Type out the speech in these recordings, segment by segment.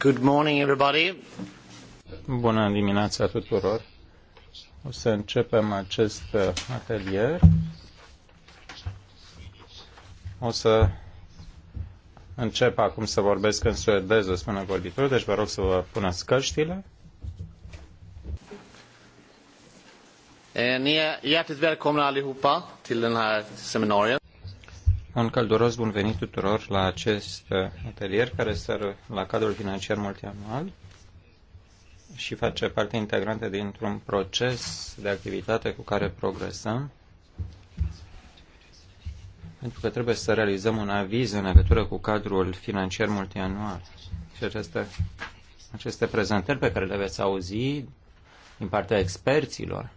Good morning, everybody. Bună dimineața tuturor. O să începem acest uh, atelier. O să încep acum să vorbesc în suedeză, spune vorbitorul, deci vă rog să vă puneți căștile. Eh, ni är hjärtligt välkomna allihopa till den här seminariet. Un călduros bun venit tuturor la acest uh, atelier care stă la cadrul financiar multianual și face parte integrantă dintr-un proces de activitate cu care progresăm pentru că trebuie să realizăm un aviz în legătură cu cadrul financiar multianual. Și aceste, aceste prezentări pe care le veți auzi din partea experților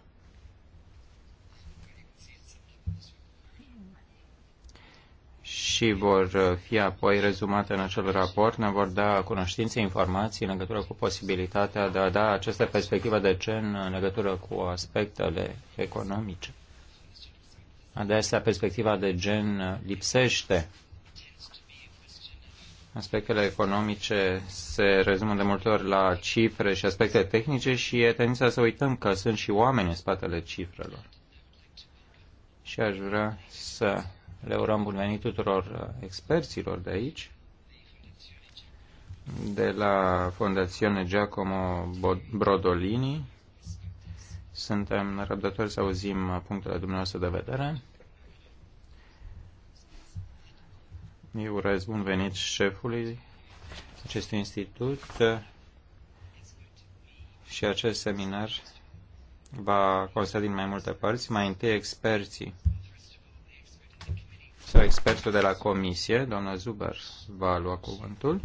și vor uh, fi apoi rezumate în acel raport, ne vor da cunoștințe, informații în legătură cu posibilitatea de a da această perspectivă de gen în legătură cu aspectele economice. Adesea perspectiva de gen lipsește. Aspectele economice se rezumă de multe ori la cifre și aspecte tehnice și e tendința să uităm că sunt și oameni în spatele cifrelor. Și aș vrea să le urăm bun venit tuturor uh, experților de aici, de la Fondazione Giacomo Brodolini. Suntem răbdători să auzim punctele dumneavoastră de vedere. Eu urez bun venit șefului acestui institut uh, și acest seminar va consta din mai multe părți. Mai întâi experții sau expertul de la comisie, doamna Zuber, va lua cuvântul,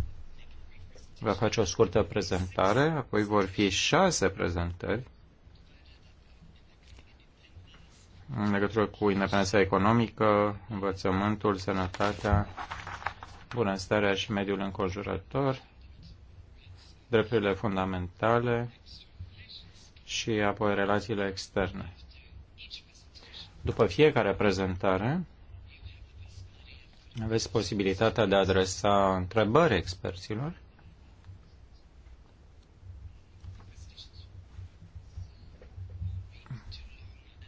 va face o scurtă prezentare, apoi vor fi șase prezentări în legătură cu independența economică, învățământul, sănătatea, bunăstarea și mediul înconjurător, drepturile fundamentale și apoi relațiile externe. După fiecare prezentare, aveți posibilitatea de a adresa întrebări experților?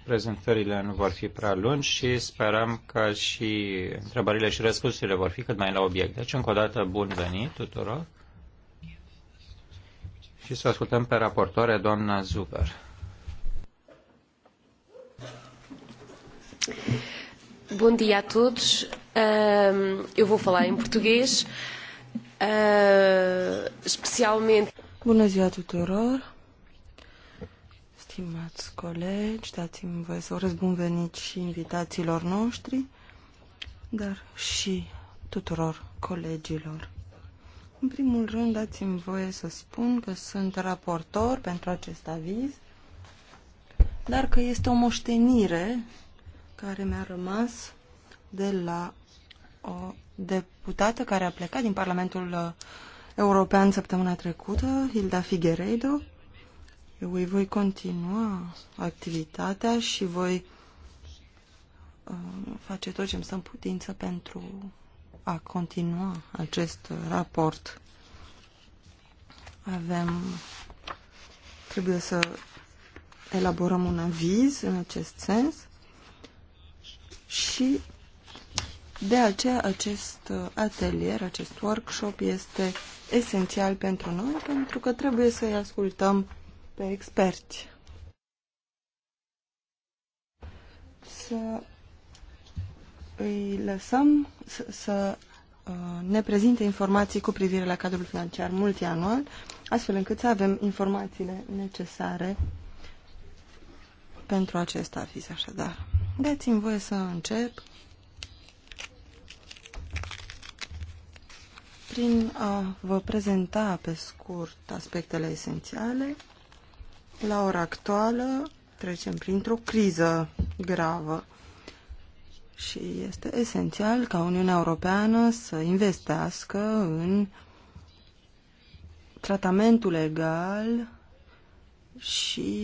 prezentările nu vor fi prea lungi și sperăm că și întrebările și răspunsurile vor fi cât mai la obiect. Deci, încă o dată, bun venit tuturor și să ascultăm pe raportoare doamna Zuber. Bom dia a todos. Uh, eu vou falar em português, uh, especialmente. Bună ziua tuturor, stimați colegi, dați-mi voie să urez bun venit și invitațiilor noștri, dar și tuturor colegilor. În primul rând, dați-mi voie să spun că sunt raportor pentru acest aviz, dar că este o moștenire care mi-a rămas de la o deputată care a plecat din Parlamentul uh, European săptămâna trecută, Hilda Figueiredo. Eu îi voi continua activitatea și voi uh, face tot ce îmi stă în putință pentru a continua acest raport. Avem, trebuie să elaborăm un aviz în acest sens și de aceea acest atelier, acest workshop este esențial pentru noi pentru că trebuie să-i ascultăm pe experți. Să îi lăsăm să, să uh, ne prezinte informații cu privire la cadrul financiar multianual, astfel încât să avem informațiile necesare pentru acest aviz, așadar. Dați-mi voie să încep prin a vă prezenta pe scurt aspectele esențiale. La ora actuală trecem printr-o criză gravă și este esențial ca Uniunea Europeană să investească în tratamentul legal și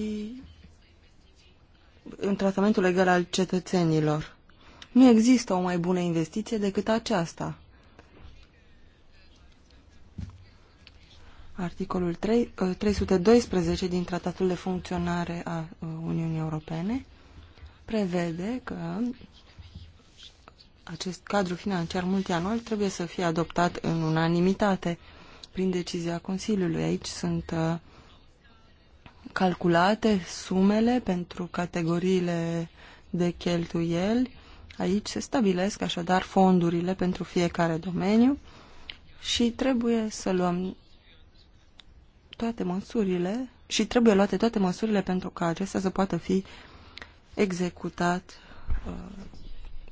în tratamentul legal al cetățenilor. Nu există o mai bună investiție decât aceasta. Articolul 3, 312 uh, din Tratatul de Funcționare a uh, Uniunii Europene prevede că acest cadru financiar multianual trebuie să fie adoptat în unanimitate prin decizia Consiliului. Aici sunt uh, calculate sumele pentru categoriile de cheltuieli. Aici se stabilesc așadar fondurile pentru fiecare domeniu și trebuie să luăm toate măsurile și trebuie luate toate măsurile pentru ca acesta să poată fi executat uh,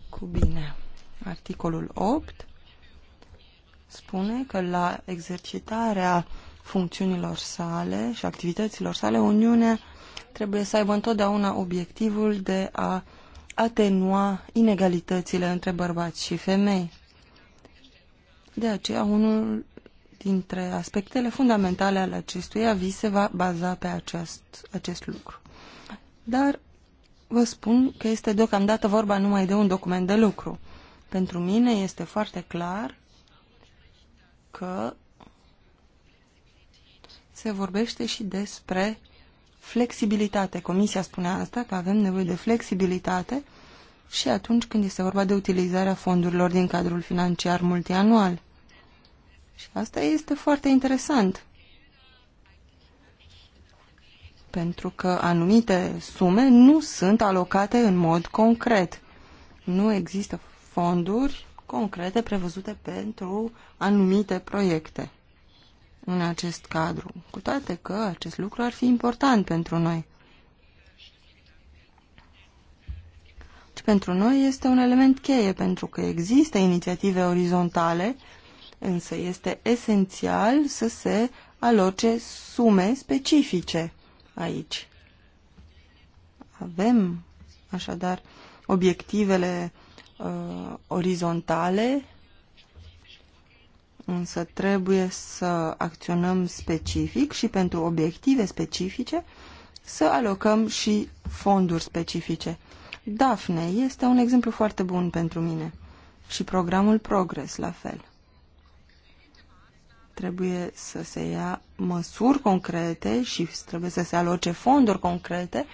cu bine. Articolul 8 spune că la exercitarea uh, funcțiunilor sale și activităților sale, Uniunea trebuie să aibă întotdeauna obiectivul de a atenua inegalitățile între bărbați și femei. De aceea, unul dintre aspectele fundamentale ale acestui avis se va baza pe acest, acest lucru. Dar vă spun că este deocamdată vorba numai de un document de lucru. Pentru mine este foarte clar că se vorbește și despre flexibilitate. Comisia spune asta, că avem nevoie de flexibilitate și atunci când este vorba de utilizarea fondurilor din cadrul financiar multianual. Și asta este foarte interesant. Pentru că anumite sume nu sunt alocate în mod concret. Nu există fonduri concrete prevăzute pentru anumite proiecte în acest cadru, cu toate că acest lucru ar fi important pentru noi. Și pentru noi este un element cheie, pentru că există inițiative orizontale, însă este esențial să se aloce sume specifice aici. Avem, așadar, obiectivele uh, orizontale Însă trebuie să acționăm specific și pentru obiective specifice să alocăm și fonduri specifice. Daphne este un exemplu foarte bun pentru mine și programul Progress la fel. Trebuie să se ia măsuri concrete și trebuie să se aloce fonduri concrete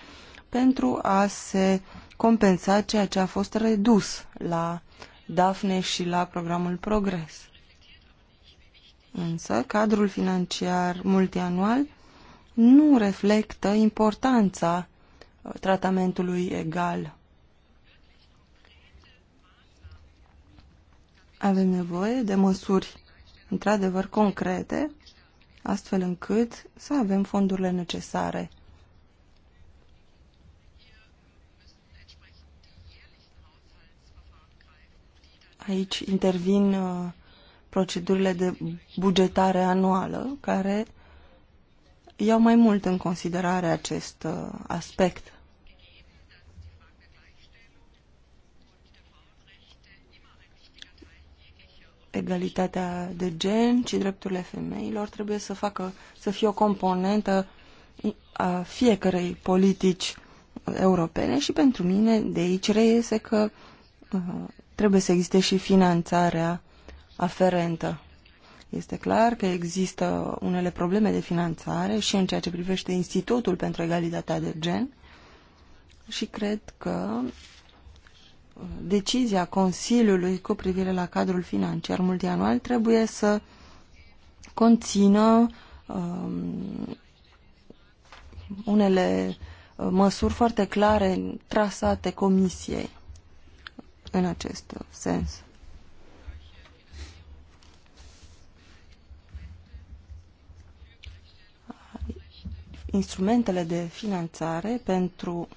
pentru a se compensa ceea ce a fost redus la Daphne și la programul Progress. Însă, cadrul financiar multianual nu reflectă importanța uh, tratamentului egal. Avem nevoie de măsuri într-adevăr concrete, astfel încât să avem fondurile necesare. Aici intervin uh, procedurile de bugetare anuală, care iau mai mult în considerare acest uh, aspect. Egalitatea de gen și drepturile femeilor trebuie să facă, să fie o componentă uh, a fiecărei politici europene și pentru mine de aici reiese că uh, trebuie să existe și finanțarea aferentă. Este clar că există unele probleme de finanțare și în ceea ce privește Institutul pentru Egalitatea de Gen și cred că uh, decizia Consiliului cu privire la cadrul financiar multianual trebuie să conțină um, unele uh, măsuri foarte clare trasate Comisiei în acest sens. instrumentele de finanțare pentru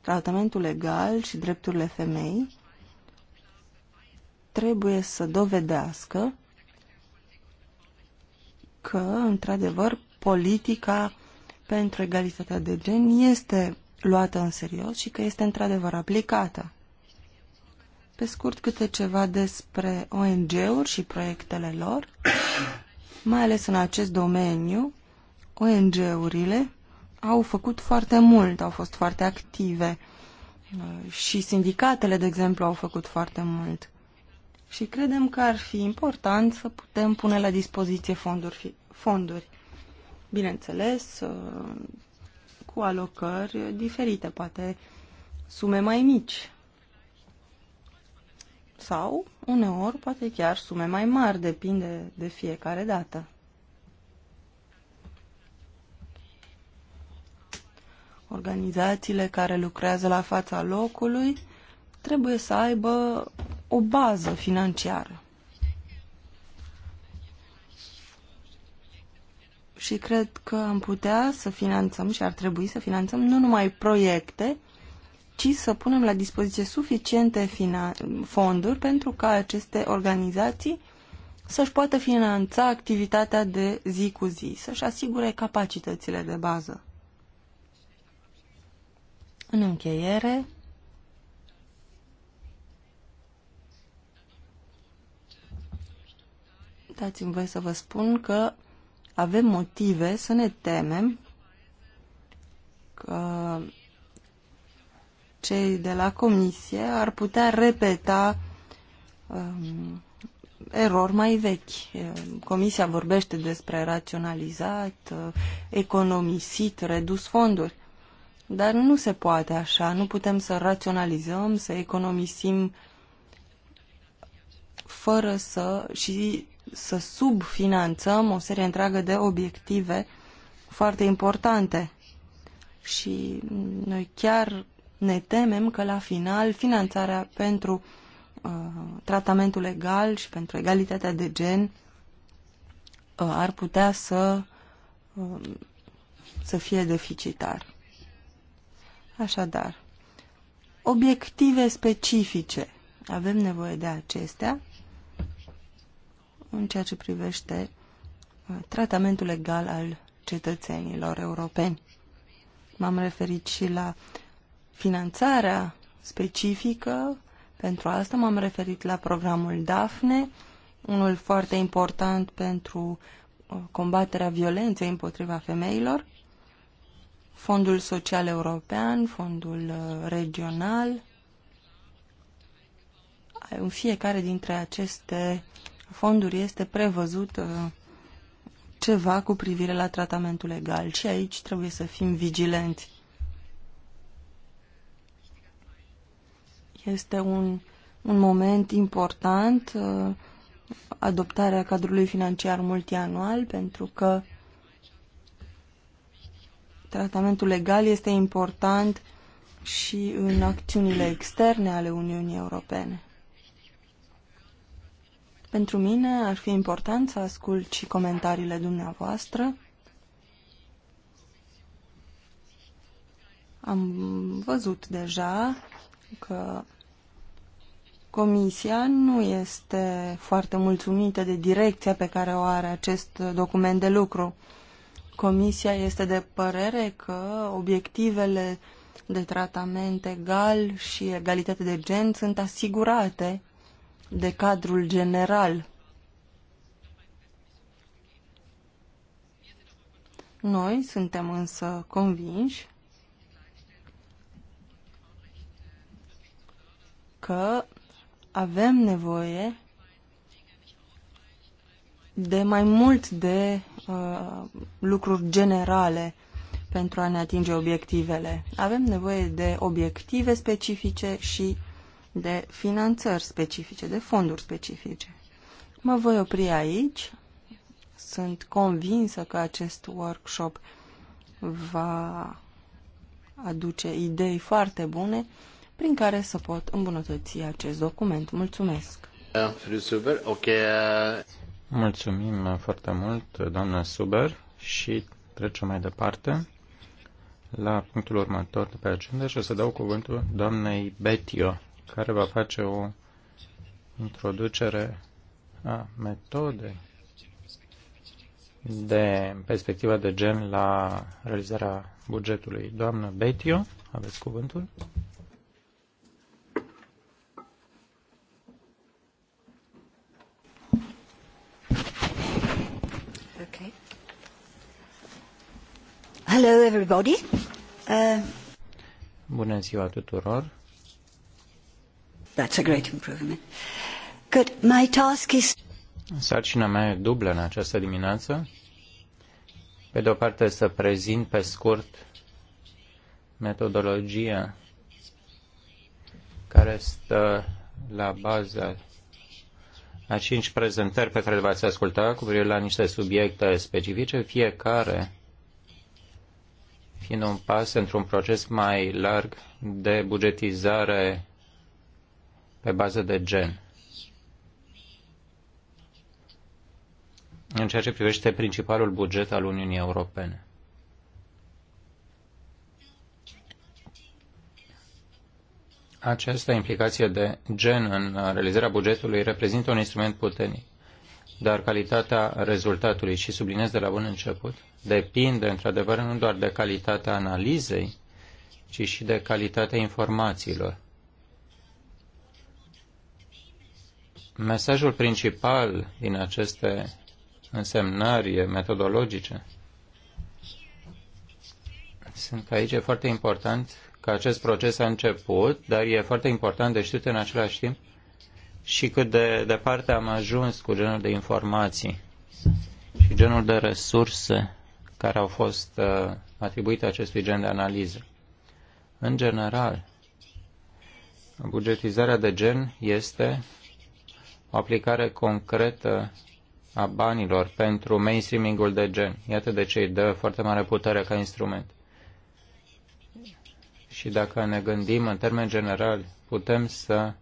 tratamentul legal și drepturile femei trebuie să dovedească că, într-adevăr, politica pentru egalitatea de gen este luată în serios și că este într-adevăr aplicată. Pe scurt, câte ceva despre ONG-uri și proiectele lor, mai ales în acest domeniu, ONG-urile au făcut foarte mult, au fost foarte active și sindicatele, de exemplu, au făcut foarte mult. Și credem că ar fi important să putem pune la dispoziție fonduri, fonduri. bineînțeles, cu alocări diferite, poate sume mai mici sau uneori poate chiar sume mai mari, depinde de fiecare dată. organizațiile care lucrează la fața locului trebuie să aibă o bază financiară. Și cred că am putea să finanțăm și ar trebui să finanțăm nu numai proiecte, ci să punem la dispoziție suficiente fonduri pentru ca aceste organizații să-și poată finanța activitatea de zi cu zi, să-și asigure capacitățile de bază. În încheiere, dați-mi voi să vă spun că avem motive să ne temem că cei de la comisie ar putea repeta um, erori mai vechi. Comisia vorbește despre raționalizat, uh, economisit, redus fonduri. Dar nu se poate așa, nu putem să raționalizăm, să economisim fără să și să subfinanțăm o serie întreagă de obiective foarte importante. Și noi chiar ne temem că la final finanțarea pentru uh, tratamentul legal și pentru egalitatea de gen uh, ar putea să, uh, să fie deficitar. Așadar, obiective specifice. Avem nevoie de acestea în ceea ce privește uh, tratamentul legal al cetățenilor europeni. M-am referit și la finanțarea specifică, pentru asta m-am referit la programul DAFNE, unul foarte important pentru uh, combaterea violenței împotriva femeilor. Fondul Social European, Fondul uh, Regional. În fiecare dintre aceste fonduri este prevăzut uh, ceva cu privire la tratamentul legal și aici trebuie să fim vigilenți. Este un, un moment important uh, adoptarea cadrului financiar multianual pentru că Tratamentul legal este important și în acțiunile externe ale Uniunii Europene. Pentru mine ar fi important să ascult și comentariile dumneavoastră. Am văzut deja că Comisia nu este foarte mulțumită de direcția pe care o are acest document de lucru. Comisia este de părere că obiectivele de tratament egal și egalitate de gen sunt asigurate de cadrul general. Noi suntem însă convinși că avem nevoie de mai mult de Uh, lucruri generale pentru a ne atinge obiectivele. Avem nevoie de obiective specifice și de finanțări specifice, de fonduri specifice. Mă voi opri aici. Sunt convinsă că acest workshop va aduce idei foarte bune prin care să pot îmbunătăți acest document. Mulțumesc! Mulțumim foarte mult, doamnă Suber, și trecem mai departe la punctul următor de pe agenda și o să dau cuvântul doamnei Betio, care va face o introducere a metodei de perspectiva de gen la realizarea bugetului. Doamnă Betio, aveți cuvântul? Hello everybody. Uh, Bună ziua tuturor. That's a great improvement. Good. My task is Sarcina mea e dublă în această dimineață. Pe de o parte să prezint pe scurt metodologia care stă la baza a cinci prezentări pe care le v-ați asculta cu privire la niște subiecte specifice, fiecare fiind un pas într-un proces mai larg de bugetizare pe bază de gen. În ceea ce privește principalul buget al Uniunii Europene. Această implicație de gen în realizarea bugetului reprezintă un instrument puternic, dar calitatea rezultatului, și sublinez de la bun început, depinde într-adevăr nu doar de calitatea analizei, ci și de calitatea informațiilor. Mesajul principal din aceste însemnări metodologice sunt că aici e foarte important că acest proces a început, dar e foarte important de știut în același timp și cât de departe am ajuns cu genul de informații și genul de resurse care au fost uh, atribuite acestui gen de analiză. În general, bugetizarea de gen este o aplicare concretă a banilor pentru mainstreamingul de gen. Iată de ce îi dă foarte mare putere ca instrument. Și dacă ne gândim în termeni generali, putem să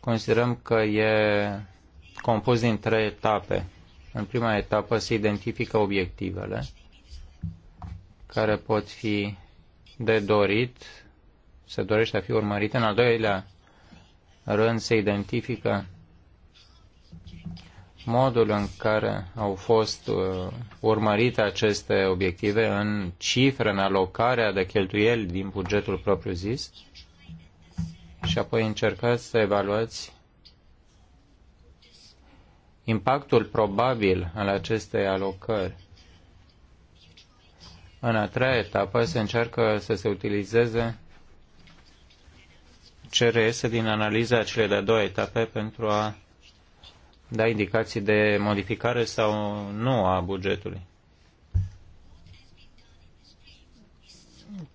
considerăm că e compus din trei etape. În prima etapă se identifică obiectivele care pot fi de dorit, se dorește a fi urmărit. În al doilea rând se identifică modul în care au fost uh, urmărite aceste obiective în cifre, în alocarea de cheltuieli din bugetul propriu-zis și apoi încercați să evaluați impactul probabil al acestei alocări. În a treia etapă se încearcă să se utilizeze ce reiese din analiza cele de-a doua etape pentru a da indicații de modificare sau nu a bugetului.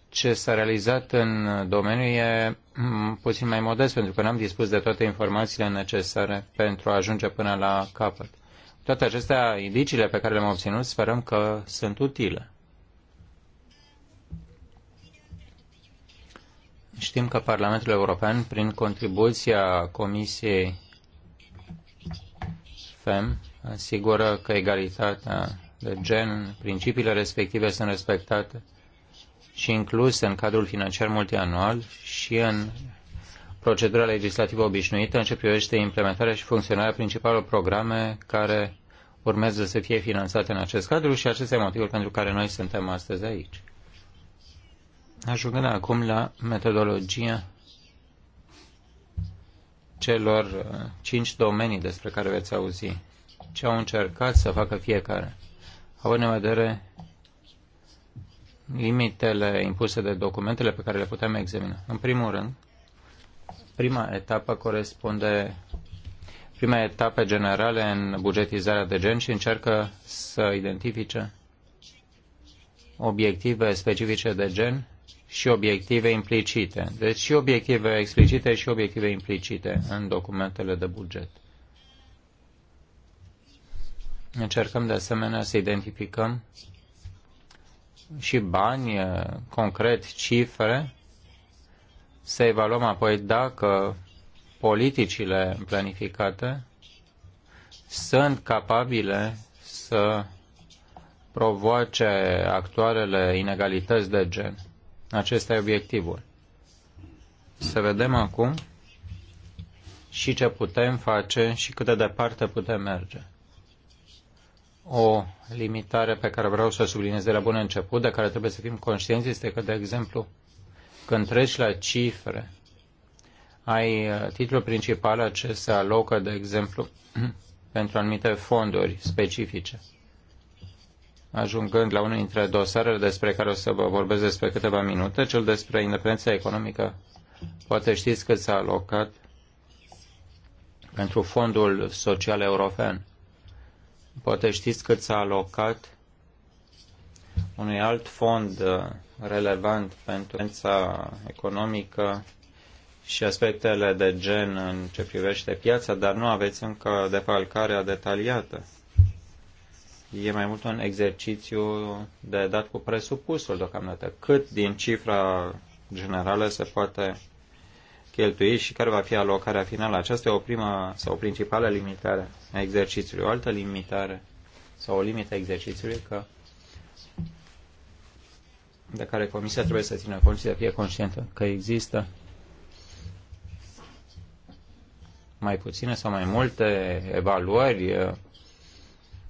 Ce s-a realizat în domeniu e puțin mai modest, pentru că n-am dispus de toate informațiile necesare pentru a ajunge până la capăt. Toate acestea, indiciile pe care le-am obținut, sperăm că sunt utile. Știm că Parlamentul European, prin contribuția Comisiei FEM, asigură că egalitatea de gen, principiile respective sunt respectate și incluse în cadrul financiar multianual și în procedura legislativă obișnuită în ce privește implementarea și funcționarea principalelor programe care urmează să fie finanțate în acest cadru și acesta e motivul pentru care noi suntem astăzi aici. Ajungând acum la metodologia celor uh, cinci domenii despre care veți auzi, ce au încercat să facă fiecare, având în vedere limitele impuse de documentele pe care le putem examina. În primul rând, prima etapă corespunde prima etape generale în bugetizarea de gen și încearcă să identifice obiective specifice de gen și obiective implicite. Deci și obiective explicite și obiective implicite în documentele de buget. Încercăm de asemenea să identificăm și bani, eh, concret cifre, să evaluăm apoi dacă politicile planificate sunt capabile să provoace actualele inegalități de gen. Acesta e obiectivul. Să vedem acum și ce putem face și cât de departe putem merge. O limitare pe care vreau să o subliniez de la bun început, de care trebuie să fim conștienți, este că, de exemplu, când treci la cifre, ai uh, titlul principal acesta alocă, de exemplu, pentru anumite fonduri specifice ajungând la unul dintre dosarele despre care o să vă vorbesc despre câteva minute, cel despre independența economică. Poate știți cât s-a alocat pentru Fondul Social European. Poate știți cât s-a alocat unui alt fond uh, relevant pentru independența economică și aspectele de gen în ce privește piața, dar nu aveți încă defalcarea detaliată e mai mult un exercițiu de dat cu presupusul deocamdată. Cât din cifra generală se poate cheltui și care va fi alocarea finală. Aceasta e o primă sau o principală limitare a exercițiului. O altă limitare sau o limită a exercițiului că de care Comisia trebuie să țină cont și să fie conștientă că există mai puține sau mai multe evaluări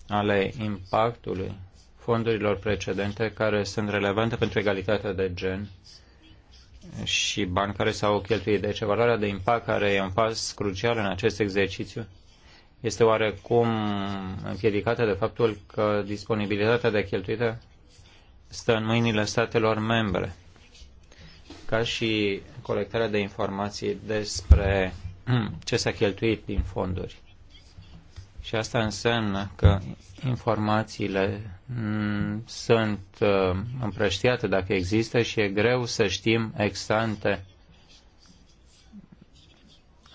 ale impactului fondurilor precedente care sunt relevante pentru egalitatea de gen și bani care s-au cheltuit. Deci evaluarea de impact care e un pas crucial în acest exercițiu este oarecum împiedicată de faptul că disponibilitatea de cheltuită stă în mâinile statelor membre, ca și colectarea de informații despre ce s-a cheltuit din fonduri. Și asta înseamnă că informațiile sunt uh, împrăștiate dacă există și e greu să știm extante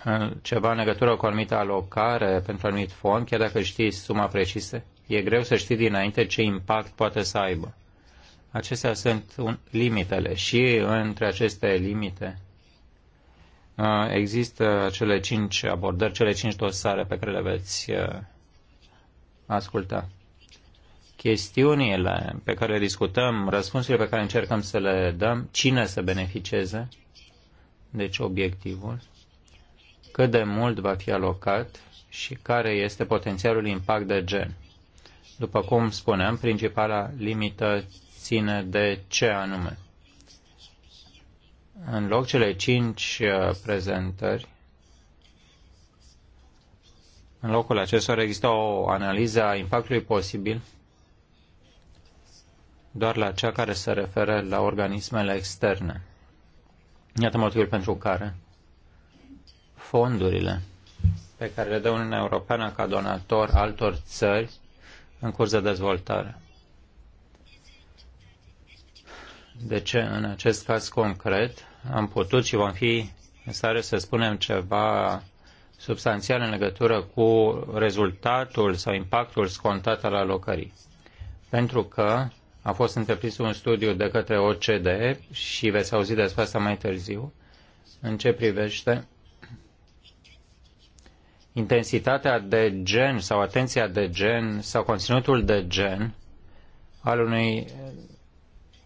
uh, ceva în legătură cu o anumită alocare pentru anumit fond, chiar dacă știi suma precisă, e greu să știi dinainte ce impact poate să aibă. Acestea sunt limitele și între aceste limite Uh, există cele cinci abordări, cele cinci dosare pe care le veți uh, asculta. Chestiunile pe care le discutăm, răspunsurile pe care încercăm să le dăm, cine să beneficieze, deci obiectivul, cât de mult va fi alocat și care este potențialul impact de gen. După cum spuneam, principala limită ține de ce anume în loc cele cinci uh, prezentări, în locul acestor există o analiză a impactului posibil doar la cea care se referă la organismele externe. Iată motivul pentru care fondurile pe care le dă Uniunea Europeană ca donator altor țări în curs de dezvoltare. De ce în acest caz concret am putut și vom fi în stare să spunem ceva substanțial în legătură cu rezultatul sau impactul scontat al alocării. Pentru că a fost întreprins un studiu de către OCDE și veți auzi despre asta mai târziu, în ce privește intensitatea de gen sau atenția de gen sau conținutul de gen al unui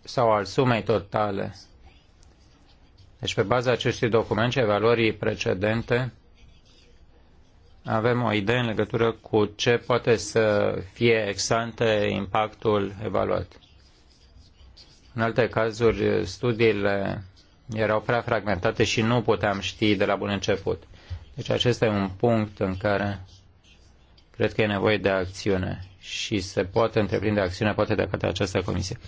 sau al sumei totale deci, pe baza acestui document și evaluării precedente, avem o idee în legătură cu ce poate să fie exante impactul evaluat. În alte cazuri, studiile erau prea fragmentate și nu puteam ști de la bun început. Deci acesta e un punct în care cred că e nevoie de acțiune și se poate întreprinde acțiune poate de către această comisie.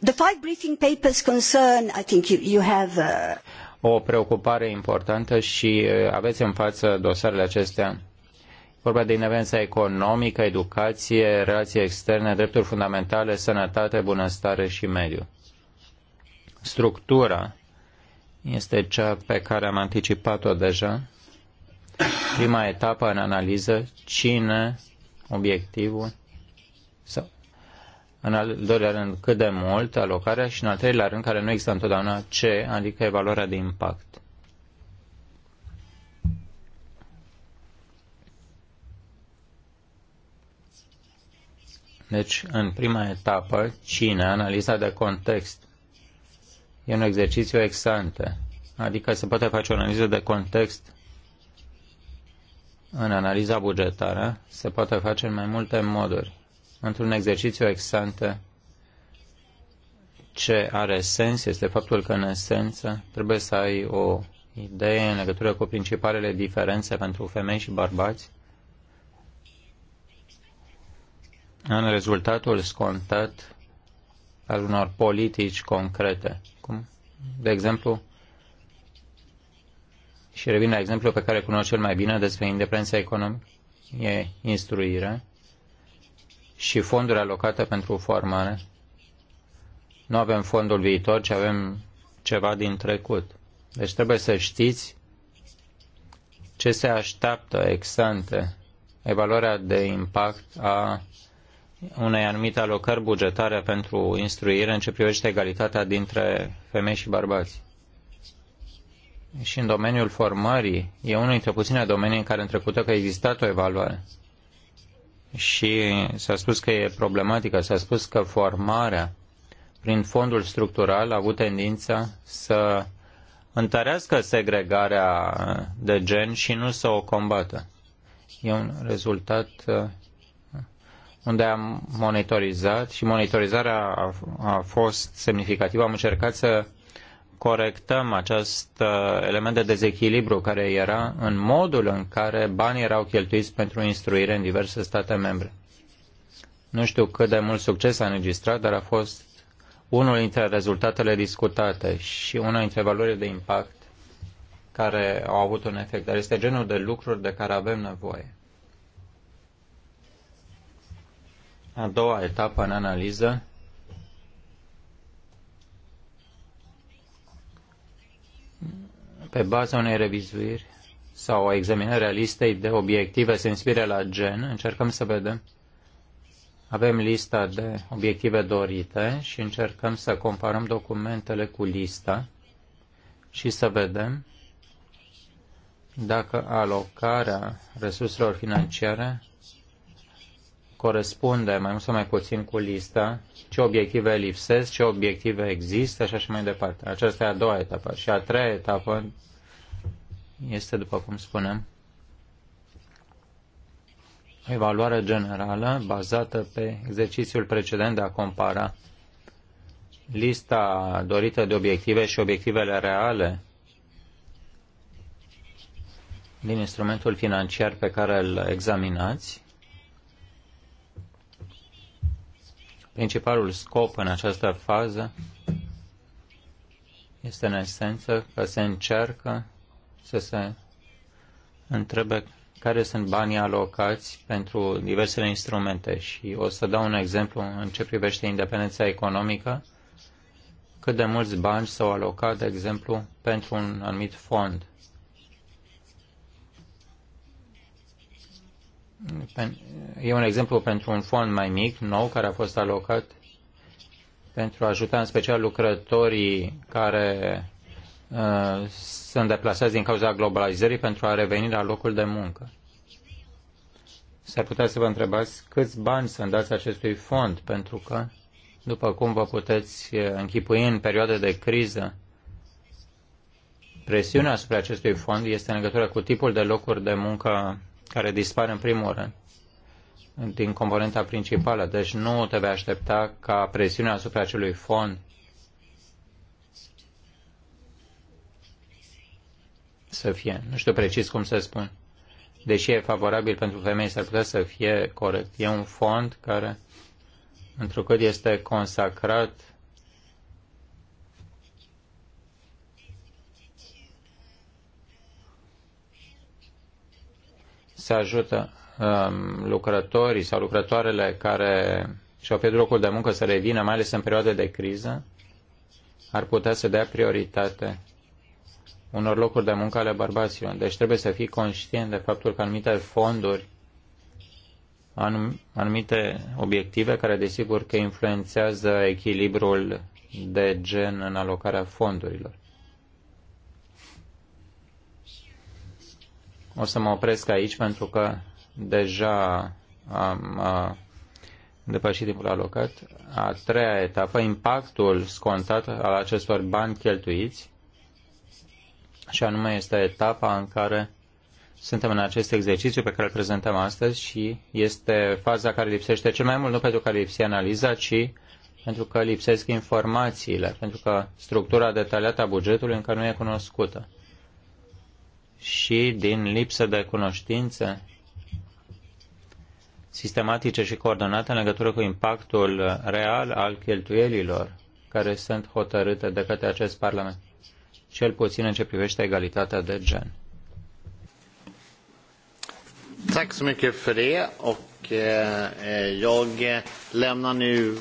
The five briefing papers concern, I think you, you have... Uh, o preocupare importantă și uh, aveți în față dosarele acestea. Vorba de inevența economică, educație, relații externe, drepturi fundamentale, sănătate, bunăstare și mediu. Structura este cea pe care am anticipat-o deja. Prima etapă în analiză, cine, obiectivul, sau în al doilea rând cât de mult alocarea și în al treilea rând care nu există întotdeauna ce, adică evaluarea de impact. Deci, în prima etapă, cine, analiza de context, e un exercițiu exante, adică se poate face o analiză de context în analiza bugetară, se poate face în mai multe moduri într-un exercițiu exante ce are sens este faptul că, în esență, trebuie să ai o idee în legătură cu principalele diferențe pentru femei și bărbați în rezultatul scontat al unor politici concrete. Cum, de exemplu, și revin la exemplu pe care cunosc cel mai bine despre independența economică, e instruire și fonduri alocate pentru formare. Nu avem fondul viitor, ci avem ceva din trecut. Deci trebuie să știți ce se așteaptă exante, evaluarea de impact a unei anumite alocări bugetare pentru instruire în ce privește egalitatea dintre femei și bărbați. Și în domeniul formării e unul dintre puține domenii în care în trecută că a existat o evaluare și s-a spus că e problematică, s-a spus că formarea prin fondul structural a avut tendința să întărească segregarea de gen și nu să o combată. E un rezultat uh, unde am monitorizat și monitorizarea a, a fost semnificativă. Am încercat să corectăm acest uh, element de dezechilibru care era în modul în care banii erau cheltuiți pentru instruire în diverse state membre. Nu știu cât de mult succes a înregistrat, dar a fost unul dintre rezultatele discutate și una dintre valorile de impact care au avut un efect, dar este genul de lucruri de care avem nevoie. A doua etapă în analiză pe baza unei revizuiri sau o examinare a listei de obiective se inspire la gen, încercăm să vedem. Avem lista de obiective dorite și încercăm să comparăm documentele cu lista și să vedem dacă alocarea resurselor financiare corespunde mai mult sau mai puțin cu lista, ce obiective lipsesc, ce obiective există și așa mai departe. Aceasta e a doua etapă. Și a treia etapă este, după cum spunem, evaluare generală bazată pe exercițiul precedent de a compara lista dorită de obiective și obiectivele reale din instrumentul financiar pe care îl examinați Principalul scop în această fază este în esență că se încearcă să se întrebe care sunt banii alocați pentru diversele instrumente și o să dau un exemplu în ce privește independența economică, cât de mulți bani s-au alocat, de exemplu, pentru un anumit fond. E un exemplu pentru un fond mai mic, nou, care a fost alocat pentru a ajuta în special lucrătorii care uh, sunt deplasați din cauza globalizării pentru a reveni la locul de muncă. S-ar putea să vă întrebați câți bani sunt dați acestui fond, pentru că, după cum vă puteți uh, închipui în perioade de criză, presiunea asupra acestui fond este în legătură cu tipul de locuri de muncă care dispar în primul rând din componenta principală. Deci nu te vei aștepta ca presiunea asupra acelui fond să fie, nu știu precis cum să spun, deși e favorabil pentru femei, s-ar putea să fie corect. E un fond care, întrucât este consacrat se ajută um, lucrătorii sau lucrătoarele care și-au pierdut locul de muncă să revină, mai ales în perioade de criză, ar putea să dea prioritate unor locuri de muncă ale bărbaților. Deci trebuie să fii conștient de faptul că anumite fonduri, anum, anumite obiective care desigur că influențează echilibrul de gen în alocarea fondurilor. O să mă opresc aici pentru că deja am uh, depășit timpul alocat. A treia etapă, impactul scontat al acestor bani cheltuiți și anume este etapa în care suntem în acest exercițiu pe care îl prezentăm astăzi și este faza care lipsește cel mai mult, nu pentru că lipsi analiza, ci pentru că lipsesc informațiile, pentru că structura detaliată a bugetului încă nu e cunoscută și din lipsă de cunoștință sistematice și coordonate în legătură cu impactul real al cheltuielilor care sunt hotărâte de către acest Parlament, cel puțin în ce privește egalitatea de gen. Tack så mycket för det och eh, eh, jag eh, lämnar nu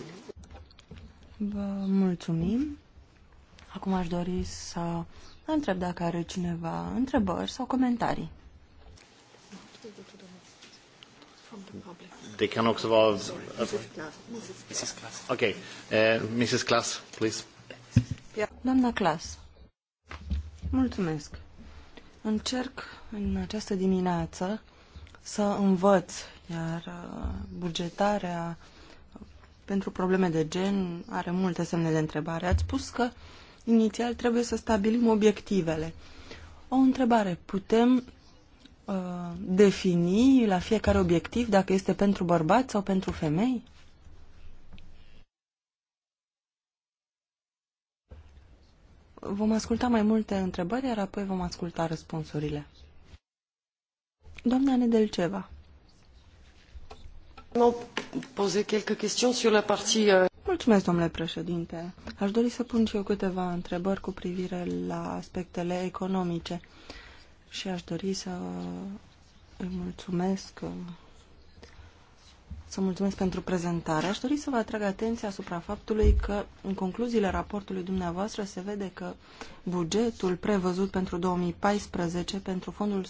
Vă mulțumim. Acum aș dori să Întreb dacă are cineva întrebări sau comentarii. They Det kan också Mrs. Okej, Ok. uh, Mrs. Klass, please. Yeah. Doamna Klass, mulțumesc. Încerc în această dimineață să învăț, iar uh, bugetarea uh, pentru probleme de gen are multe semne de întrebare. Ați spus că inițial trebuie să stabilim obiectivele. O întrebare, putem uh, defini la fiecare obiectiv dacă este pentru bărbați sau pentru femei? Vom asculta mai multe întrebări, iar apoi vom asculta răspunsurile. Doamna Nedelceva. poser quelques questions sur la partie euh, Mulțumesc, domnule președinte. Aș dori să pun și eu câteva întrebări cu privire la aspectele economice și aș dori să îi mulțumesc să mulțumesc pentru prezentare. Aș dori să vă atrag atenția asupra faptului că în concluziile raportului dumneavoastră se vede că bugetul prevăzut pentru 2014 pentru Fondul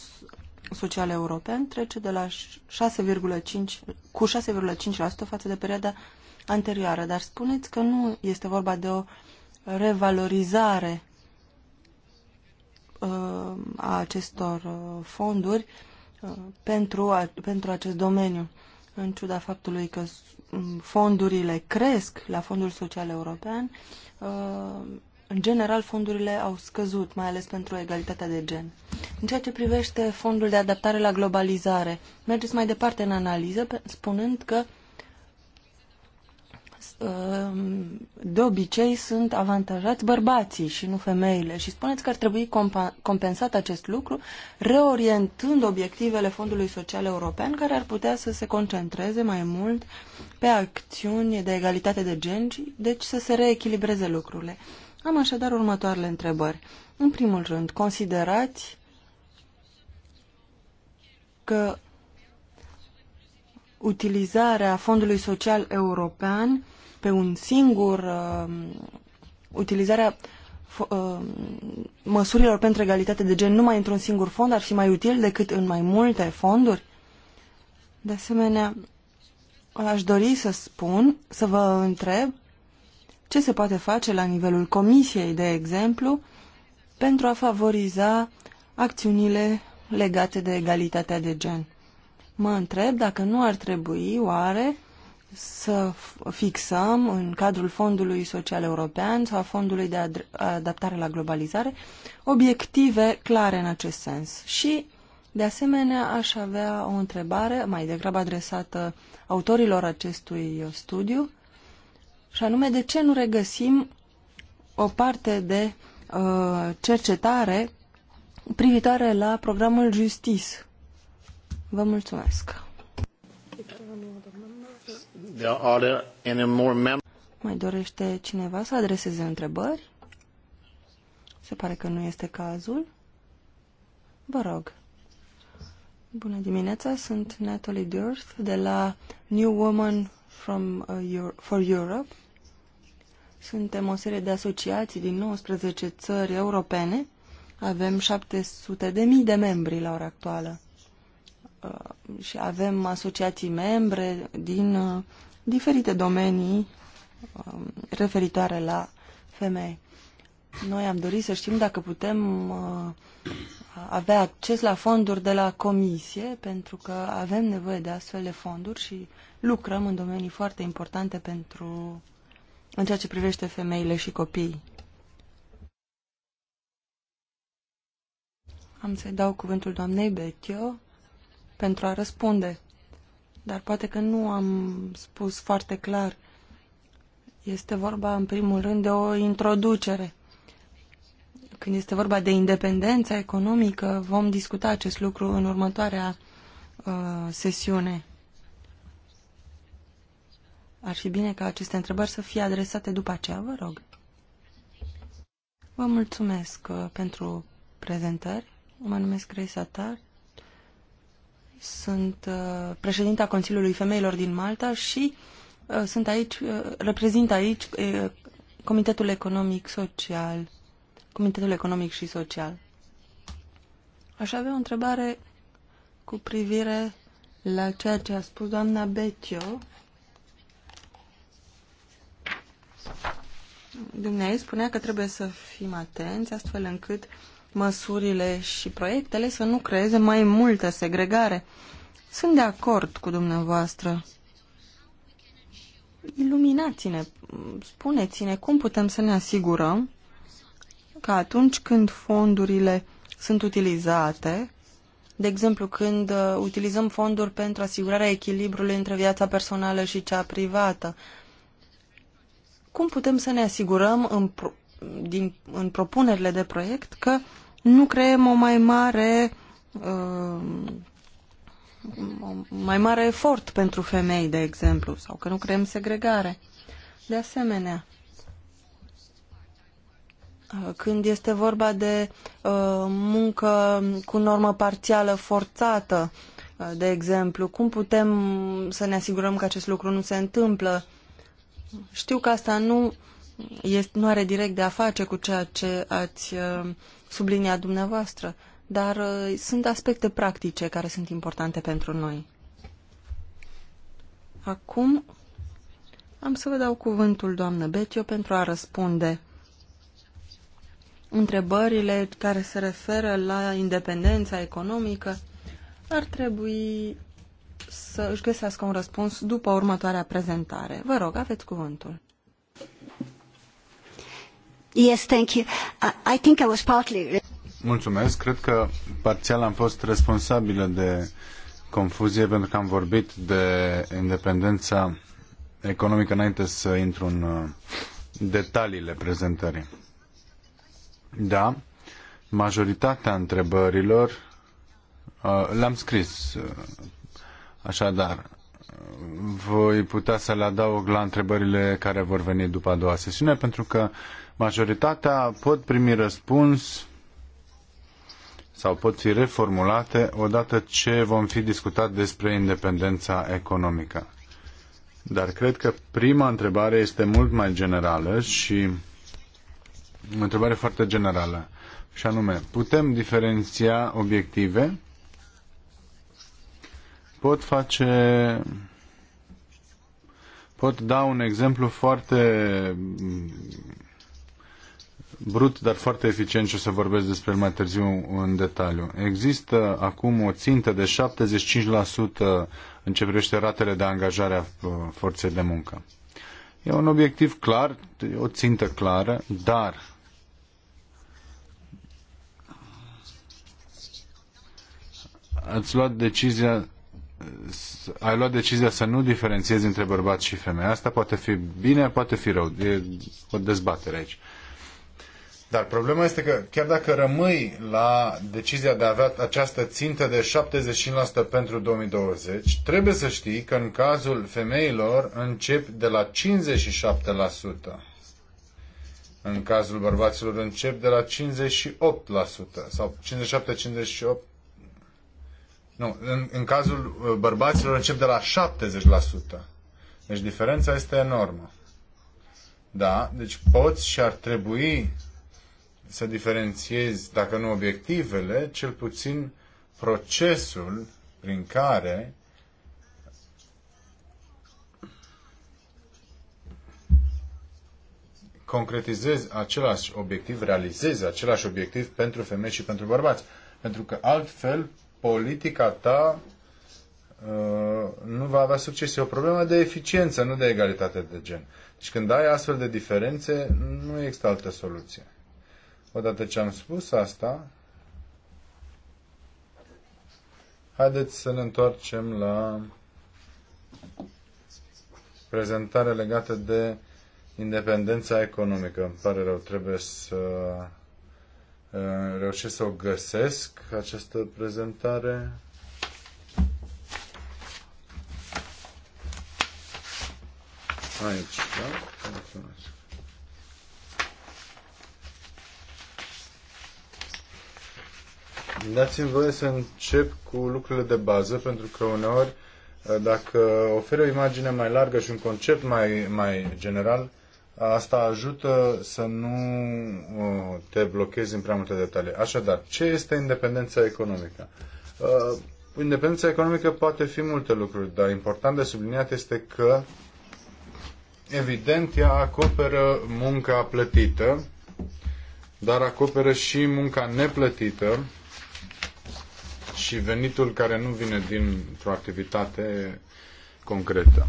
Social European trece de la 6,5 cu 6,5% față de perioada anterioară, dar spuneți că nu este vorba de o revalorizare uh, a acestor uh, fonduri uh, pentru, pentru acest domeniu. În ciuda faptului că mm, fondurile cresc la Fondul Social European, în general fondurile au scăzut, mai ales pentru egalitatea de gen. În ceea ce privește fondul de adaptare la globalizare, mergeți mai departe în analiză spunând că Ehm, de obicei sunt avantajați bărbații și nu femeile și spuneți că ar trebui compensat acest lucru reorientând obiectivele Fondului Social European care ar putea să se concentreze mai mult pe acțiuni de egalitate de gen și deci să se reechilibreze lucrurile. Am așadar următoarele întrebări. În primul rând, considerați că utilizarea Fondului Social European pe un singur uh, utilizarea uh, măsurilor pentru egalitate de gen numai într-un singur fond ar fi mai util decât în mai multe fonduri? De asemenea, aș dori să spun, să vă întreb ce se poate face la nivelul comisiei, de exemplu, pentru a favoriza acțiunile legate de egalitatea de gen. Mă întreb dacă nu ar trebui, oare, să fixăm în cadrul Fondului Social European sau a Fondului de Adaptare la Globalizare obiective clare în acest sens. Și, de asemenea, aș avea o întrebare mai degrabă adresată autorilor acestui studiu, și anume de ce nu regăsim o parte de uh, cercetare privitoare la programul Justice. Vă mulțumesc! Mai dorește cineva să adreseze întrebări? Se pare că nu este cazul. Vă rog. Bună dimineața, sunt Natalie Durth de la New Woman from, uh, for Europe. Suntem o serie de asociații din 19 țări europene. Avem 700 de mii de membri la ora actuală. Uh, și avem asociații membre din uh, diferite domenii um, referitoare la femei. Noi am dorit să știm dacă putem uh, avea acces la fonduri de la comisie, pentru că avem nevoie de astfel de fonduri și lucrăm în domenii foarte importante pentru în ceea ce privește femeile și copiii. Am să-i dau cuvântul doamnei Betio pentru a răspunde dar poate că nu am spus foarte clar. Este vorba, în primul rând, de o introducere. Când este vorba de independența economică, vom discuta acest lucru în următoarea uh, sesiune. Ar fi bine ca aceste întrebări să fie adresate după aceea, vă rog. Vă mulțumesc uh, pentru prezentări. Mă numesc Grace Atar sunt uh, președinta Consiliului Femeilor din Malta și uh, sunt aici, uh, reprezint aici Comitetul Economic Social, Comitetul Economic și Social. Aș avea o întrebare cu privire la ceea ce a spus doamna Betio. Dumnezeu spunea că trebuie să fim atenți astfel încât uh, măsurile și proiectele să nu creeze mai multă segregare. Sunt de acord cu dumneavoastră. Iluminați-ne, spuneți-ne cum putem să ne asigurăm că atunci când fondurile sunt utilizate, de exemplu când uh, utilizăm fonduri pentru asigurarea echilibrului între viața personală și cea privată, cum putem să ne asigurăm în din, în propunerile de proiect că nu creăm o mai mare uh, mai mare efort pentru femei, de exemplu, sau că nu creăm segregare. De asemenea, uh, când este vorba de uh, muncă cu normă parțială forțată, uh, de exemplu, cum putem să ne asigurăm că acest lucru nu se întâmplă? Știu că asta nu este, nu are direct de a face cu ceea ce ați uh, subliniat dumneavoastră, dar uh, sunt aspecte practice care sunt importante pentru noi. Acum am să vă dau cuvântul, doamnă Betio, pentru a răspunde întrebările care se referă la independența economică. Ar trebui să își găsească un răspuns după următoarea prezentare. Vă rog, aveți cuvântul. Yes, thank you. I think I was partly... Mulțumesc. Cred că parțial am fost responsabilă de confuzie pentru că am vorbit de independența economică înainte să intru în uh, detaliile prezentării. Da, majoritatea întrebărilor uh, le-am scris. Uh, așadar, voi putea să le adaug la întrebările care vor veni după a doua sesiune, pentru că majoritatea pot primi răspuns sau pot fi reformulate odată ce vom fi discutat despre independența economică. Dar cred că prima întrebare este mult mai generală și o întrebare foarte generală. Și anume, putem diferenția obiective? Pot face... Pot da un exemplu foarte brut, dar foarte eficient și o să vorbesc despre el mai târziu în detaliu. Există acum o țintă de 75% în ce privește ratele de angajare a uh, forței de muncă. E un obiectiv clar, o țintă clară, dar ați luat decizia ai luat decizia să nu diferențiezi între bărbați și femei. Asta poate fi bine, poate fi rău. E o dezbatere aici. Dar problema este că chiar dacă rămâi la decizia de a avea această țintă de 75% pentru 2020, trebuie să știi că în cazul femeilor încep de la 57%. În cazul bărbaților încep de la 58% sau 57-58%. Nu, în, în cazul uh, bărbaților încep de la 70%. Deci diferența este enormă. Da, deci poți și ar trebui să diferențiezi, dacă nu obiectivele, cel puțin procesul prin care concretizezi același obiectiv, realizezi același obiectiv pentru femei și pentru bărbați. Pentru că altfel politica ta uh, nu va avea succes. E o problemă de eficiență, nu de egalitate de gen. Deci când ai astfel de diferențe, nu există altă soluție. Odată ce am spus asta, haideți să ne întoarcem la prezentare legată de independența economică. Îmi pare rău, trebuie să uh, reușesc să o găsesc, această prezentare. Aici, da? Mulțumesc. Dați-mi voie să încep cu lucrurile de bază, pentru că uneori, eh, dacă oferi o imagine mai largă și un concept mai, mai general, asta ajută să nu eh, te blochezi în prea multe detalii. Așadar, ce este independența economică? Eh, independența economică poate fi multe lucruri, dar important de subliniat este că, evident, ea acoperă munca plătită, dar acoperă și munca neplătită și venitul care nu vine dintr-o activitate concretă.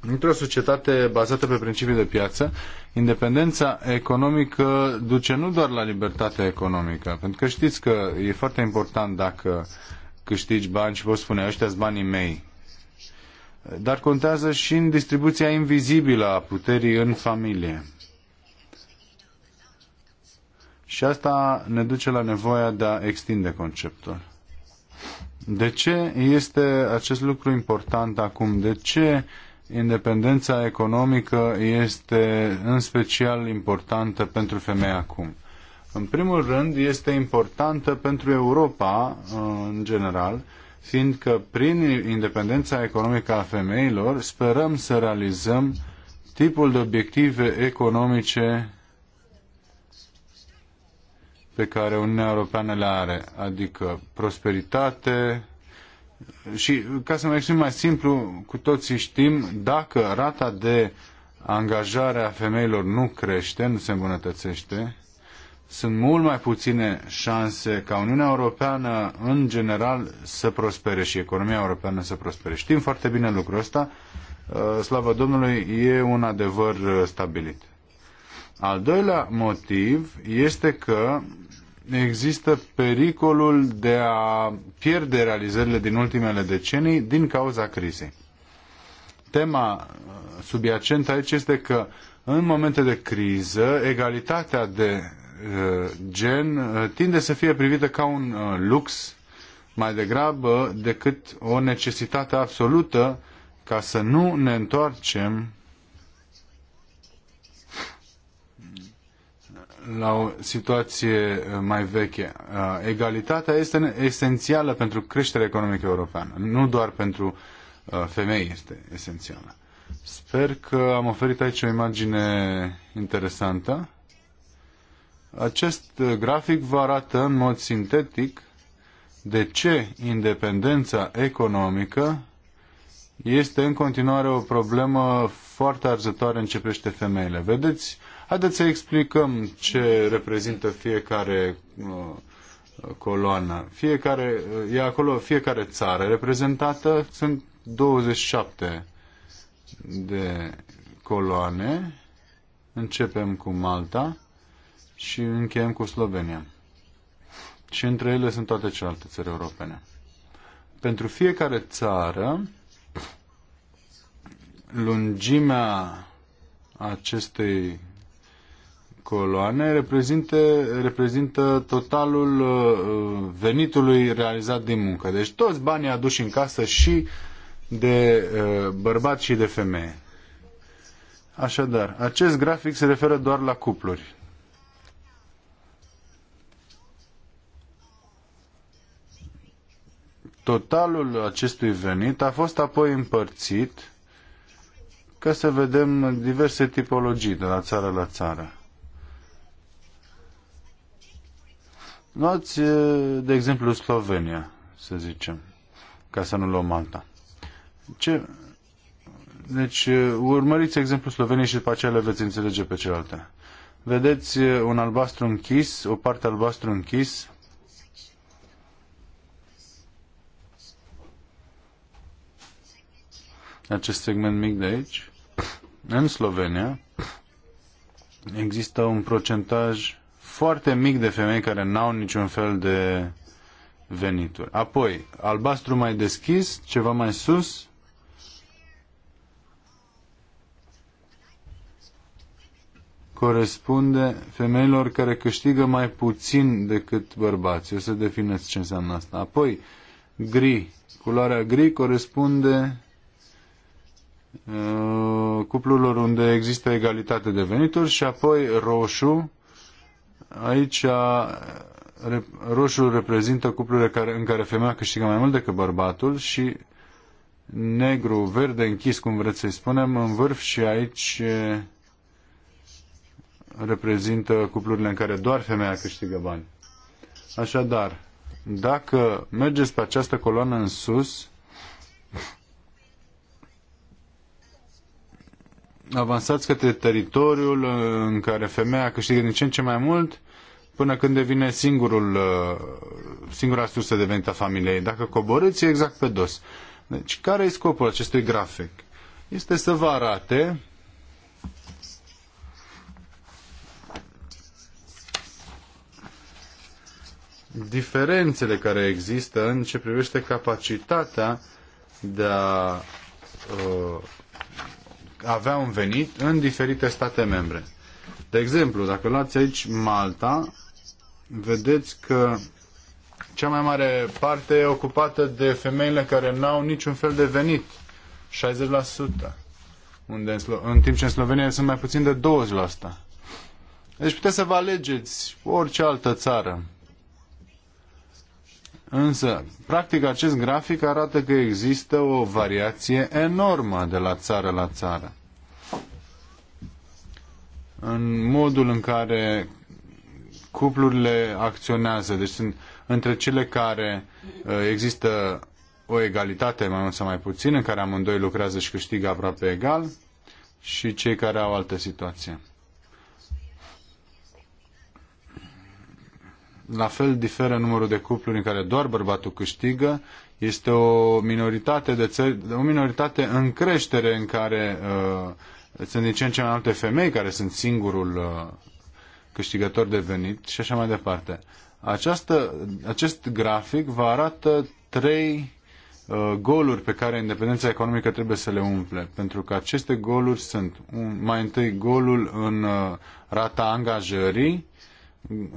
Într-o societate bazată pe principii de piață, independența economică duce nu doar la libertatea economică, pentru că știți că e foarte important dacă câștigi bani și poți spune, ăștia sunt banii mei. Dar contează și în distribuția invizibilă a puterii în familie. Și asta ne duce la nevoia de a extinde conceptul. De ce este acest lucru important acum? De ce independența economică este în special importantă pentru femei acum? În primul rând, este importantă pentru Europa uh, în general, fiindcă prin independența economică a femeilor sperăm să realizăm tipul de obiective economice pe care Uniunea Europeană le are, adică prosperitate și, ca să mă exprim mai simplu, cu toții știm dacă rata de angajare a femeilor nu crește, nu se îmbunătățește, sunt mult mai puține șanse ca Uniunea Europeană în general să prospere și economia europeană să prospere. Știm foarte bine lucrul ăsta, uh, slavă Domnului, e un adevăr uh, stabilit. Al doilea motiv este că există pericolul de a pierde realizările din ultimele decenii din cauza crizei. Tema uh, subiacentă aici este că în momente de criză, egalitatea de uh, gen uh, tinde să fie privită ca un lux mai degrabă decât o necesitate absolută ca să nu ne întoarcem la o situație uh, mai veche. Uh, egalitatea este esențială pentru creșterea economică europeană, nu doar pentru uh, femei este esențială. Sper că am oferit aici o imagine interesantă. Acest grafic vă arată în mod sintetic de ce independența economică este în continuare o problemă foarte arzătoare în ce privește femeile. Vedeți Haideți să explicăm ce reprezintă fiecare uh, coloană. Fiecare, uh, e acolo fiecare țară reprezentată, sunt 27 de coloane. Începem cu Malta și încheiem cu Slovenia. Și între ele sunt toate celelalte țări europene. Pentru fiecare țară, lungimea acestei coloane reprezintă reprezintă totalul uh, venitului realizat din muncă. Deci toți banii aduși în casă și de uh, bărbat și de femeie. Așadar, acest grafic se referă doar la cupluri. Totalul acestui venit a fost apoi împărțit ca să vedem diverse tipologii de la țară la țară. Luați, de exemplu, Slovenia, să zicem, ca să nu luăm Malta. Ce? Deci, urmăriți exemplul Sloveniei și după aceea le veți înțelege pe celelalte. Vedeți un albastru închis, o parte albastru închis, acest segment mic de aici, în Slovenia, există un procentaj foarte mic de femei care n-au niciun fel de venituri. Apoi, albastru mai deschis, ceva mai sus. corespunde femeilor care câștigă mai puțin decât bărbații. O să defineți ce înseamnă asta. Apoi, gri. Culoarea gri corespunde uh, cuplurilor unde există egalitate de venituri și apoi roșu Aici roșul reprezintă cuplurile care, în care femeia câștigă mai mult decât bărbatul și negru, verde, închis, cum vreți să-i spunem, în vârf și aici reprezintă cuplurile în care doar femeia câștigă bani. Așadar, dacă mergeți pe această coloană în sus, avansați către teritoriul uh, în care femeia câștigă din ce în ce mai mult până când devine singurul, uh, singura sursă de venit a familiei. Dacă coborâți, e exact pe dos. Deci, care e scopul acestui grafic? Este să vă arate diferențele care există în ce privește capacitatea de a uh, avea un venit în diferite state membre. De exemplu, dacă luați aici Malta, vedeți că cea mai mare parte e ocupată de femeile care n-au niciun fel de venit, 60%, unde în, Slo- în timp ce în Slovenia sunt mai puțin de 20%. Deci puteți să vă alegeți orice altă țară Însă, practic, acest grafic arată că există o variație enormă de la țară la țară. În modul în care cuplurile acționează, deci sunt între cele care uh, există o egalitate, mai mult sau mai puțin, în care amândoi lucrează și câștigă aproape egal, și cei care au altă situație. la fel diferă numărul de cupluri în care doar bărbatul câștigă. Este o minoritate, de țări, o minoritate în creștere în care uh, sunt din ce în ce mai multe femei care sunt singurul uh, câștigător de venit și așa mai departe. Această, acest grafic vă arată trei uh, goluri pe care independența economică trebuie să le umple, pentru că aceste goluri sunt un, mai întâi golul în uh, rata angajării,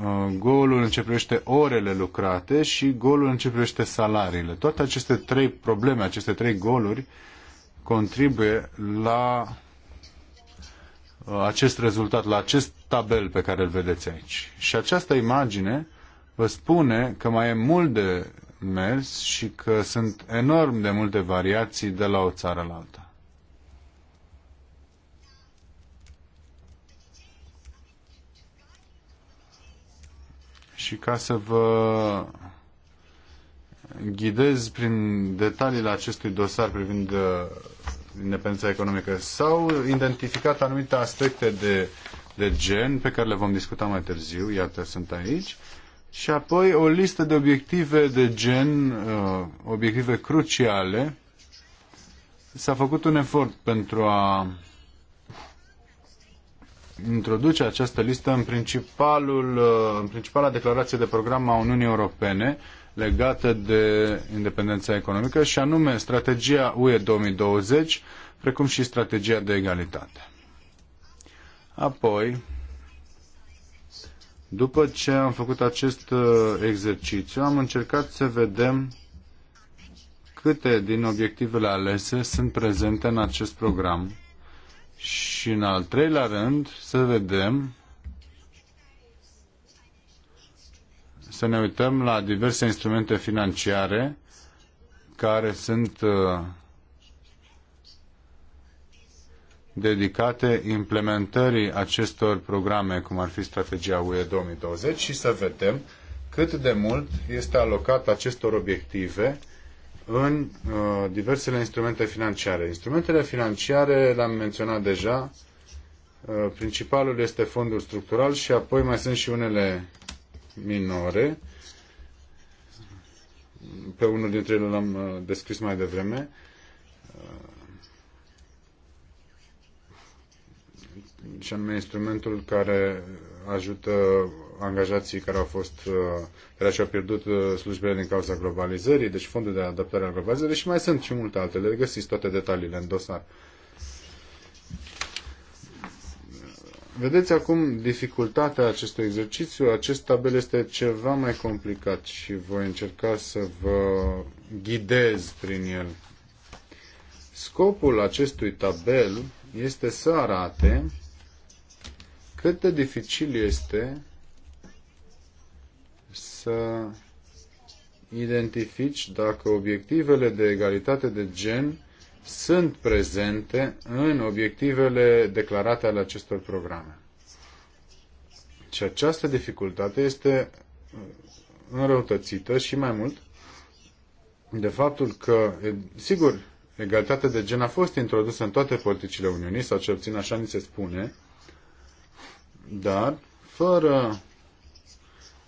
Uh, golul în ce privește orele lucrate și golul în ce privește salariile. Toate aceste trei probleme, aceste trei goluri contribuie la uh, acest rezultat, la acest tabel pe care îl vedeți aici. Și această imagine vă spune că mai e mult de mers și că sunt enorm de multe variații de la o țară la alta. și ca să vă ghidez prin detaliile acestui dosar privind uh, independența economică, s-au identificat anumite aspecte de, de gen pe care le vom discuta mai târziu, iată sunt aici, și apoi o listă de obiective de gen, uh, obiective cruciale. S-a făcut un efort pentru a introduce această listă în, principalul, uh, în principala declarație de program a Uniunii Europene legată de independența economică și anume strategia UE 2020, precum și strategia de egalitate. Apoi, după ce am făcut acest uh, exercițiu, am încercat să vedem câte din obiectivele alese sunt prezente în acest program și în al treilea rând, să vedem, să ne uităm la diverse instrumente financiare care sunt uh, dedicate implementării acestor programe, cum ar fi strategia UE 2020, și să vedem cât de mult este alocat acestor obiective în uh, diversele instrumente financiare. Instrumentele financiare le-am menționat deja. Uh, principalul este fondul structural și apoi mai sunt și unele minore. Pe unul dintre ele l-am uh, descris mai devreme. Uh, și anume instrumentul care ajută angajații care au fost, uh, care și-au pierdut uh, slujbele din cauza globalizării, deci fondul de adaptare la globalizare și mai sunt și multe altele. găsiți toate detaliile în dosar. Vedeți acum dificultatea acestui exercițiu. Acest tabel este ceva mai complicat și voi încerca să vă ghidez prin el. Scopul acestui tabel este să arate cât de dificil este să identifici dacă obiectivele de egalitate de gen sunt prezente în obiectivele declarate ale acestor programe. Și această dificultate este înrăutățită și mai mult de faptul că, sigur, egalitatea de gen a fost introdusă în toate politicile Uniunii, sau cel puțin așa ni se spune, dar fără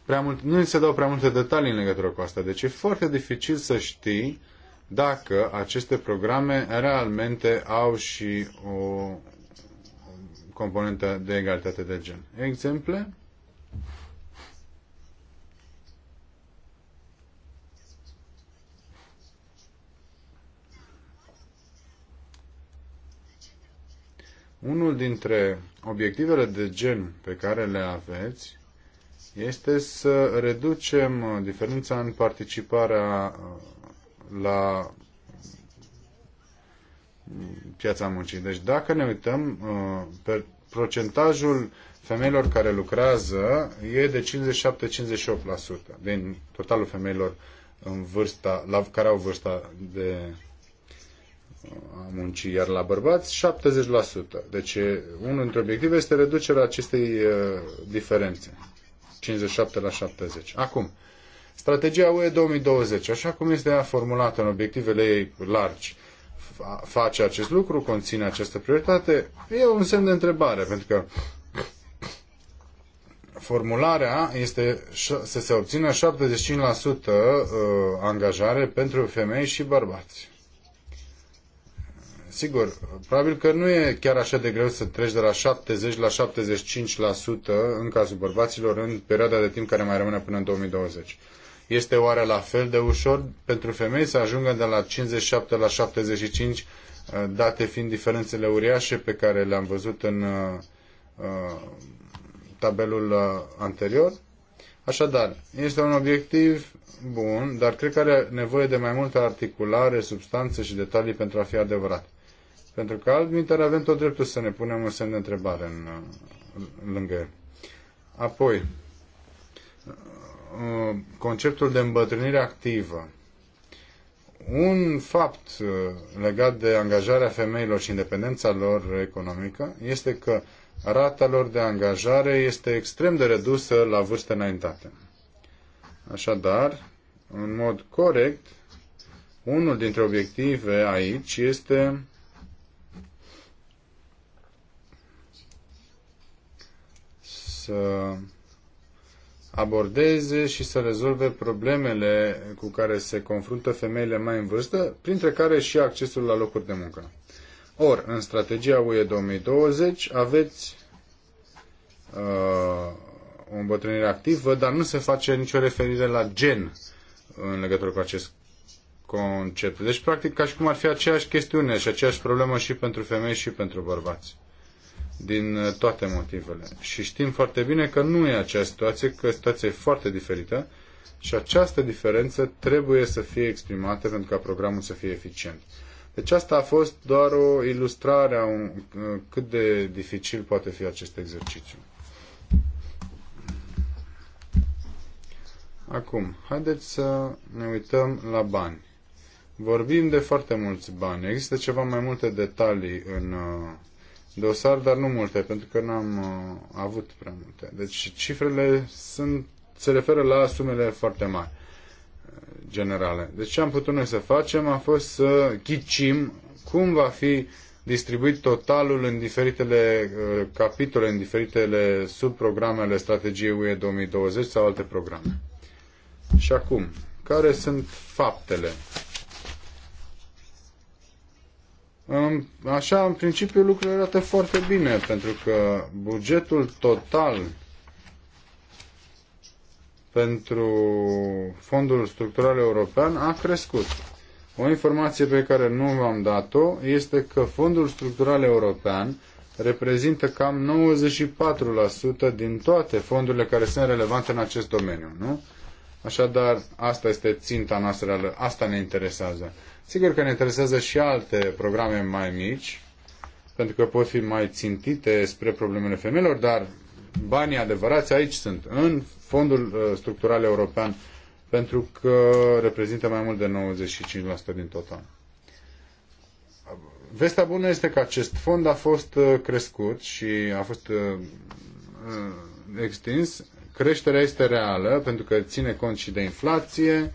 prea mult, nu se dau prea multe detalii în legătură cu asta. Deci e foarte dificil să știi dacă aceste programe realmente au și o componentă de egalitate de gen. Exemple? Unul dintre obiectivele de gen pe care le aveți este să reducem uh, diferența în participarea uh, la piața muncii. Deci dacă ne uităm, uh, pe procentajul femeilor care lucrează e de 57-58% din totalul femeilor în vârsta, la, care au vârsta de a muncii, iar la bărbați 70%. Deci unul dintre obiective este reducerea acestei diferențe. 57 la 70. Acum, strategia UE 2020, așa cum este ea formulată în obiectivele ei largi, face acest lucru, conține această prioritate, e un semn de întrebare, pentru că formularea este să se obțină 75% uh, angajare pentru femei și bărbați. Sigur, probabil că nu e chiar așa de greu să treci de la 70 la 75% în cazul bărbaților în perioada de timp care mai rămâne până în 2020. Este oare la fel de ușor pentru femei să ajungă de la 57 la 75, uh, date fiind diferențele uriașe pe care le-am văzut în uh, uh, tabelul anterior? Așadar, este un obiectiv bun, dar cred că are nevoie de mai multă articulare, substanță și detalii pentru a fi adevărat. Pentru că altminteri avem tot dreptul să ne punem un semn de întrebare în, lângă el. Apoi, conceptul de îmbătrânire activă. Un fapt uh, legat de angajarea femeilor și independența lor economică este că rata lor de angajare este extrem de redusă la vârste înaintate. Așadar, în mod corect, unul dintre obiective aici este să abordeze și să rezolve problemele cu care se confruntă femeile mai în vârstă, printre care și accesul la locuri de muncă. Or, în strategia UE 2020 aveți uh, o îmbătrânire activă, dar nu se face nicio referire la gen în legătură cu acest concept. Deci, practic, ca și cum ar fi aceeași chestiune și aceeași problemă și pentru femei și pentru bărbați din uh, toate motivele. Și știm foarte bine că nu e această situație, că situația e foarte diferită și această diferență trebuie să fie exprimată pentru ca programul să fie eficient. Deci asta a fost doar o ilustrare a un, uh, cât de dificil poate fi acest exercițiu. Acum, haideți să ne uităm la bani. Vorbim de foarte mulți bani. Există ceva mai multe detalii în uh, dosar, dar nu multe, pentru că n-am uh, avut prea multe. Deci cifrele sunt, se referă la sumele foarte mari uh, generale. Deci ce am putut noi să facem a fost să ghicim cum va fi distribuit totalul în diferitele uh, capitole, în diferitele subprogramele, strategiei UE 2020 sau alte programe. Și acum, care sunt faptele? Așa, în principiu, lucrurile arată foarte bine, pentru că bugetul total pentru Fondul Structural European a crescut. O informație pe care nu v-am dat-o este că Fondul Structural European reprezintă cam 94% din toate fondurile care sunt relevante în acest domeniu, nu? Așadar, asta este ținta noastră, asta ne interesează. Sigur că ne interesează și alte programe mai mici, pentru că pot fi mai țintite spre problemele femeilor, dar banii adevărați aici sunt, în Fondul uh, Structural European, pentru că reprezintă mai mult de 95% din total. Vestea bună este că acest fond a fost uh, crescut și a fost uh, extins. Creșterea este reală pentru că ține cont și de inflație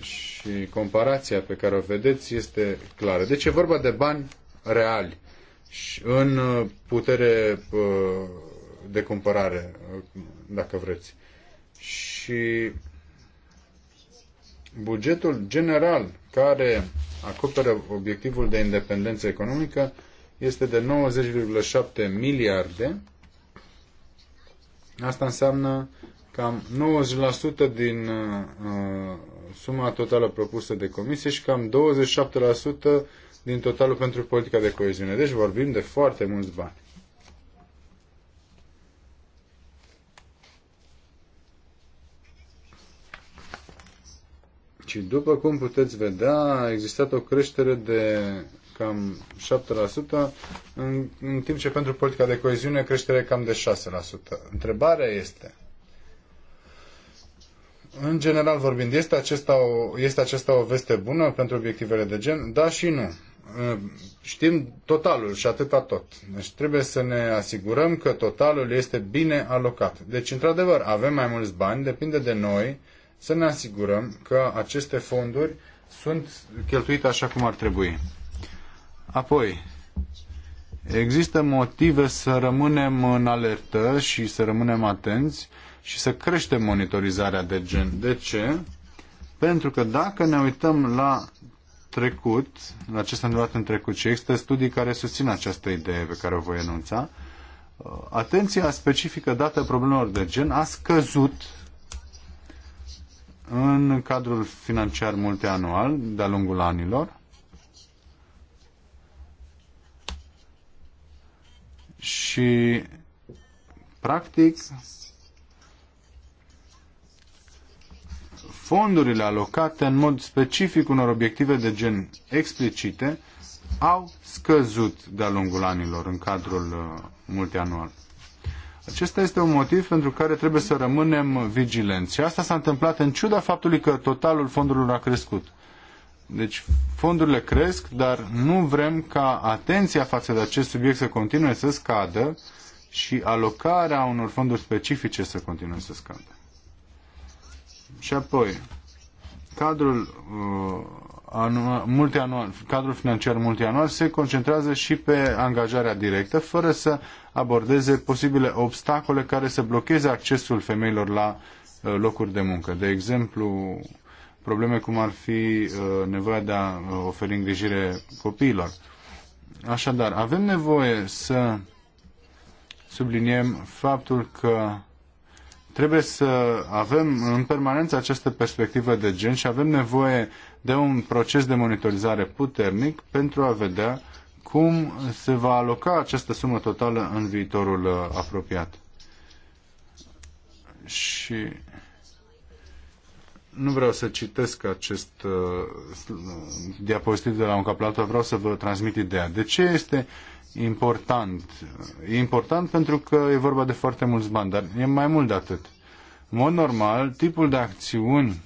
și și comparația pe care o vedeți este clară. Deci e vorba de bani reali și în uh, putere uh, de cumpărare, uh, dacă vreți. Și bugetul general care acoperă obiectivul de independență economică este de 90,7 miliarde. Asta înseamnă cam 90% din uh, suma totală propusă de comisie și cam 27% din totalul pentru politica de coeziune. Deci vorbim de foarte mulți bani. Și după cum puteți vedea, a existat o creștere de cam 7%, în, în timp ce pentru politica de coeziune creștere cam de 6%. Întrebarea este, în general vorbind, este acesta, o, este acesta o veste bună pentru obiectivele de gen? Da și nu. Ă, știm totalul și atâta tot. Deci trebuie să ne asigurăm că totalul este bine alocat. Deci, într-adevăr, avem mai mulți bani, depinde de noi să ne asigurăm că aceste fonduri sunt cheltuite așa cum ar trebui. Apoi, există motive să rămânem în alertă și să rămânem atenți și să creștem monitorizarea de gen. De ce? Pentru că dacă ne uităm la trecut, la ce s-a întâmplat în trecut și există studii care susțin această idee pe care o voi enunța, uh, atenția specifică dată problemelor de gen a scăzut în cadrul financiar multianual de-a lungul anilor și practic fondurile alocate în mod specific unor obiective de gen explicite au scăzut de-a lungul anilor în cadrul uh, multianual. Acesta este un motiv pentru care trebuie să rămânem vigilenți. Și asta s-a întâmplat în ciuda faptului că totalul fondurilor a crescut. Deci fondurile cresc, dar nu vrem ca atenția față de acest subiect să continue să scadă și alocarea unor fonduri specifice să continue să scadă. Și apoi, cadrul uh, anual, multianual, cadrul financiar multianual se concentrează și pe angajarea directă, fără să abordeze posibile obstacole care să blocheze accesul femeilor la uh, locuri de muncă. De exemplu, probleme cum ar fi uh, nevoia de a oferi îngrijire copiilor. Așadar, avem nevoie să subliniem faptul că Trebuie să avem în permanență această perspectivă de gen și avem nevoie de un proces de monitorizare puternic pentru a vedea cum se va aloca această sumă totală în viitorul uh, apropiat. Și nu vreau să citesc acest uh, uh diapozitiv de la un altul, vreau să vă transmit ideea. De ce este uh, important. E important pentru că e vorba de foarte mulți bani, dar e mai mult de atât. În mod normal, tipul de acțiuni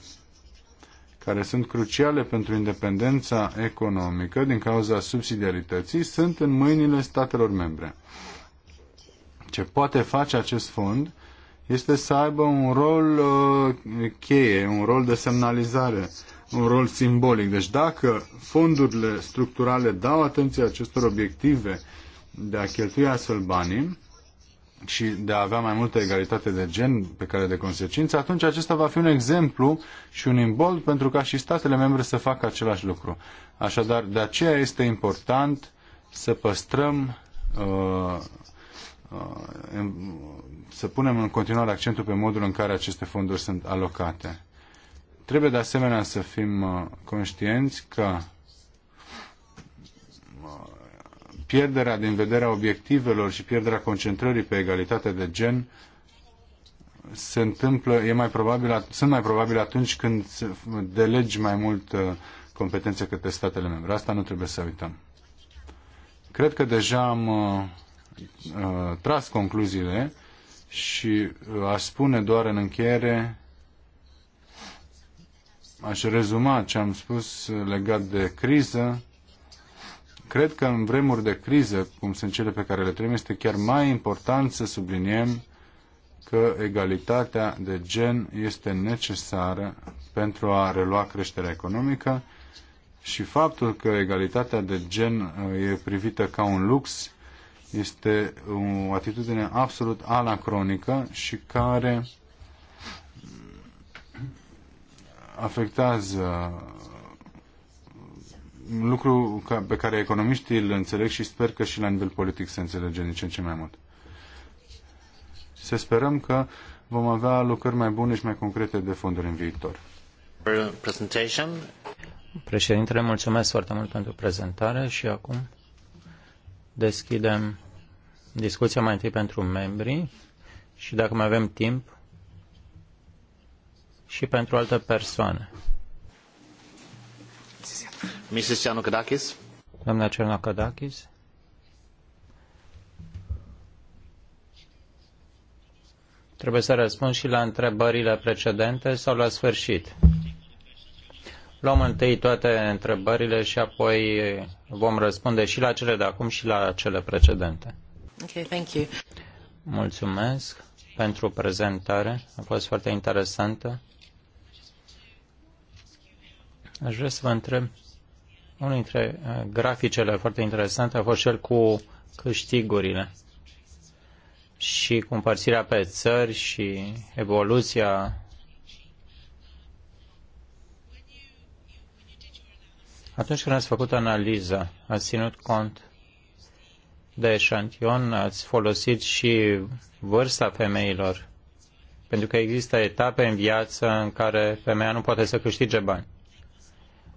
care sunt cruciale pentru independența economică din cauza subsidiarității sunt în mâinile statelor membre. Ce poate face acest fond este să aibă un rol uh, cheie, un rol de semnalizare, un rol simbolic. Deci dacă fondurile structurale dau atenție acestor obiective de a cheltui astfel banii și de a avea mai multă egalitate de gen pe care de consecință, atunci acesta va fi un exemplu și un imbold pentru ca și statele membre să facă același lucru. Așadar, de aceea este important să păstrăm uh, uh, să punem în continuare accentul pe modul în care aceste fonduri sunt alocate. Trebuie de asemenea să fim uh, conștienți că pierderea din vederea obiectivelor și pierderea concentrării pe egalitate de gen se întâmplă, e mai probabil, sunt mai probabile atunci când delegi mai mult uh, competențe către statele membre. Asta nu trebuie să uităm. Cred că deja am uh, uh tras concluziile și uh, aș spune doar în încheiere, aș rezuma ce am spus legat de criză cred că în vremuri de criză, cum sunt cele pe care le trăim, este chiar mai important să subliniem că egalitatea de gen este necesară pentru a relua creșterea economică și faptul că egalitatea de gen uh, e privită ca un lux este o atitudine absolut anacronică și care afectează lucru pe care economiștii îl înțeleg și sper că și la nivel politic se înțelege din ce în ce mai mult. Să sperăm că vom avea lucruri mai bune și mai concrete de fonduri în viitor. Președintele, mulțumesc foarte mult pentru prezentare și acum deschidem discuția mai întâi pentru membrii și dacă mai avem timp și pentru alte persoane. Mrs. Giannakadakis. Doamna Cernacadakis. Trebuie să răspund și la întrebările precedente sau la sfârșit? Luăm întâi toate întrebările și apoi vom răspunde și la cele de acum și la cele precedente. Ok, thank you. Mulțumesc pentru prezentare. A fost foarte interesantă. Aș vrea să vă întreb unul dintre eh, graficele foarte interesante a fost cel cu câștigurile și cu împărțirea pe țări și evoluția Atunci când ați făcut analiza, ați ținut cont de eșantion, ați folosit și vârsta femeilor, pentru că există etape în viață în care femeia nu poate să câștige bani.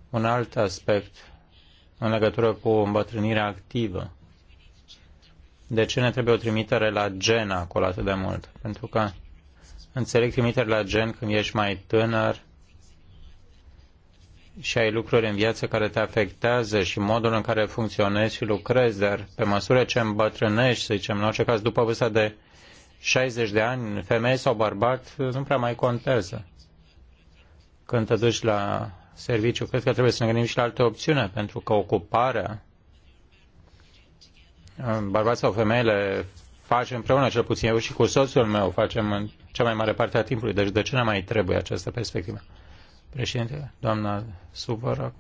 Un alt aspect în legătură cu îmbătrânirea activă. De ce ne trebuie o trimitere la gen acolo atât de mult? Pentru că înțeleg trimitere la gen când ești mai tânăr și ai lucruri în viață care te afectează și modul în care funcționezi și lucrezi, dar pe măsură ce îmbătrânești, să zicem, în orice caz, după vârsta de 60 de ani, femeie sau bărbat, nu prea mai contează. Când te duci la serviciu. Cred că trebuie să ne gândim și la alte opțiune, pentru că ocuparea, um, bărbați sau femeile, facem împreună, cel puțin eu și cu soțul meu, facem în cea mai mare parte a timpului. Deci de ce ne mai trebuie această perspectivă? Președinte, doamna Suvăr.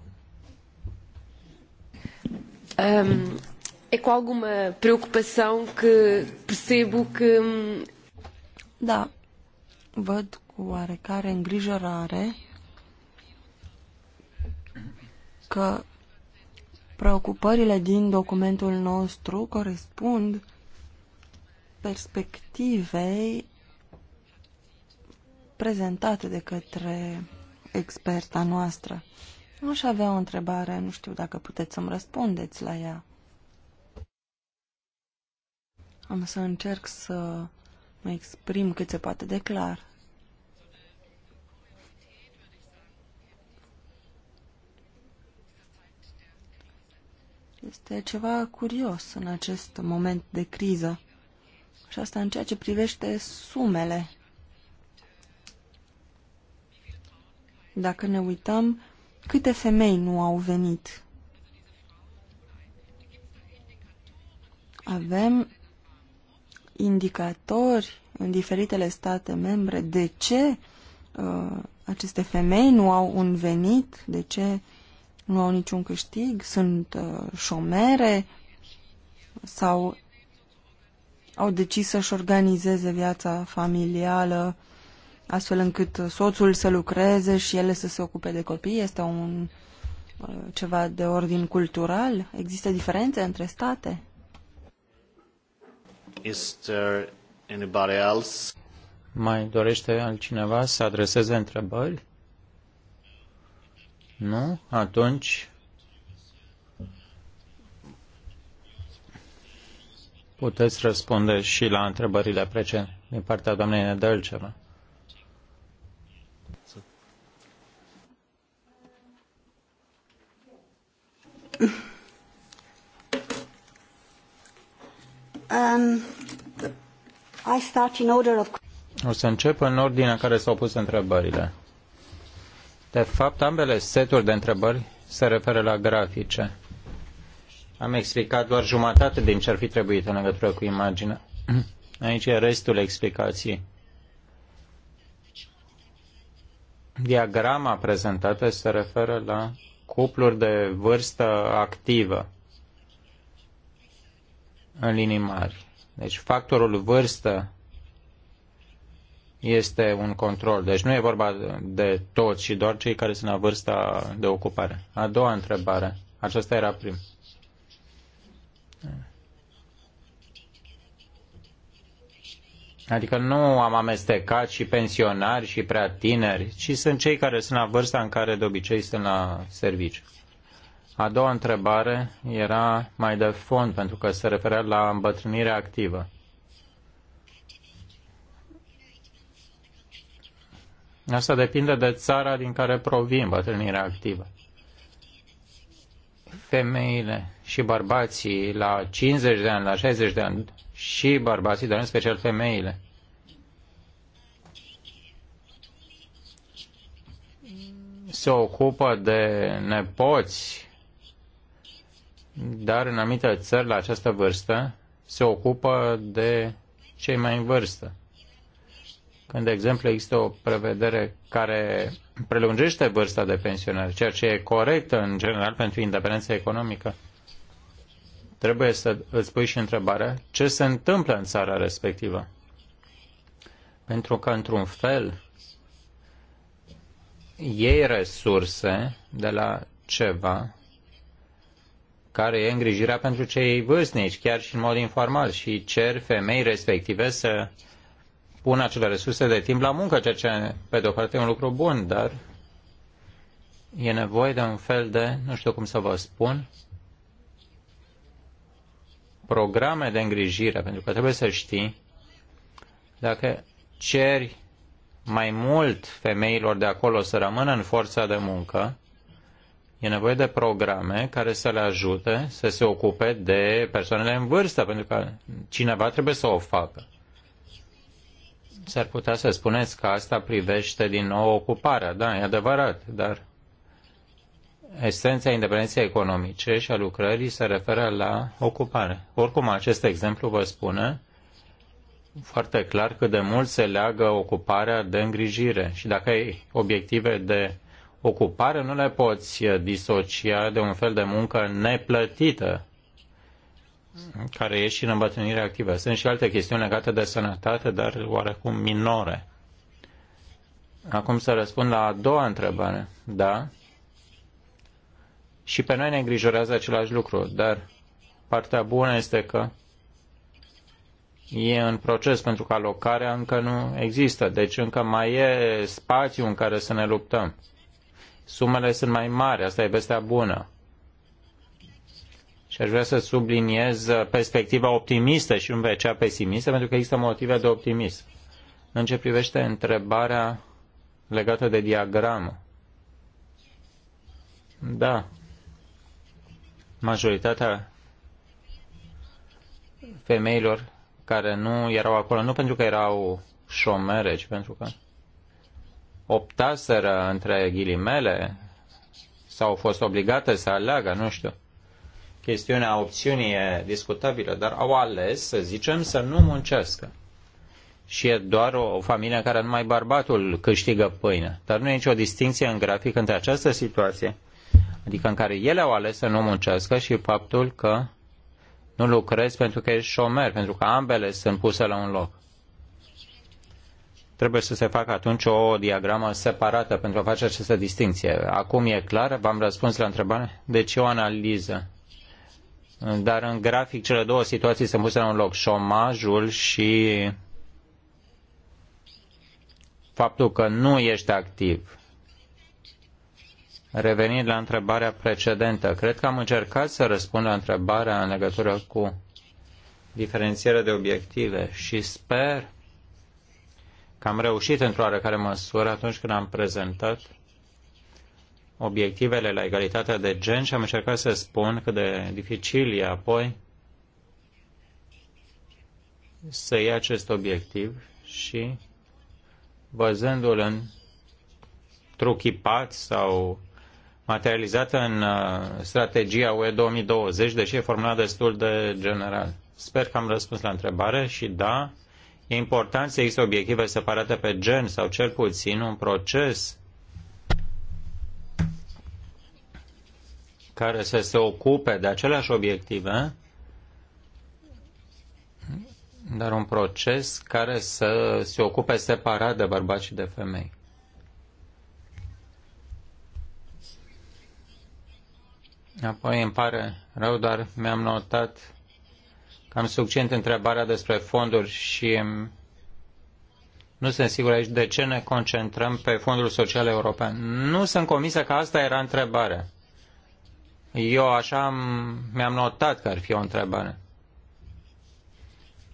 Um, é com alguma preocupação que percebo que... Da, văd cu oarecare îngrijorare că preocupările din documentul nostru corespund perspectivei prezentate de către experta noastră. Aș avea o întrebare, nu știu dacă puteți să-mi răspundeți la ea. Am să încerc să mă exprim cât se poate de clar. Este ceva curios în acest moment de criză. Și asta în ceea ce privește sumele. Dacă ne uităm, câte femei nu au venit? Avem indicatori în diferitele state membre de ce uh, aceste femei nu au un venit, de ce nu au niciun câștig, sunt uh, șomere sau au decis să-și organizeze viața familială astfel încât soțul să lucreze și ele să se ocupe de copii. Este un uh, ceva de ordin cultural? Există diferențe între state? Is there anybody else? Mai dorește altcineva să adreseze întrebări? Nu? Atunci puteți răspunde și la întrebările precedente din partea doamnei Nedălcevă. Um, I start in order of... O să încep în ordinea care s-au pus întrebările. De fapt, ambele seturi de întrebări se referă la grafice. Am explicat doar jumătate din ce ar fi trebuit în legătură cu imaginea. Aici e restul explicației. Diagrama prezentată se referă la cupluri de vârstă activă în linii mari. Deci factorul vârstă este un control. Deci nu e vorba de toți și doar cei care sunt la vârsta de ocupare. A doua întrebare. Aceasta era prim. Adică nu am amestecat și pensionari și prea tineri, ci sunt cei care sunt la vârsta în care de obicei sunt la serviciu. A doua întrebare era mai de fond, pentru că se referea la îmbătrânirea activă. Asta depinde de țara din care provin bătrânirea activă. Femeile și bărbații la 50 de ani, la 60 de ani și bărbații, dar în special femeile, se ocupă de nepoți, dar în anumite țări la această vârstă se ocupă de cei mai în vârstă. Când, de exemplu, există o prevedere care prelungește vârsta de pensionare, ceea ce e corect în general pentru independența economică, trebuie să îți pui și întrebarea ce se întâmplă în țara respectivă. Pentru că, într-un fel, iei resurse de la ceva care e îngrijirea pentru cei vârstnici, chiar și în mod informal, și cer femei respective să pun acele resurse de timp la muncă, ceea ce, pe de o parte, e un lucru bun, dar e nevoie de un fel de, nu știu cum să vă spun, programe de îngrijire, pentru că trebuie să știi dacă ceri mai mult femeilor de acolo să rămână în forța de muncă, e nevoie de programe care să le ajute să se ocupe de persoanele în vârstă, pentru că cineva trebuie să o facă s-ar putea să spuneți că asta privește din nou ocuparea. Da, e adevărat, dar esența independenței economice și a lucrării se referă la ocupare. Oricum, acest exemplu vă spune foarte clar cât de mult se leagă ocuparea de îngrijire și dacă ai obiective de ocupare, nu le poți disocia de un fel de muncă neplătită care e și în îmbătrânire activă. Sunt și alte chestiuni legate de sănătate, dar oarecum minore. Acum să răspund la a doua întrebare. Da. Și pe noi ne îngrijorează același lucru, dar partea bună este că e în proces pentru că alocarea încă nu există, deci încă mai e spațiu în care să ne luptăm. Sumele sunt mai mari, asta e vestea bună. Și aș vrea să subliniez perspectiva optimistă și nu pe cea pesimistă, pentru că există motive de optimism. În ce privește întrebarea legată de diagramă. Da. Majoritatea femeilor care nu erau acolo, nu pentru că erau șomere, ci pentru că optaseră între ghilimele sau au fost obligate să aleagă, nu știu chestiunea opțiunii e discutabilă, dar au ales, să zicem, să nu muncească. Și e doar o, o familie în care numai bărbatul câștigă pâine. Dar nu e nicio distinție în grafic între această situație, adică în care ele au ales să nu muncească și faptul că nu lucrezi pentru că ești șomer, pentru că ambele sunt puse la un loc. Trebuie să se facă atunci o diagramă separată pentru a face această distinție. Acum e clar? V-am răspuns la întrebare? Deci e o analiză dar în grafic cele două situații se puse la un loc, șomajul și faptul că nu ești activ. Revenind la întrebarea precedentă, cred că am încercat să răspund la întrebarea în legătură cu diferențierea de obiective și sper că am reușit într-o oarecare măsură atunci când am prezentat obiectivele la egalitatea de gen și am încercat să spun cât de dificil e apoi să iei acest obiectiv și bazându-l în truchipat sau materializat în uh, strategia UE 2020, deși e formulat destul de general. Sper că am răspuns la întrebare și da, e important să există obiective separate pe gen sau cel puțin un proces care să se ocupe de aceleași obiective, dar un proces care să se ocupe separat de bărbați și de femei. Apoi îmi pare rău, dar mi-am notat cam succint întrebarea despre fonduri și nu sunt sigur aici de ce ne concentrăm pe fondul social european. Nu sunt convinsă că asta era întrebarea. Eu așa mi-am notat că ar fi o întrebare.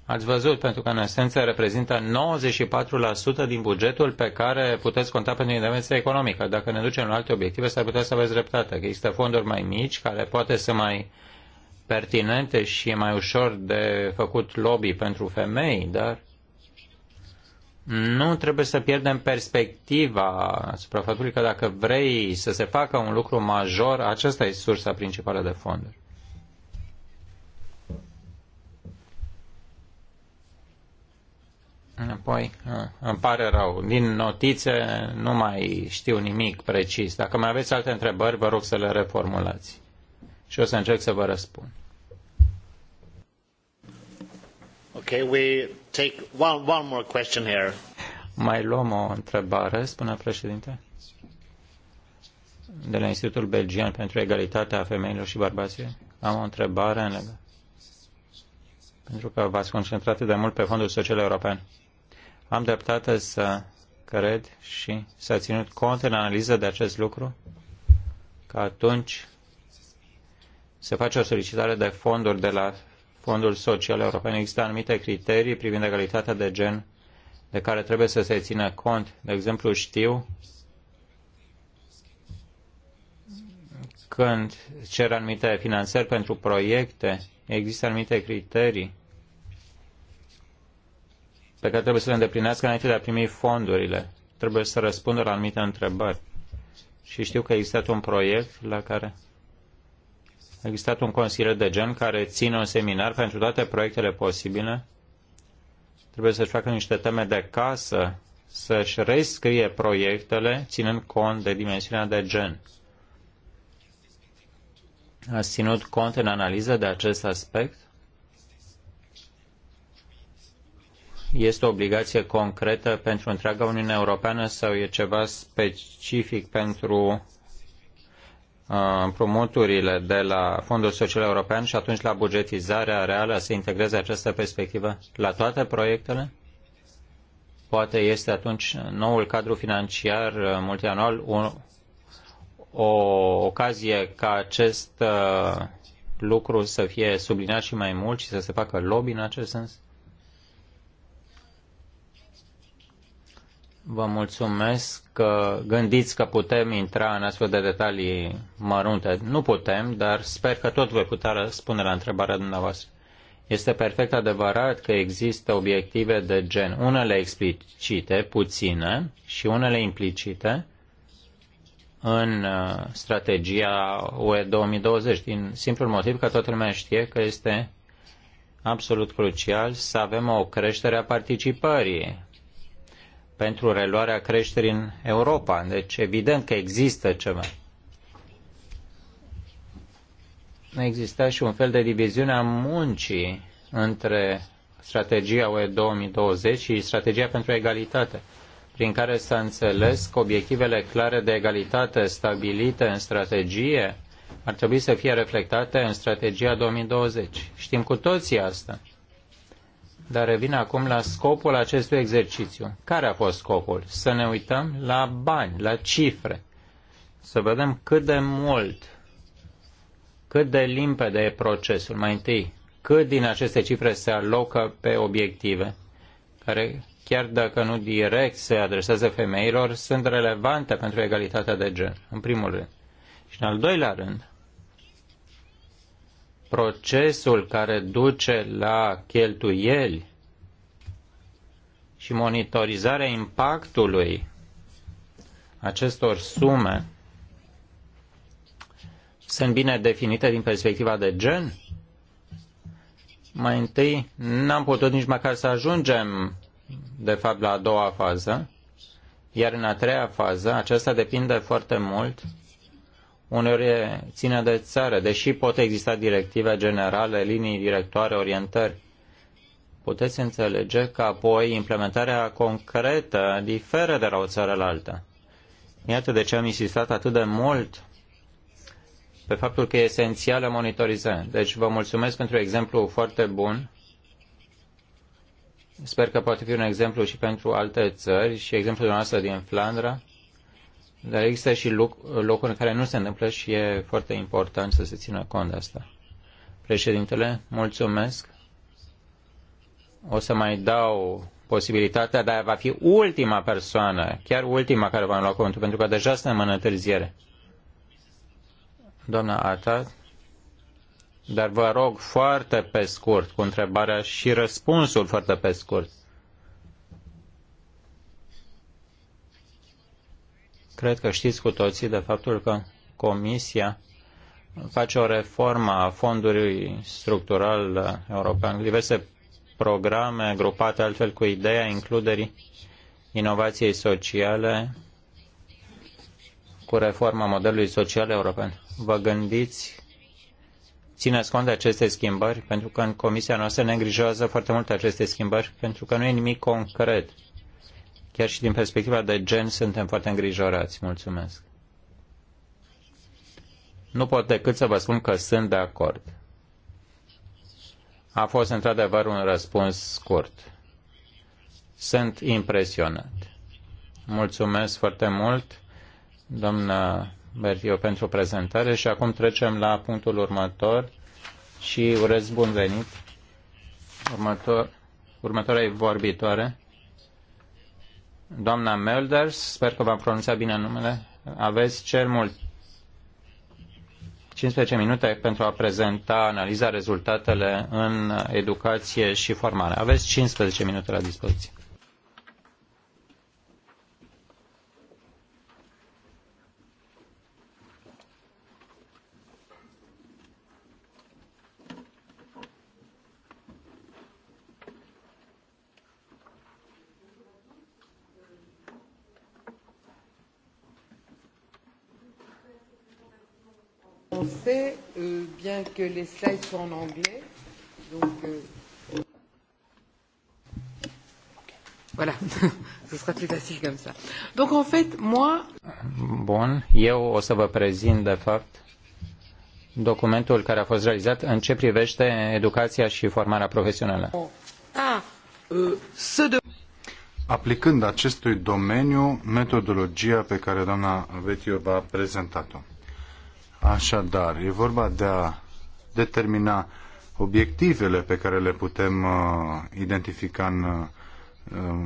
Ați văzut, pentru că în esență reprezintă 94% din bugetul pe care puteți conta pentru intervenția economică. Dacă ne ducem la alte obiective, s-ar putea să aveți dreptate, că există fonduri mai mici care poate să mai pertinente și e mai ușor de făcut lobby pentru femei, dar nu trebuie să pierdem perspectiva asupra faptului că dacă vrei să se facă un lucru major, aceasta e sursa principală de fonduri. Apoi, uh, îmi pare rău, din notițe nu mai știu nimic precis. Dacă mai aveți alte întrebări, vă rog să le reformulați. Și o să încerc să vă răspund. Okay, we take one, one more question here. Mai luăm o întrebare, spune președinte, de la Institutul Belgian pentru Egalitatea Femeilor și Bărbaților. Am o întrebare în legătură pentru că v-ați concentrat de mult pe Fondul Social European. Am dreptate să cred și s-a ținut cont în analiză de acest lucru că atunci se face o solicitare de fonduri de la Fondul Social European, există anumite criterii privind egalitatea de gen de care trebuie să se țină cont. De exemplu, știu când cer anumite finanțări pentru proiecte, există anumite criterii pe care trebuie să le îndeplinească înainte de a primi fondurile. Trebuie să răspundă la anumite întrebări. Și știu că există un proiect la care a existat un consiliu de gen care ține un seminar pentru toate proiectele posibile. Trebuie să-și facă niște teme de casă, să-și rescrie proiectele, ținând cont de dimensiunea de gen. Ați ținut cont în analiză de acest aspect? Este o obligație concretă pentru întreaga Uniune Europeană sau e ceva specific pentru împrumuturile de la Fondul Social European și atunci la bugetizarea reală să integreze această perspectivă la toate proiectele? Poate este atunci noul cadru financiar uh, multianual un, o ocazie ca acest uh, lucru să fie subliniat și mai mult și să se facă lobby în acest sens? Vă mulțumesc că gândiți că putem intra în astfel de detalii mărunte. Nu putem, dar sper că tot voi putea răspunde la întrebarea dumneavoastră. Este perfect adevărat că există obiective de gen, unele explicite, puține, și unele implicite în uh, strategia UE 2020, din simplul motiv că toată lumea știe că este absolut crucial să avem o creștere a participării pentru reluarea creșterii în Europa. Deci evident că există ceva. Exista și un fel de diviziune a muncii între strategia UE 2020 și strategia pentru egalitate, prin care s-a înțeles că obiectivele clare de egalitate stabilite în strategie ar trebui să fie reflectate în strategia 2020. Știm cu toții asta. Dar revin acum la scopul acestui exercițiu. Care a fost scopul? Să ne uităm la bani, la cifre. Să vedem cât de mult, cât de limpede e procesul. Mai întâi, cât din aceste cifre se alocă pe obiective, care chiar dacă nu direct se adresează femeilor, sunt relevante pentru egalitatea de gen, în primul rând. Și în al doilea rând, procesul care duce la cheltuieli și monitorizarea impactului acestor sume sunt bine definite din perspectiva de gen? Mai întâi, n-am putut nici măcar să ajungem, de fapt, la a doua fază, iar în a treia fază, aceasta depinde foarte mult uneori ține de țară, deși pot exista directive generale, linii directoare, orientări. Puteți înțelege că apoi implementarea concretă diferă de la o țară la alta. Iată de ce am insistat atât de mult pe faptul că e esențială monitorizare. Deci vă mulțumesc pentru exemplu foarte bun. Sper că poate fi un exemplu și pentru alte țări și exemplul dumneavoastră din Flandra dar există și locuri în care nu se întâmplă și e foarte important să se țină cont de asta. Președintele, mulțumesc. O să mai dau posibilitatea, dar va fi ultima persoană, chiar ultima care va lua cuvântul, pentru că deja suntem în întârziere. Doamna Ata, dar vă rog foarte pe scurt, cu întrebarea și răspunsul foarte pe scurt. Cred că știți cu toții de faptul că Comisia face o reformă a fondului structural european, diverse programe grupate altfel cu ideea includerii inovației sociale cu reforma modelului social european. Vă gândiți, țineți cont de aceste schimbări, pentru că în comisia noastră ne îngrijează foarte mult aceste schimbări, pentru că nu e nimic concret. Chiar și din perspectiva de gen suntem foarte îngrijorați. Mulțumesc. Nu pot decât să vă spun că sunt de acord. A fost într-adevăr un răspuns scurt. Sunt impresionat. Mulțumesc foarte mult, doamnă Bertiu, pentru prezentare și acum trecem la punctul următor și urez bun venit următor, următoarea vorbitoare, Doamna Melders, sper că v-am pronunțat bine numele, aveți cel mult 15 minute pentru a prezenta, analiza rezultatele în educație și formare. Aveți 15 minute la dispoziție. commencer, euh, bien que les slides soient en anglais. Donc, euh... Voilà, ce sera plus facile comme ça. Donc en fait, moi... Bun, eu o să vă prezint de fapt documentul care a fost realizat în ce privește educația și formarea profesională. Ah, uh, să de... Aplicând acestui domeniu metodologia pe care doamna Vetiu va prezentat-o. Așadar, e vorba de a determina obiectivele pe care le putem uh, identifica în, uh,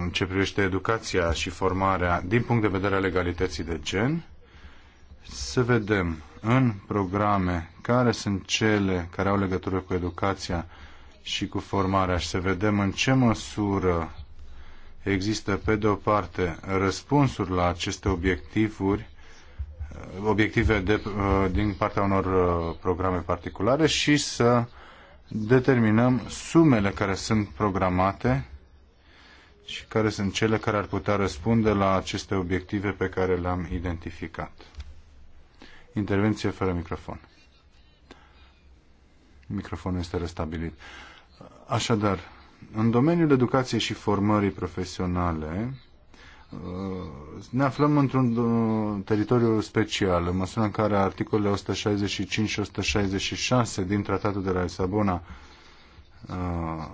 în ce privește educația și formarea din punct de vedere a legalității de gen, să vedem în programe care sunt cele care au legătură cu educația și cu formarea și să vedem în ce măsură există, pe de o parte, răspunsuri la aceste obiectivuri obiective de, uh, din partea unor uh, programe particulare și să determinăm sumele care sunt programate și care sunt cele care ar putea răspunde la aceste obiective pe care le-am identificat. Intervenție fără microfon. Microfonul este restabilit. Așadar, în domeniul educației și formării profesionale, ne aflăm într-un teritoriu special, în măsura în care articolele 165 și 166 din Tratatul de la Lisabona, uh,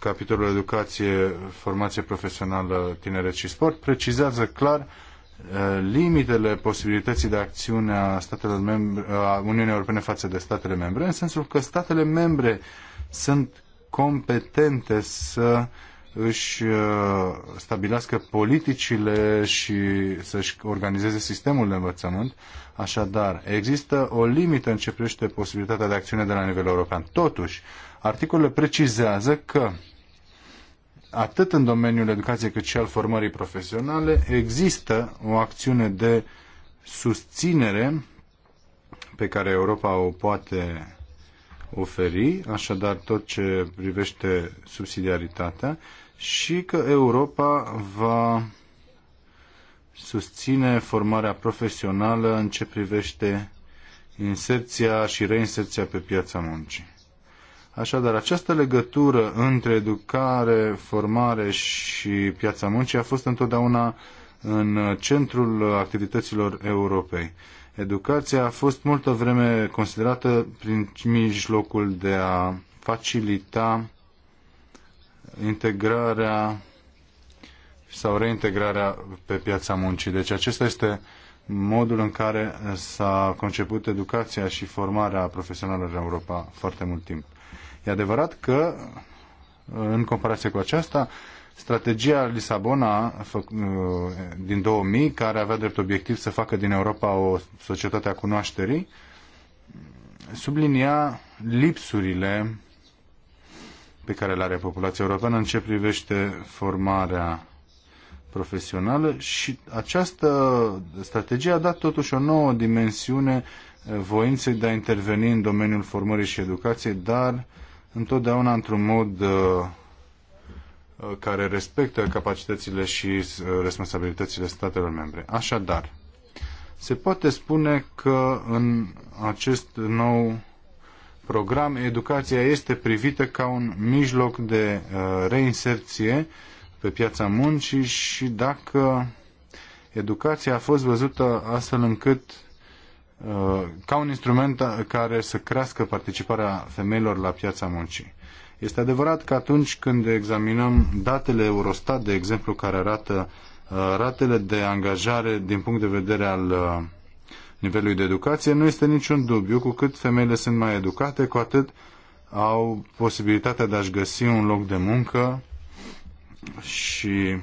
capitolul Educație, Formație Profesională, Tineret și Sport, precizează clar uh, limitele posibilității de acțiune a, statelor membre, a Uniunii Europene față de statele membre, în sensul că statele membre sunt competente să uh, își uh, stabilească politicile și să-și organizeze sistemul de învățământ. Așadar, există o limită în ce privește posibilitatea de acțiune de la nivel european. Totuși, articolele precizează că atât în domeniul educației cât și al formării profesionale există o acțiune de susținere pe care Europa o poate oferi, așadar tot ce privește subsidiaritatea, și că Europa va susține formarea profesională în ce privește inserția și reinserția pe piața muncii. Așadar, această legătură între educare, formare și piața muncii a fost întotdeauna în centrul activităților Europei. Educația a fost multă vreme considerată prin mijlocul de a facilita integrarea sau reintegrarea pe piața muncii. Deci acesta este modul în care s-a conceput educația și formarea profesională în Europa foarte mult timp. E adevărat că, în comparație cu aceasta, strategia Lisabona uh, din 2000, care avea drept obiectiv să facă din Europa o societate a cunoașterii, sublinia lipsurile pe care le are populația europeană în ce privește formarea profesională și această strategie a dat totuși o nouă dimensiune eh, voinței de a interveni în domeniul formării și educației, dar întotdeauna într-un mod eh, eh, care respectă capacitățile și responsabilitățile statelor membre. Așadar, se poate spune că în acest nou program, educația este privită ca un mijloc de uh, reinserție pe piața muncii și dacă educația a fost văzută astfel încât uh, ca un instrument uh, care să crească participarea femeilor la piața muncii. Este adevărat că atunci când examinăm datele Eurostat, de exemplu, care arată ratele de angajare din punct de vedere al nivelului de educație, nu este niciun dubiu. Cu cât femeile sunt mai educate, cu atât au posibilitatea de a-și găsi un loc de muncă și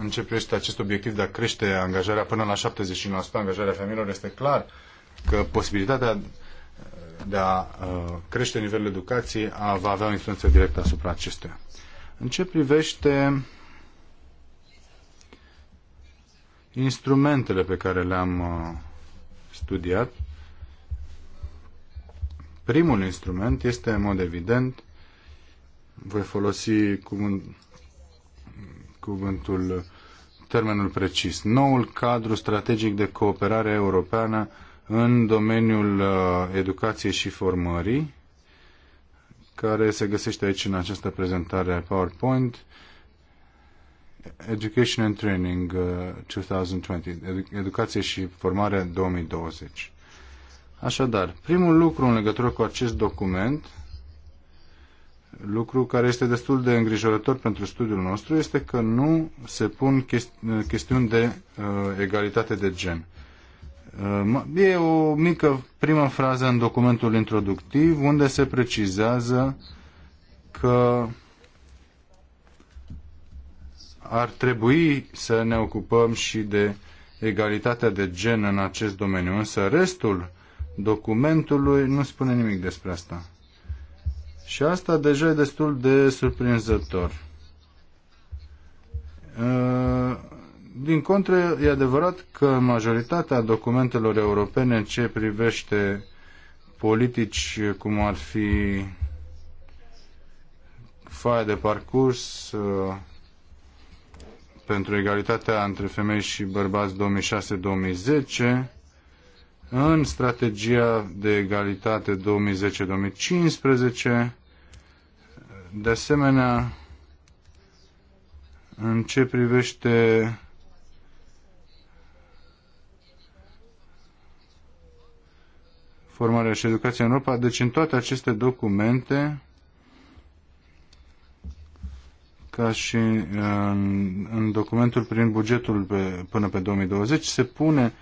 începește acest obiectiv de a crește angajarea până la 75% angajarea femeilor, este clar că posibilitatea de a uh, crește nivelul educației va avea o influență directă asupra acestuia. În ce privește instrumentele pe care le-am uh, studiat. Primul instrument este, în mod evident, voi folosi cuvânt, cuvântul termenul precis, noul cadru strategic de cooperare europeană în domeniul uh, educației și formării, care se găsește aici în această prezentare PowerPoint. Education and Training 2020, uh, Educație și Formare 2020. Așadar, primul lucru în legătură cu acest document, lucru care este destul de îngrijorător pentru studiul nostru, este că nu se pun chesti- chestiuni de uh, egalitate de gen. Uh, e o mică primă frază în documentul introductiv unde se precizează că uh, ar trebui să ne ocupăm și de egalitatea de gen în acest domeniu, însă restul documentului nu spune nimic despre asta. Și asta deja e destul de surprinzător. Uh, din contră, e adevărat că majoritatea documentelor europene în ce privește politici cum ar fi faia de parcurs, uh, pentru egalitatea între femei și bărbați 2006-2010, în strategia de egalitate 2010-2015, de asemenea, în ce privește formarea și educația în Europa, deci în toate aceste documente ca și uh, în, în documentul prin bugetul pe, până pe 2020, se pune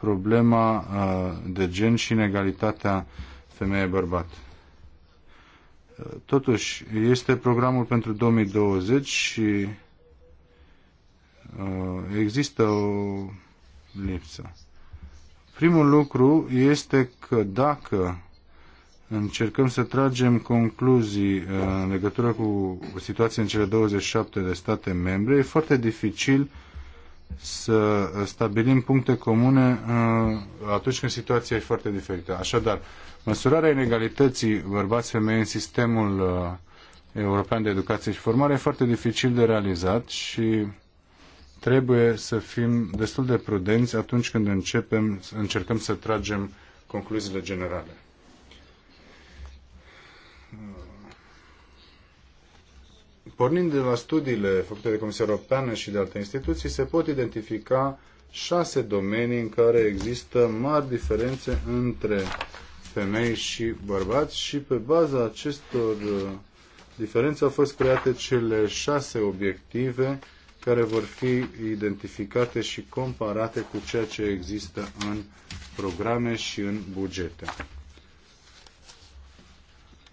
problema uh, de gen și inegalitatea femeie-bărbat. Uh, totuși, este programul pentru 2020 și există o lipsă. Primul lucru este că dacă încercăm să tragem concluzii uh, în legătură cu situația în cele 27 de state membre. E foarte dificil să uh, stabilim puncte comune uh, atunci când situația e foarte diferită. Așadar, măsurarea inegalității bărbați-femei în sistemul european de educație și formare e foarte dificil de realizat și trebuie să fim destul de prudenți atunci când începem, încercăm să tragem concluziile generale. Hmm. Pornind de la studiile făcute de Comisia Europeană și de alte instituții, se pot identifica șase domenii în care există mari diferențe între femei și bărbați și pe baza acestor uh, diferențe au fost create cele șase obiective care vor fi identificate și comparate cu ceea ce există în programe și în bugete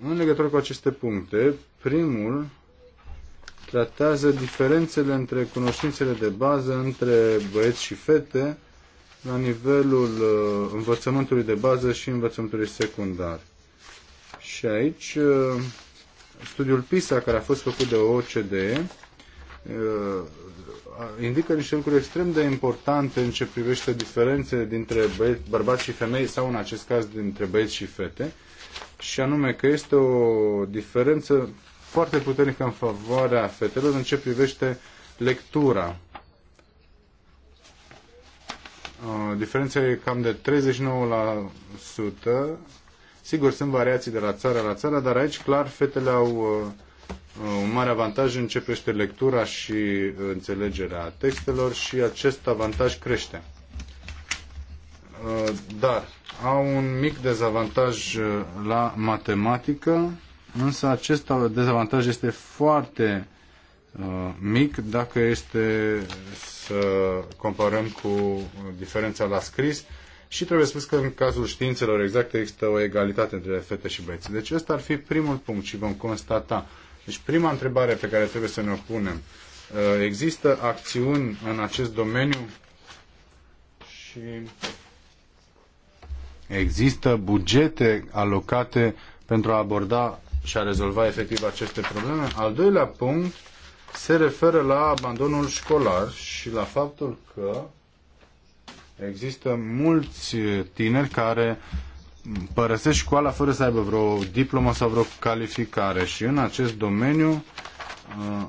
în legătură cu aceste puncte. Primul tratează diferențele între cunoștințele de bază între băieți și fete la nivelul uh, învățământului de bază și învățământului secundar. Și aici uh, studiul PISA care a fost făcut de OCDE uh, indică niște lucruri extrem de importante în ce privește diferențele dintre băieți, bărbați și femei sau în acest caz dintre băieți și fete și anume că este o diferență foarte puternică în favoarea fetelor în ce privește lectura. Uh, diferența e cam de 39%. Sigur, sunt variații de la țară la țară, dar aici, clar, fetele au uh, uh, un mare avantaj în ce privește lectura și înțelegerea textelor și acest avantaj crește. Dar au un mic dezavantaj uh, la matematică, însă acest dezavantaj este foarte uh, mic dacă este să comparăm cu diferența la scris și trebuie spus că în cazul științelor exacte există o egalitate între fete și băieți. Deci ăsta ar fi primul punct și vom constata. Deci prima întrebare pe care trebuie să ne o punem. Uh, există acțiuni în acest domeniu și Există bugete alocate pentru a aborda și a rezolva efectiv aceste probleme. Al doilea punct se referă la abandonul școlar și la faptul că există mulți tineri care părăsesc școala fără să aibă vreo diplomă sau vreo calificare și în acest domeniu uh,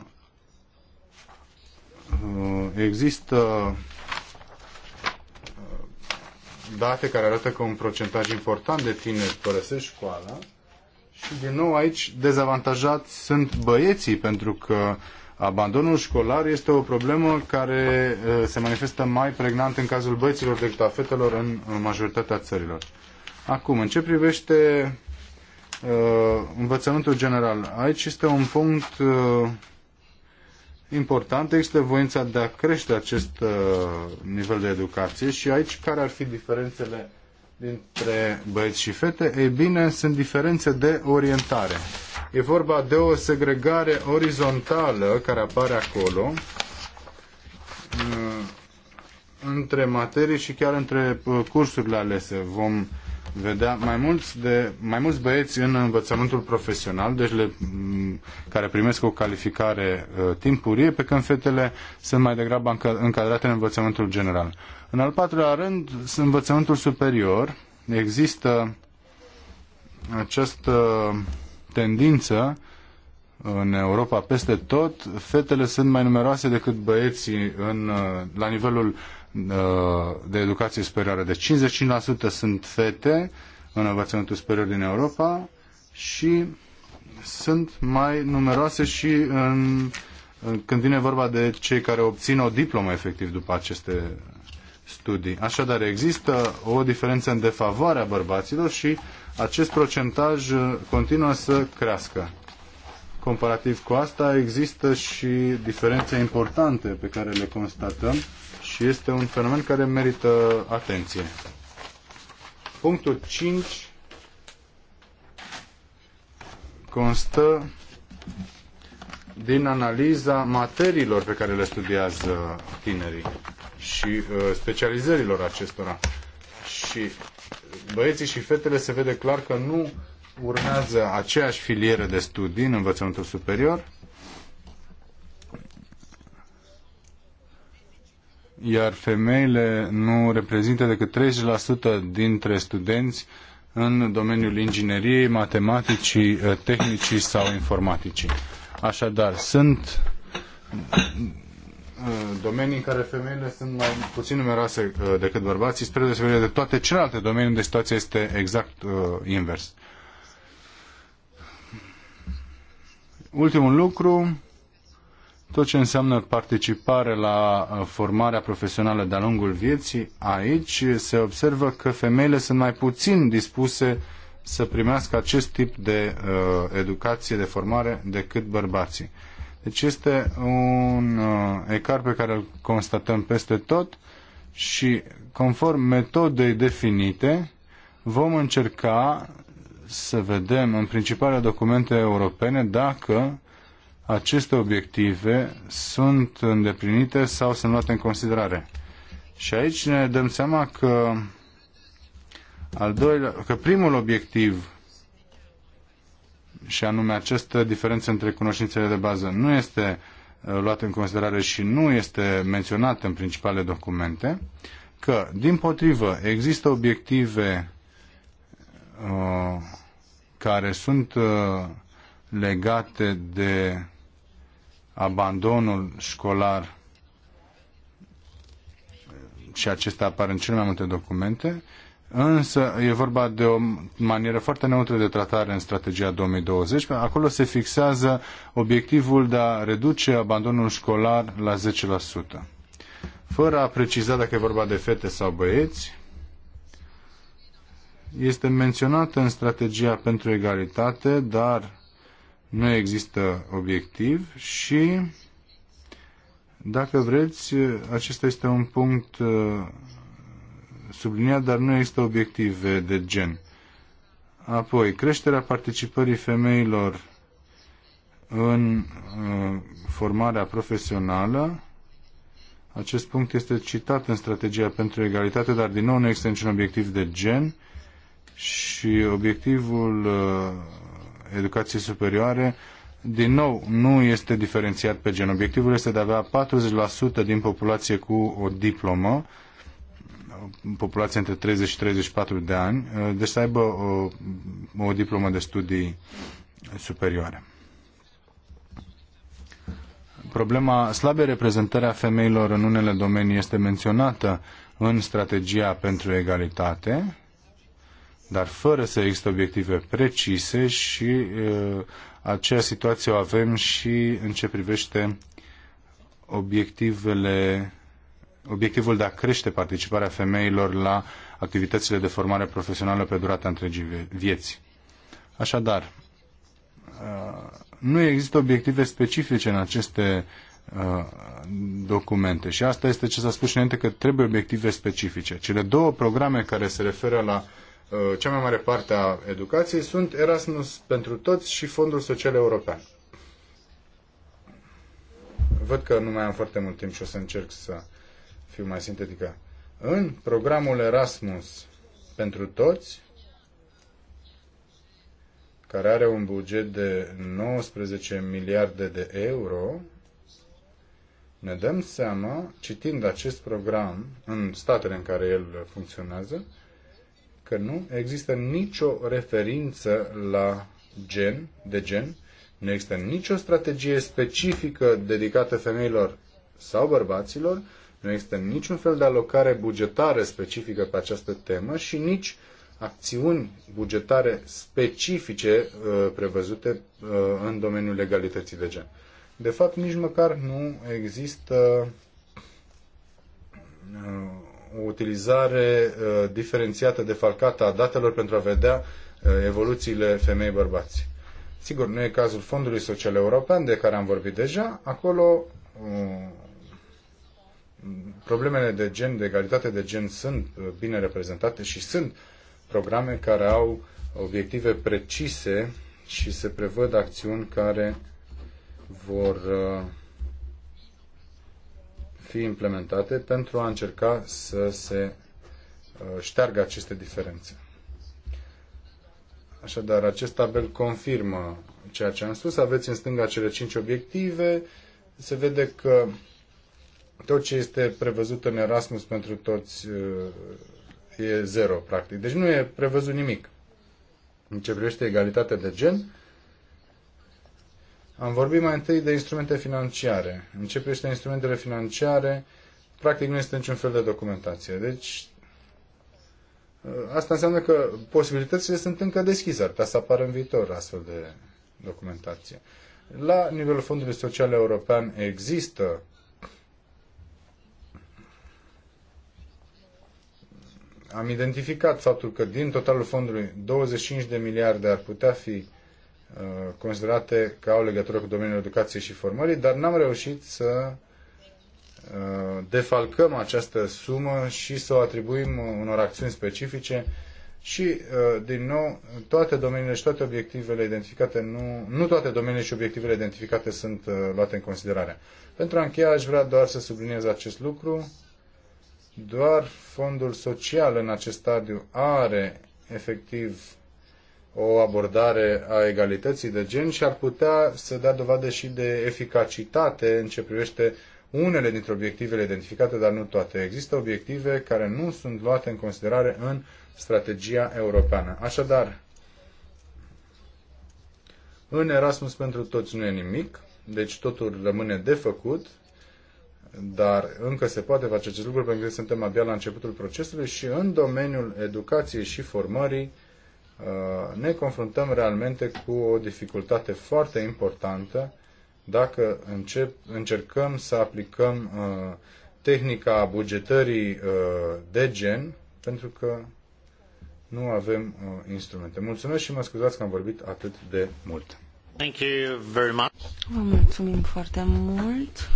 uh, există date care arată că un procentaj important de tineri părăsesc școala și din nou aici dezavantajați sunt băieții pentru că abandonul școlar este o problemă care uh, se manifestă mai pregnant în cazul băieților decât a fetelor în majoritatea țărilor. Acum, în ce privește uh, învățământul general, aici este un punct uh, importantă. Există voința de a crește acest uh, nivel de educație și aici care ar fi diferențele dintre băieți și fete? Ei bine, sunt diferențe de orientare. E vorba de o segregare orizontală care apare acolo uh, între materii și chiar între uh, cursurile alese. Vom vedea mai mulți, de, mai mulți băieți în învățământul profesional, deci le, care primesc o calificare uh, timpurie, pe când fetele sunt mai degrabă încadrate în învățământul general. În al patrulea rând, învățământul superior, există această tendință în Europa peste tot, fetele sunt mai numeroase decât băieții în, uh, la nivelul de educație superioară. de deci 55% sunt fete în învățământul superior din Europa și sunt mai numeroase și în, când vine vorba de cei care obțin o diplomă efectiv după aceste studii. Așadar, există o diferență în defavoarea bărbaților și acest procentaj uh, continuă să crească. Comparativ cu asta, există și diferențe importante pe care le constatăm și este un fenomen care merită atenție. Punctul 5 constă din analiza materiilor pe care le studiază tinerii și uh, specializărilor acestora. Și băieții și fetele se vede clar că nu urmează aceeași filieră de studii în învățământul superior, iar femeile nu reprezintă decât 30% dintre studenți în domeniul ingineriei, matematicii, eh, tehnicii sau informaticii. Așadar, sunt eh, domenii în care femeile sunt mai puțin numeroase eh, decât bărbații, spre deosebire de toate celelalte domenii unde situația este exact uh, invers. Ultimul lucru, tot ce înseamnă participare la uh, formarea profesională de-a lungul vieții, aici se observă că femeile sunt mai puțin dispuse să primească acest tip de uh, educație, de formare, decât bărbații. Deci este un uh, ecar pe care îl constatăm peste tot și conform metodei definite vom încerca să vedem în principale documente europene dacă aceste obiective sunt îndeplinite sau sunt luate în considerare. Și aici ne dăm seama că, al doilea, că primul obiectiv și anume această diferență între cunoștințele de bază nu este uh, luat în considerare și nu este menționat în principale documente, că, din potrivă, există obiective uh, care sunt uh, legate de abandonul școlar și acesta apare în cele mai multe documente, însă e vorba de o manieră foarte neutră de tratare în strategia 2020. Acolo se fixează obiectivul de a reduce abandonul școlar la 10%. Fără a preciza dacă e vorba de fete sau băieți, este menționată în strategia pentru egalitate, dar nu există obiectiv și, dacă vreți, acesta este un punct uh, subliniat, dar nu există obiective de gen. Apoi, creșterea participării femeilor în uh, formarea profesională. Acest punct este citat în strategia pentru egalitate, dar din nou nu există niciun obiectiv de gen și obiectivul uh, Educație superioare, din nou, nu este diferențiat pe gen. Obiectivul este de a avea 40% din populație cu o diplomă, populație între 30 și 34 de ani, deci să aibă o, o diplomă de studii superioare. Problema slabei reprezentări a femeilor în unele domenii este menționată în strategia pentru egalitate, dar fără să există obiective precise și uh, aceea situație o avem și în ce privește obiectivele, obiectivul de a crește participarea femeilor la activitățile de formare profesională pe durata întregii vieți. Așadar, uh, nu există obiective specifice în aceste uh, documente și asta este ce s-a spus înainte că trebuie obiective specifice. Cele două programe care se referă la Uh, cea mai mare parte a educației sunt Erasmus pentru toți și Fondul Social European. Văd că nu mai am foarte mult timp și o să încerc să fiu mai sintetică. În programul Erasmus pentru toți, care are un buget de 19 miliarde de euro, ne dăm seama, citind acest program în statele în care el funcționează, că nu există nicio referință la gen, de gen, nu există nicio strategie specifică dedicată femeilor sau bărbaților, nu există niciun fel de alocare bugetară specifică pe această temă și nici acțiuni bugetare specifice uh, prevăzute uh, în domeniul legalității de gen. De fapt, nici măcar nu există uh, utilizare uh, diferențiată, defalcată a datelor pentru a vedea uh, evoluțiile femei-bărbați. Sigur, nu e cazul Fondului Social European, de care am vorbit deja. Acolo uh, problemele de gen, de egalitate de gen sunt bine reprezentate și sunt programe care au obiective precise și se prevăd acțiuni care vor fi implementate pentru a încerca să se uh, șteargă aceste diferențe. Așadar, acest tabel confirmă ceea ce am spus. Aveți în stânga cele cinci obiective. Se vede că tot ce este prevăzut în Erasmus pentru toți uh, e zero, practic. Deci nu e prevăzut nimic. În ce privește egalitatea de gen, am vorbit mai întâi de instrumente financiare. În ce privește instrumentele financiare, practic nu este niciun fel de documentație. Deci, ă, asta înseamnă că posibilitățile sunt încă deschise, ar putea să apară în viitor astfel de documentație. La nivelul Fondului Social European există am identificat faptul că din totalul fondului 25 de miliarde ar putea fi Uh, considerate că au legătură cu domeniul educației și formării, dar n-am reușit să uh, defalcăm această sumă și să o atribuim unor acțiuni specifice și, uh, din nou, toate domeniile și toate obiectivele identificate, nu, nu toate domeniile și obiectivele identificate sunt luate în considerare. Pentru a încheia, aș vrea doar să subliniez acest lucru. Doar fondul social în acest stadiu are efectiv o abordare a egalității de gen și ar putea să dea dovadă și de eficacitate în ce privește unele dintre obiectivele identificate, dar nu toate. Există obiective care nu sunt luate în considerare în strategia europeană. Așadar, în Erasmus pentru toți nu e nimic, deci totul rămâne de făcut, dar încă se poate face acest lucru pentru că suntem abia la începutul procesului și în domeniul educației și formării Uh, ne confruntăm realmente cu o dificultate foarte importantă dacă încep, încercăm să aplicăm uh, tehnica bugetării uh, de gen, pentru că nu avem uh, instrumente. Mulțumesc și mă scuzați că am vorbit atât de mult. Thank you very much. Vă mulțumim foarte mult,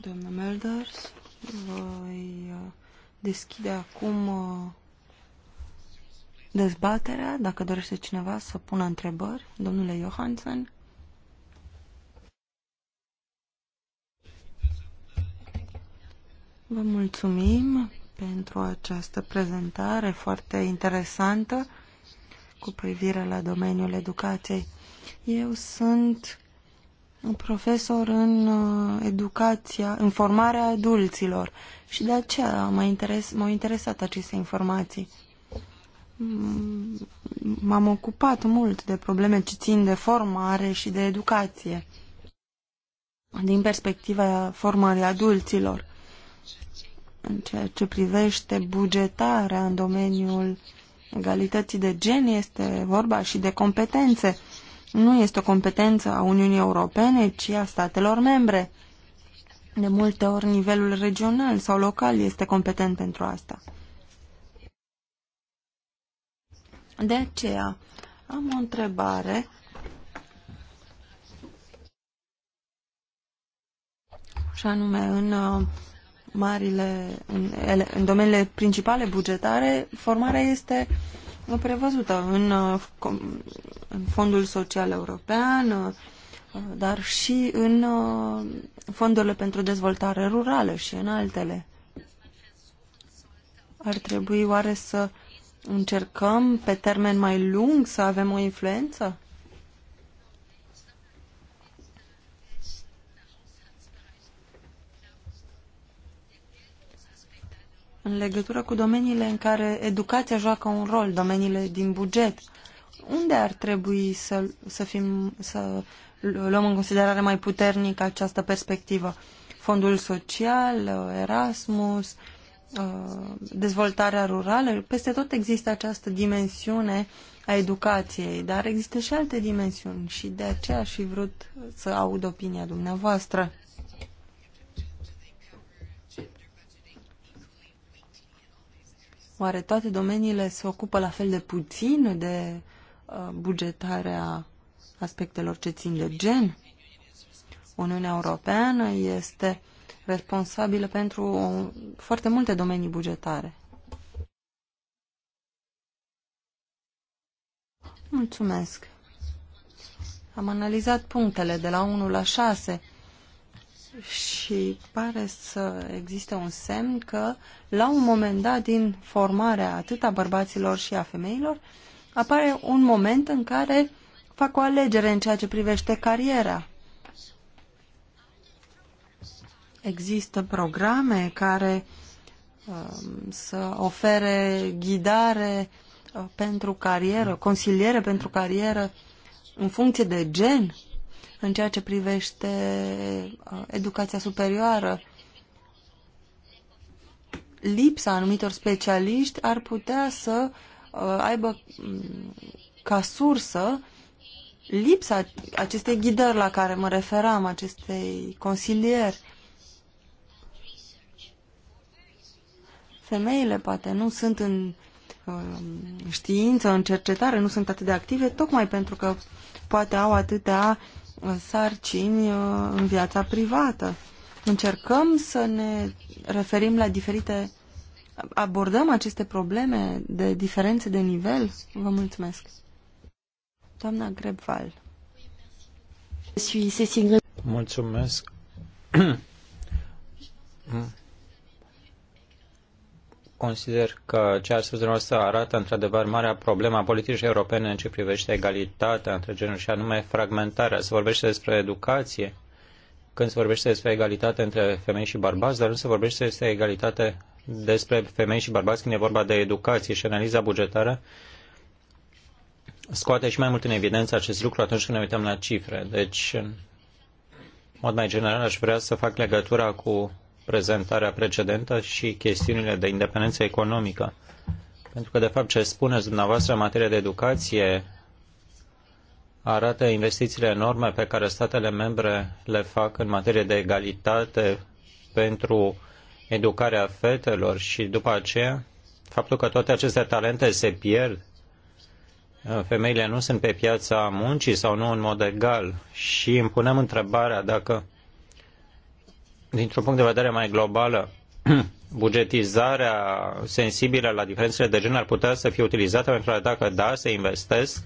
domnul Melders. Voi uh, deschide acum uh, dezbaterea, dacă dorește cineva să pună întrebări, domnule Johansen. Vă mulțumim pentru această prezentare foarte interesantă cu privire la domeniul educației. Eu sunt un profesor în uh, educația, în formarea adulților și de aceea m-au interes, interesat aceste informații. Mm, m-am ocupat mult de probleme ce țin de formare și de educație din perspectiva formării adulților în ceea ce privește bugetarea în domeniul egalității de gen este vorba și de competențe. Nu este o competență a Uniunii Europene, ci a statelor membre. De multe ori nivelul regional sau local este competent pentru asta. De aceea am o întrebare. Și anume, în uh, marile, în, în domeniile principale bugetare, formarea este prevăzută în, uh, în Fondul Social European, uh, dar și în fondurile pentru dezvoltare rurală și în altele. Ar trebui oare să Încercăm pe termen mai lung să avem o influență? În legătură cu domeniile în care educația joacă un rol, domeniile din buget, unde ar trebui să, să, fim, să luăm în considerare mai puternic această perspectivă? Fondul social, Erasmus, uh, Uh, dezvoltarea rurală, peste tot există această dimensiune a educației, dar există și alte dimensiuni și de aceea și vrut să aud opinia dumneavoastră. Oare toate domeniile se ocupă la fel de puțin de uh, bugetarea aspectelor ce țin de gen? Uniunea Europeană este uh, responsabilă pentru foarte multe domenii bugetare. Mulțumesc. Am analizat punctele de la 1 la 6 și pare să existe un semn că la un moment dat din formarea atât a bărbaților și a femeilor apare un moment în care fac o alegere în ceea ce privește cariera. Există programe care um, să ofere ghidare uh, pentru carieră, consiliere pentru carieră în funcție de gen în ceea ce privește uh, educația superioară. Lipsa anumitor specialiști ar putea să uh, aibă mm, ca sursă lipsa acestei ghidări la care mă referam, acestei consilieri femeile poate nu sunt în uh, știință, în cercetare, nu sunt atât de active, tocmai pentru că poate au atâtea uh, sarcini uh, în viața privată. Încercăm să ne referim la diferite... Abordăm aceste probleme de diferențe de nivel? Vă mulțumesc. Doamna Grebval. Mulțumesc. consider că ceea ce dumneavoastră arată într-adevăr marea problemă a politicii europene în ce privește egalitatea între genuri și anume fragmentarea. Se vorbește despre educație, când se vorbește despre egalitate între femei și bărbați, dar nu se vorbește despre egalitate despre femei și bărbați când e vorba de educație și analiza bugetară scoate și mai mult în evidență acest lucru atunci când ne uităm la cifre. Deci, în mod mai general, aș vrea să fac legătura cu prezentarea precedentă și chestiunile de independență economică. Pentru că, de fapt, ce spuneți dumneavoastră în materie de educație arată investițiile enorme pe care statele membre le fac în materie de egalitate pentru educarea fetelor și după aceea faptul că toate aceste talente se pierd, femeile nu sunt pe piața muncii sau nu în mod egal și îmi punem întrebarea dacă dintr-un punct de vedere mai global, bugetizarea sensibilă la diferențele de gen ar putea să fie utilizată pentru a dacă da, se investesc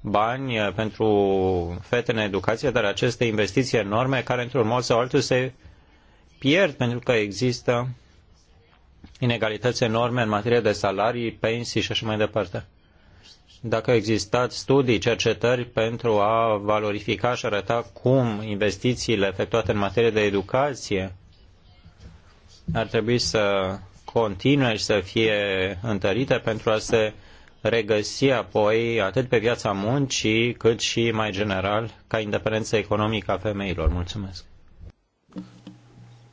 bani pentru fete în educație, dar aceste investiții enorme care într-un mod sau altul se pierd pentru că există inegalități enorme în materie de salarii, pensii și așa mai departe dacă au existat studii, cercetări pentru a valorifica și arăta cum investițiile efectuate în materie de educație ar trebui să continue și să fie întărite pentru a se regăsi apoi atât pe viața muncii cât și mai general ca independență economică a femeilor. Mulțumesc.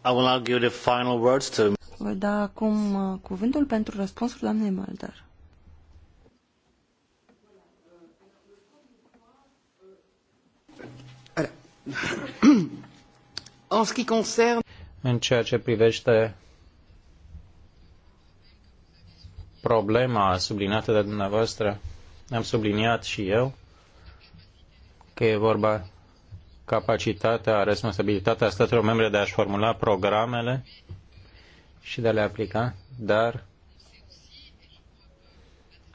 I will now give the final words to... Voi da acum uh, cuvântul pentru răspunsul doamnei Mulder. În ceea ce privește problema subliniată de dumneavoastră, am subliniat și eu că e vorba capacitatea, responsabilitatea statelor membre de a-și formula programele și de a le aplica, dar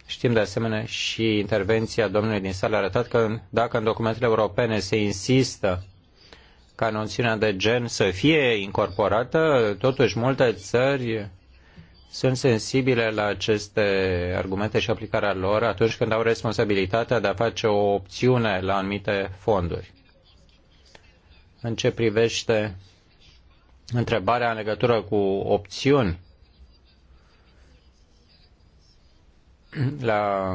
Știm de asemenea și intervenția domnului din sală a arătat că dacă în documentele europene se insistă ca noțiunea de gen să fie incorporată, totuși multe țări sunt sensibile la aceste argumente și aplicarea lor atunci când au responsabilitatea de a face o opțiune la anumite fonduri. În ce privește întrebarea în legătură cu opțiuni, la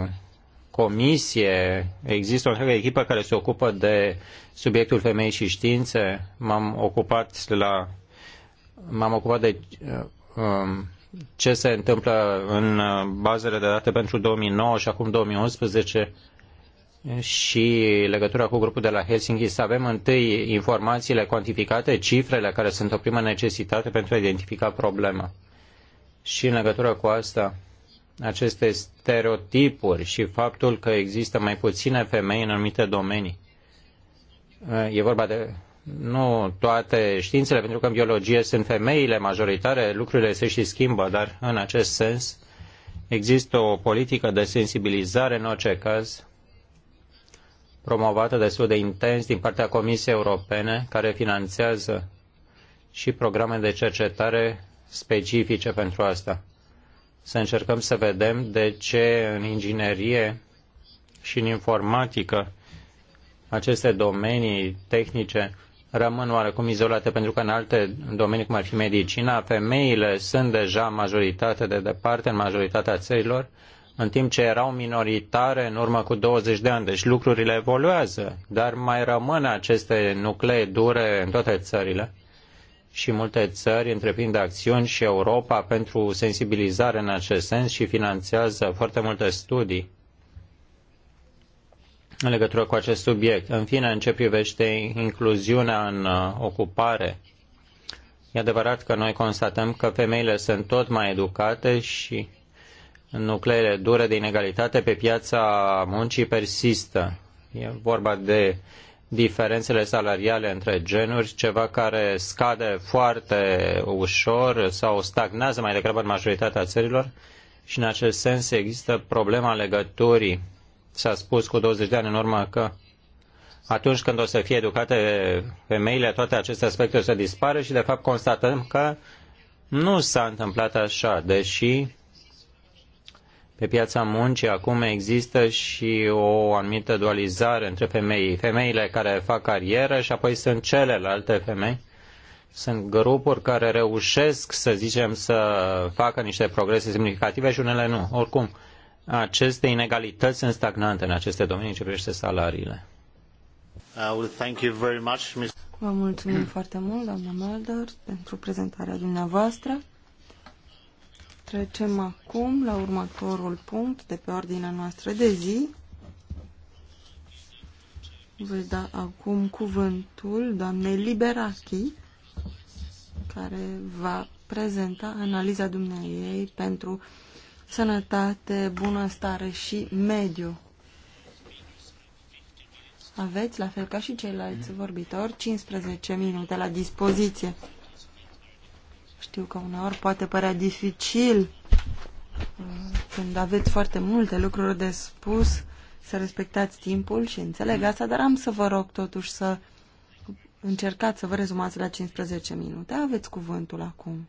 comisie există o întreagă echipă care se ocupă de subiectul femei și științe. M-am ocupat la m-am ocupat de uh, um, ce se întâmplă în uh, bazele de date pentru 2009 și acum 2011 și legătura cu grupul de la Helsinki, să avem întâi informațiile cuantificate, cifrele care sunt o primă necesitate pentru a identifica problema. Și în legătură cu asta, aceste stereotipuri și faptul că există mai puține femei în anumite domenii. E vorba de nu toate științele, pentru că în biologie sunt femeile majoritare, lucrurile se și schimbă, dar în acest sens există o politică de sensibilizare în orice caz promovată destul de intens din partea Comisiei Europene, care finanțează și programe de cercetare specifice pentru asta să încercăm să vedem de ce în inginerie și în informatică aceste domenii tehnice rămân oarecum izolate, pentru că în alte domenii, cum ar fi medicina, femeile sunt deja majoritate de departe în majoritatea țărilor, în timp ce erau minoritare în urmă cu 20 de ani. Deci lucrurile evoluează, dar mai rămân aceste nuclee dure în toate țările și multe țări întreprind acțiuni și Europa pentru sensibilizare în acest sens și finanțează foarte multe studii în legătură cu acest subiect. În fine, în ce privește incluziunea în uh, ocupare, e adevărat că noi constatăm că femeile sunt tot mai educate și nucleele dure de inegalitate pe piața muncii persistă. E vorba de diferențele salariale între genuri, ceva care scade foarte ușor sau stagnează mai degrabă în majoritatea țărilor și în acest sens există problema legăturii. S-a spus cu 20 de ani în urmă că atunci când o să fie educate femeile, toate aceste aspecte o să dispară și de fapt constatăm că nu s-a întâmplat așa, deși pe piața muncii acum există și o anumită dualizare între femei. Femeile care fac carieră și apoi sunt celelalte femei. Sunt grupuri care reușesc, să zicem, să facă niște progrese semnificative și unele nu. Oricum, aceste inegalități sunt stagnante în aceste domenii în ce privește salariile. Vă mulțumim foarte mult, doamna Mulder, pentru prezentarea dumneavoastră. Trecem acum la următorul punct de pe ordinea noastră de zi. Voi da acum cuvântul doamnei Liberachi, care va prezenta analiza dumneiei pentru sănătate, bunăstare și mediu. Aveți, la fel ca și ceilalți vorbitori, 15 minute la dispoziție. Știu că uneori poate părea dificil uh, când aveți foarte multe lucruri de spus să respectați timpul și înțeleg asta, dar am să vă rog totuși să încercați să vă rezumați la 15 minute. Aveți cuvântul acum.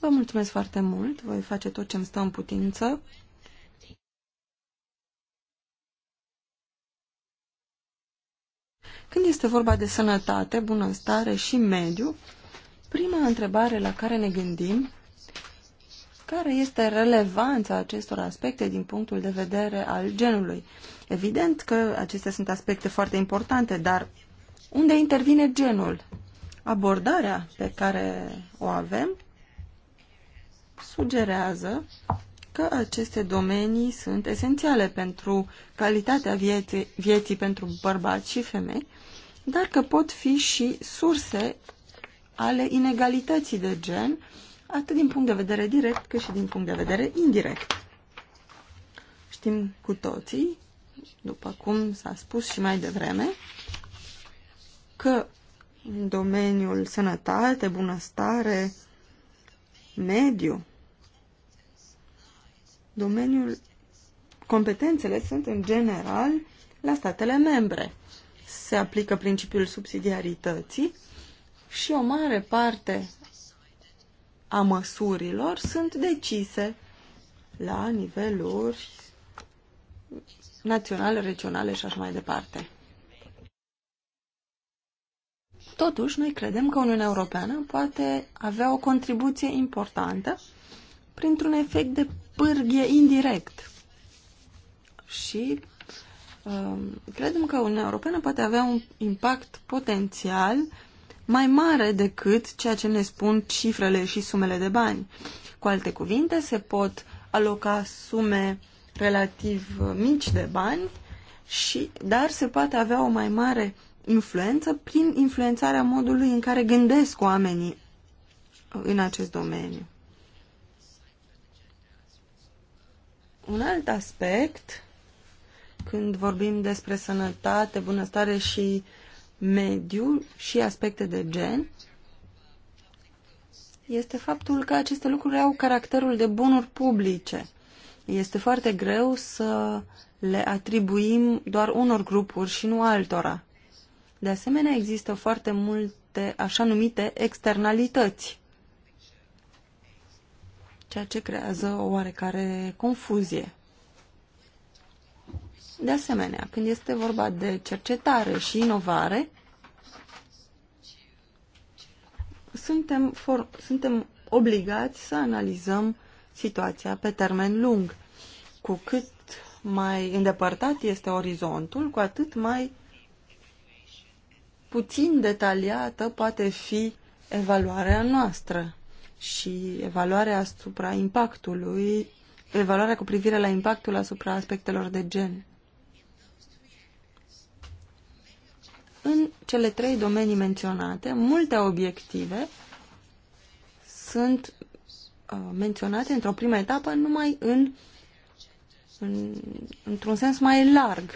Vă mulțumesc foarte mult, voi face tot ce îmi stă în putință Când este vorba de sănătate, bunăstare și mediu, prima întrebare la care ne gândim, care este relevanța acestor aspecte din punctul de vedere al genului? Evident că acestea sunt aspecte foarte importante, dar unde intervine genul? Abordarea pe care o avem sugerează că aceste domenii sunt esențiale pentru calitatea vieții, vieții pentru bărbați și femei dar că pot fi și surse ale inegalității de gen, atât din punct de vedere direct, cât și din punct de vedere indirect. Știm cu toții, după cum s-a spus și mai devreme, că în domeniul sănătate, bunăstare, mediu, domeniul competențele sunt în general la statele membre se aplică principiul subsidiarității și o mare parte a măsurilor sunt decise la niveluri naționale, regionale și așa mai departe. Totuși, noi credem că Uniunea Europeană poate avea o contribuție importantă printr-un efect de pârghie indirect și Um, credem că Uniunea Europeană poate avea un impact potențial mai mare decât ceea ce ne spun cifrele și sumele de bani. Cu alte cuvinte, se pot aloca sume relativ uh, mici de bani, și, dar se poate avea o mai mare influență prin influențarea modului în care gândesc oamenii uh, în acest domeniu. Un alt aspect când vorbim despre sănătate, bunăstare și mediu și aspecte de gen este faptul că aceste lucruri au caracterul de bunuri publice. Este foarte greu să le atribuim doar unor grupuri și nu altora. De asemenea, există foarte multe așa numite externalități, ceea ce creează o oarecare confuzie. De asemenea, când este vorba de cercetare și inovare, suntem, for, suntem obligați să analizăm situația pe termen lung. Cu cât mai îndepărtat este orizontul, cu atât mai puțin detaliată poate fi evaluarea noastră și evaluarea asupra impactului, evaluarea cu privire la impactul asupra aspectelor de gen. în cele trei domenii menționate, multe obiective sunt uh, menționate într-o primă etapă numai în, în, într-un sens mai larg.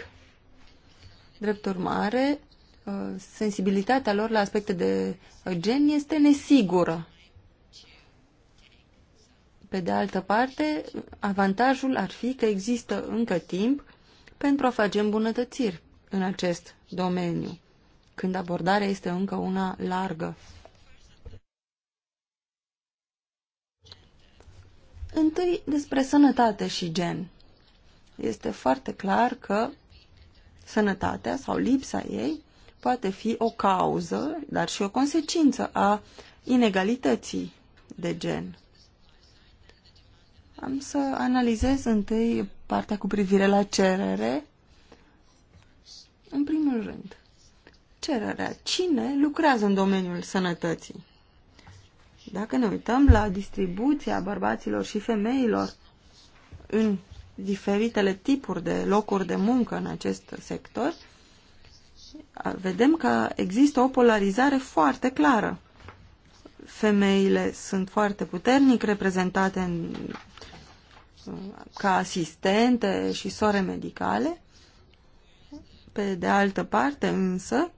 Drept urmare, uh, sensibilitatea lor la aspecte de gen este nesigură. Pe de altă parte, avantajul ar fi că există încă timp pentru a face îmbunătățiri în acest domeniu când abordarea este încă una largă. Întâi despre sănătate și gen. Este foarte clar că sănătatea sau lipsa ei poate fi o cauză, dar și o consecință a inegalității de gen. Am să analizez întâi partea cu privire la cerere. În primul rând, cererea. Cine lucrează în domeniul sănătății? Dacă ne uităm la distribuția bărbaților și femeilor în diferitele tipuri de locuri de muncă în acest sector, vedem că există o polarizare foarte clară. Femeile sunt foarte puternic reprezentate în, ca asistente și sore medicale. Pe de altă parte, însă,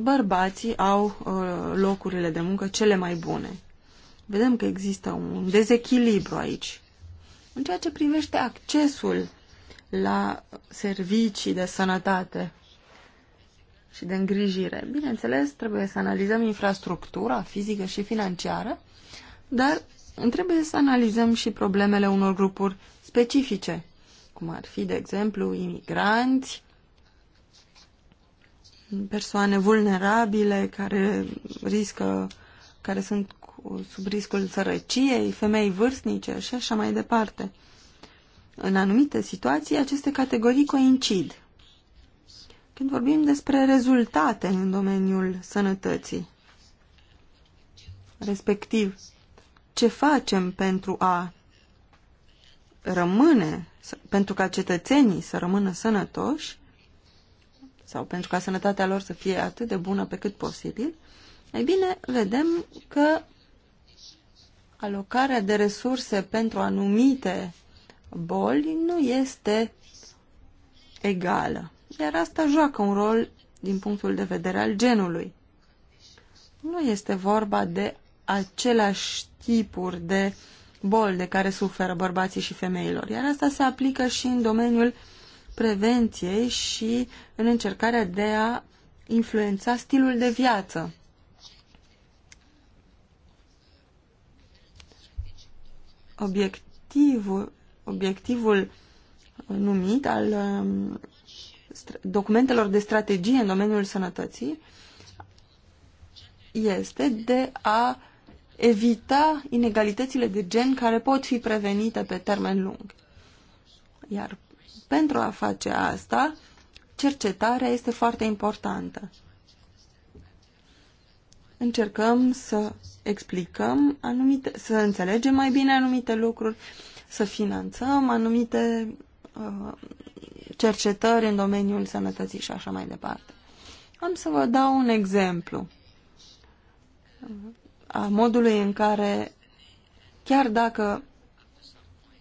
bărbații au uh, locurile de muncă cele mai bune. Vedem că există un dezechilibru aici. În ceea ce privește accesul la servicii de sănătate și de îngrijire, bineînțeles, trebuie să analizăm infrastructura fizică și financiară, dar trebuie să analizăm și problemele unor grupuri specifice, cum ar fi, de exemplu, imigranți, persoane vulnerabile care riscă, care sunt sub riscul sărăciei, femei vârstnice și așa mai departe. În anumite situații, aceste categorii coincid. Când vorbim despre rezultate în domeniul sănătății, respectiv, ce facem pentru a rămâne, pentru ca cetățenii să rămână sănătoși, sau pentru ca sănătatea lor să fie atât de bună pe cât posibil, ei bine, vedem că alocarea de resurse pentru anumite boli nu este egală. Iar asta joacă un rol din punctul de vedere al genului. Nu este vorba de aceleași tipuri de boli de care suferă bărbații și femeilor, iar asta se aplică și în domeniul uh, prevenției și în încercarea de a influența stilul de viață. Obiectivul, obiectivul numit al um, documentelor de strategie în domeniul sănătății este de a evita inegalitățile de gen care pot fi prevenite pe termen lung. Iar pentru a face asta, cercetarea este foarte importantă. Încercăm să explicăm anumite, să înțelegem mai bine anumite lucruri, să finanțăm anumite uh, cercetări în domeniul sănătății și așa mai departe. Am să vă dau un exemplu a modului în care, chiar dacă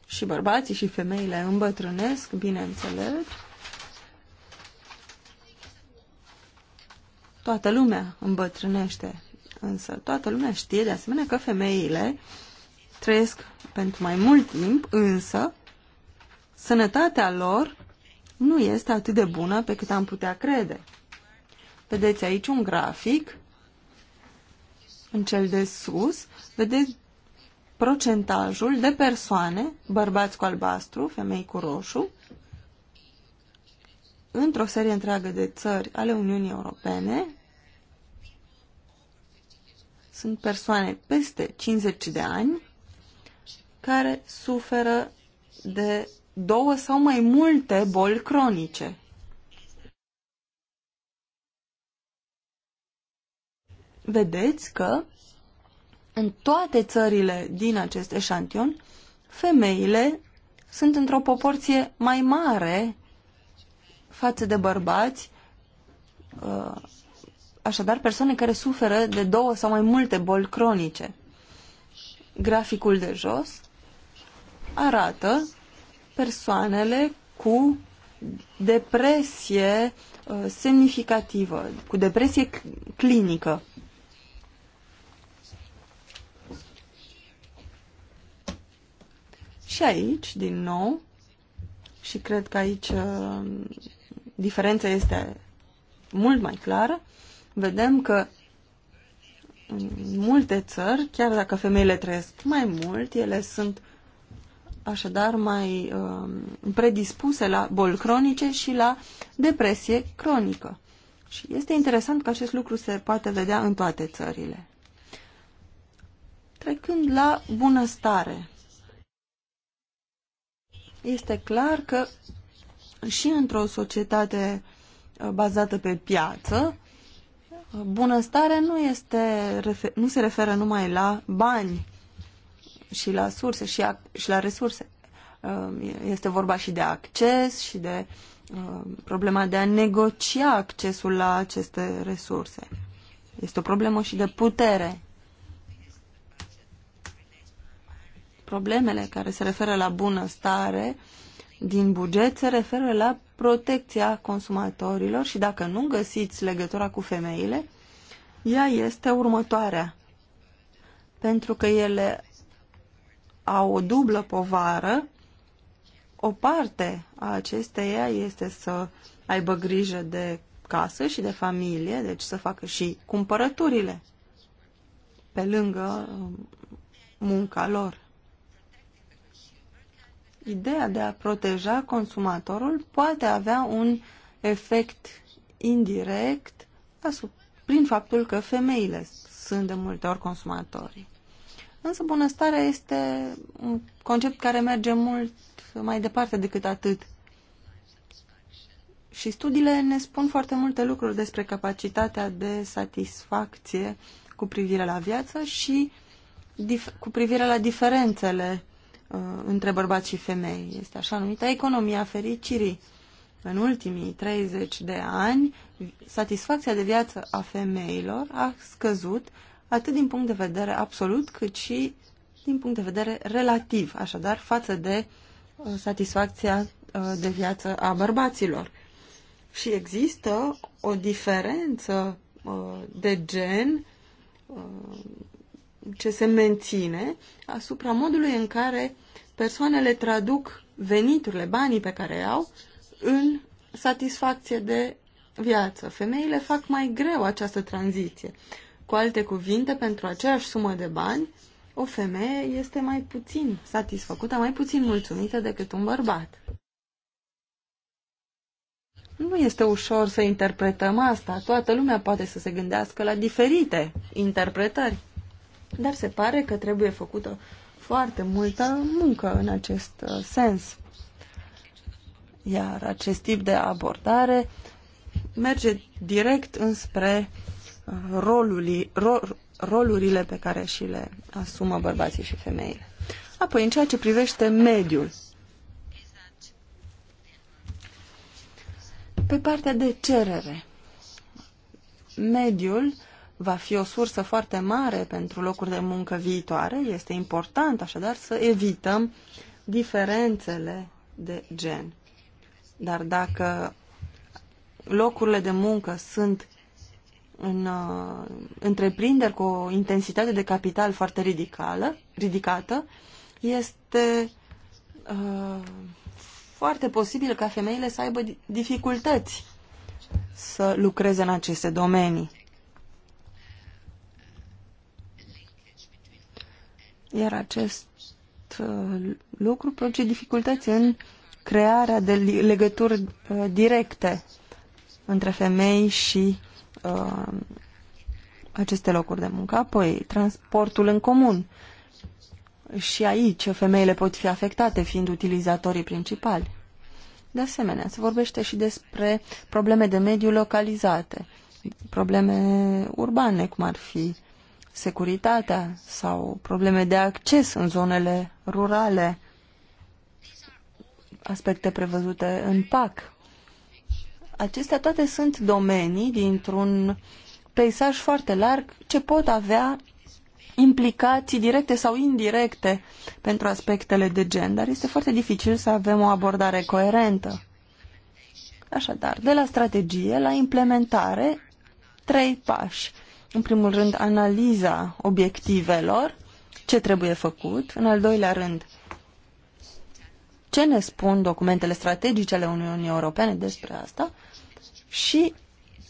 și bărbații și femeile îmbătrânesc, bineînțeles. Toată lumea îmbătrânește, însă toată lumea știe de asemenea că femeile trăiesc pentru mai mult timp, însă sănătatea lor nu este atât de bună pe cât am putea crede. Vedeți aici un grafic, în cel de sus, vedeți procentajul de persoane, bărbați cu albastru, femei cu roșu, într-o serie întreagă de țări ale Uniunii Europene, sunt persoane peste 50 de ani care suferă de două sau mai multe boli cronice. Vedeți că în toate țările din acest eșantion, femeile sunt într-o proporție mai mare față de bărbați, uh, așadar persoane care suferă de două sau mai multe boli cronice. Graficul de jos arată persoanele cu depresie uh, semnificativă, cu depresie clinică. Și aici, din nou, și cred că aici uh, diferența este mult mai clară, vedem că în multe țări, chiar dacă femeile trăiesc mai mult, ele sunt așadar mai uh, predispuse la boli cronice și la depresie cronică. Și este interesant că acest lucru se poate vedea în toate țările. Trecând la bunăstare este clar că și într-o societate uh, bazată pe piață, uh, bunăstarea nu, este, nu se referă numai la bani și la surse și, a, și la resurse. Uh, este vorba și de acces și de problema de a negocia accesul la aceste resurse. Este o problemă și de putere. problemele care se referă la bunăstare din buget se referă la protecția consumatorilor și dacă nu găsiți legătura cu femeile, ea este următoarea. Pentru că ele au o dublă povară, o parte a acesteia este să aibă grijă de casă și de familie, deci să facă și cumpărăturile pe lângă uh, munca lor ideea de a proteja consumatorul poate avea un efect indirect prin faptul că femeile sunt de multe ori consumatorii. Însă bunăstarea este un concept care merge mult mai departe decât atât. Și studiile ne spun foarte multe lucruri despre capacitatea de satisfacție cu privire la viață și cu privire la diferențele Uh, între bărbați și femei. Este așa numită economia fericirii. În ultimii 30 de ani, satisfacția de viață a femeilor a scăzut atât din punct de vedere absolut, cât și din punct de vedere relativ, așadar, față de uh, satisfacția uh, de viață a bărbaților. Și există o diferență de gen ce se menține asupra modului în care persoanele traduc veniturile, banii pe care au, în satisfacție de viață. Femeile fac mai greu această tranziție. Cu alte cuvinte, pentru aceeași sumă de bani, o femeie este mai puțin satisfăcută, mai puțin mulțumită decât un bărbat. Nu este ușor să interpretăm asta. Toată lumea poate să se gândească la diferite interpretări. Dar se pare că trebuie făcută foarte multă muncă în acest uh, sens. Iar acest tip de abordare merge direct înspre uh, roluri, ro, rolurile pe care și le asumă bărbații și femeile. Apoi, în ceea ce privește mediul, pe partea de cerere, mediul va fi o sursă foarte mare pentru locuri de muncă viitoare. Este important, așadar, să evităm diferențele de gen. Dar dacă locurile de muncă sunt în uh, întreprinderi cu o intensitate de capital foarte ridicală, ridicată, este uh, foarte posibil ca femeile să aibă dificultăți să lucreze în aceste domenii. Iar acest uh, lucru produce dificultăți în crearea de legături uh, directe între femei și uh, aceste locuri de muncă. Apoi, transportul în comun. Și aici femeile pot fi afectate, fiind utilizatorii principali. De asemenea, se vorbește și despre probleme de mediu localizate, probleme urbane, cum ar fi securitatea sau probleme de acces în zonele rurale, aspecte prevăzute în PAC. Acestea toate sunt domenii dintr-un peisaj foarte larg ce pot avea implicații directe sau indirecte pentru aspectele de gen, dar este foarte dificil să avem o abordare coerentă. Așadar, de la strategie la implementare, trei pași în primul rând, analiza obiectivelor, ce trebuie făcut, în al doilea rând, ce ne spun documentele strategice ale Uniunii Europene despre asta și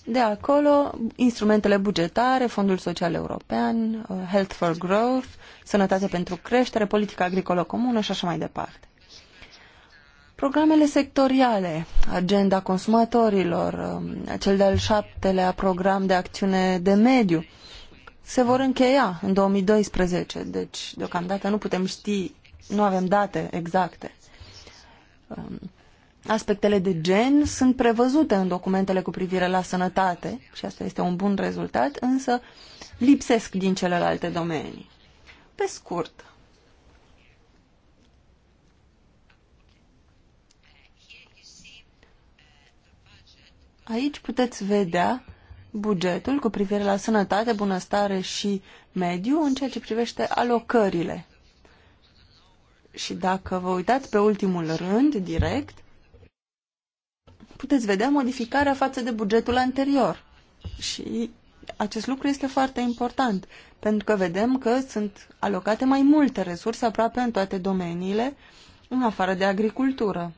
de acolo instrumentele bugetare, Fondul Social European, uh, Health for Growth, Sănătate pentru Creștere, Politica Agricolă Comună și așa mai departe. Programele sectoriale, agenda consumatorilor, um, cel de-al șaptelea program de acțiune de mediu, se vor încheia în 2012, deci deocamdată nu putem ști, nu avem date exacte. Um, aspectele de gen sunt prevăzute în documentele cu privire la sănătate și asta este un bun rezultat, însă lipsesc din celelalte domenii. Pe scurt, Aici puteți vedea bugetul cu privire la sănătate, bunăstare și mediu în ceea ce privește alocările. Și dacă vă uitați pe ultimul rând, direct, puteți vedea modificarea față de bugetul anterior. Și acest lucru este foarte important, pentru că vedem că sunt alocate mai multe resurse aproape în toate domeniile, în afară de agricultură.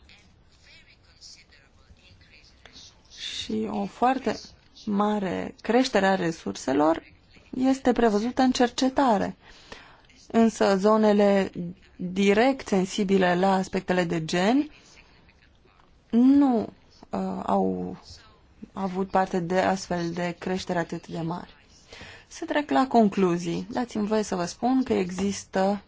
și o foarte mare creștere a resurselor este prevăzută în cercetare. Însă zonele direct sensibile la aspectele de gen nu uh, au avut parte de astfel de creștere atât de mare. Să trec la concluzii. Dați-mi voie să vă spun că există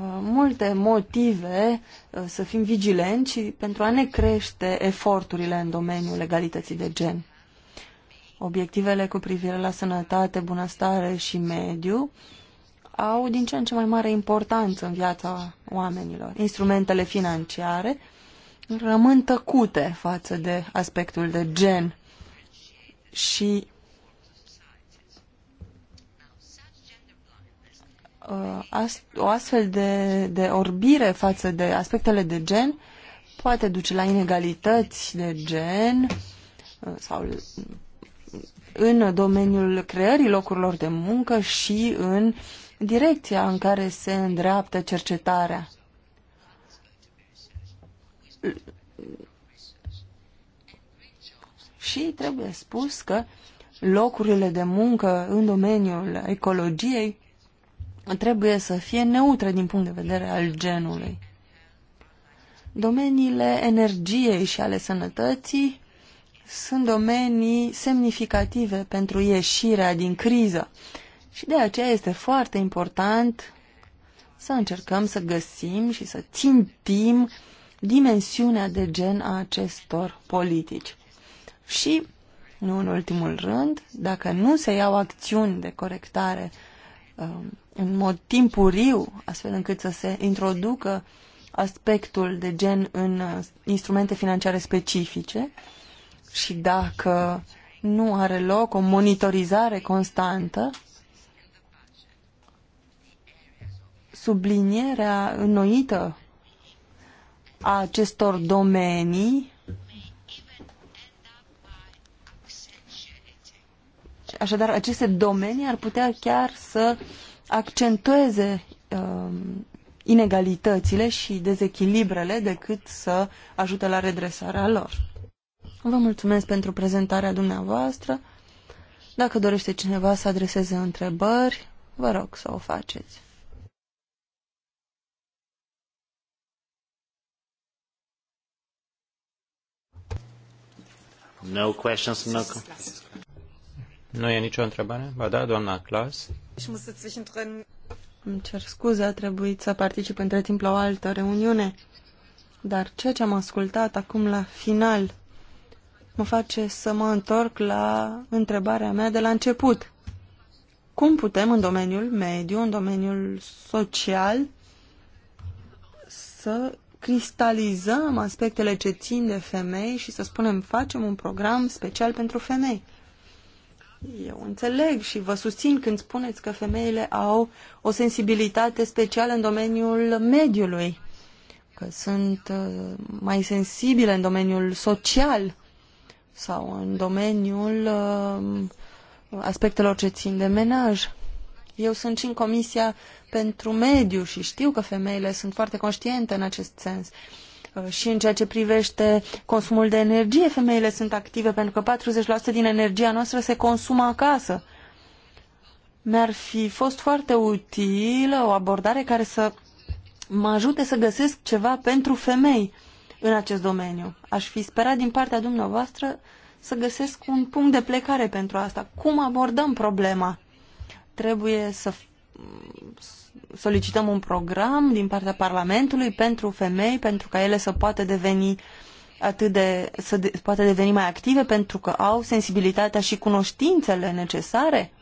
Uh, multe motive uh, să fim vigilenți pentru a ne crește eforturile în domeniul legalității de gen. Obiectivele cu privire la sănătate, bunăstare și mediu au din ce în ce mai mare importanță în viața oamenilor. Instrumentele financiare rămân tăcute față de aspectul de gen și Uh, o astfel de, de orbire față de aspectele de gen poate duce la inegalități de gen uh, sau în domeniul creării locurilor de muncă și în direcția în care se îndreaptă cercetarea. Și trebuie spus că locurile de muncă în domeniul ecologiei trebuie să fie neutre din punct de vedere al genului. Domeniile energiei și ale sănătății sunt domenii semnificative pentru ieșirea din criză și de aceea este foarte important să încercăm să găsim și să țintim dimensiunea de gen a acestor politici. Și, nu în ultimul rând, dacă nu se iau acțiuni de corectare um, în mod timpuriu, astfel încât să se introducă aspectul de gen în uh, instrumente financiare specifice și dacă nu are loc o monitorizare constantă, sublinierea înnoită a acestor domenii Așadar, aceste domenii ar putea chiar să uh, accentueze um, inegalitățile și dezechilibrele decât să ajute la redresarea lor. Vă mulțumesc pentru prezentarea dumneavoastră. Dacă dorește cineva să adreseze întrebări, vă rog să o faceți. No questions, no questions. Nu e nicio întrebare? Ba da, doamna Clas. Îmi cer scuze, a trebuit să particip între timp la o altă reuniune. Dar ceea ce am ascultat acum la final mă face să mă întorc la întrebarea mea de la început. Cum putem în domeniul mediu, în domeniul social, să cristalizăm aspectele ce țin de femei și să spunem facem un program special pentru femei? Eu înțeleg și vă susțin când spuneți că femeile au o sensibilitate specială în domeniul mediului, că sunt uh, mai sensibile în domeniul social sau în domeniul uh, aspectelor ce țin de menaj. Eu sunt și în Comisia pentru Mediu și știu că femeile sunt foarte conștiente în acest sens. Uh, Uh, și în ceea ce privește consumul de energie, femeile sunt active pentru că 40% din energia noastră se consumă acasă. Mi-ar fi fost foarte utilă o abordare care să mă ajute să găsesc ceva pentru femei în acest domeniu. Aș fi sperat din partea dumneavoastră să găsesc un punct de plecare pentru asta. Cum abordăm problema? Trebuie să solicităm un program din partea Parlamentului pentru femei, pentru ca ele să poată deveni atât de, să de, poate deveni mai active pentru că au sensibilitatea și cunoștințele necesare?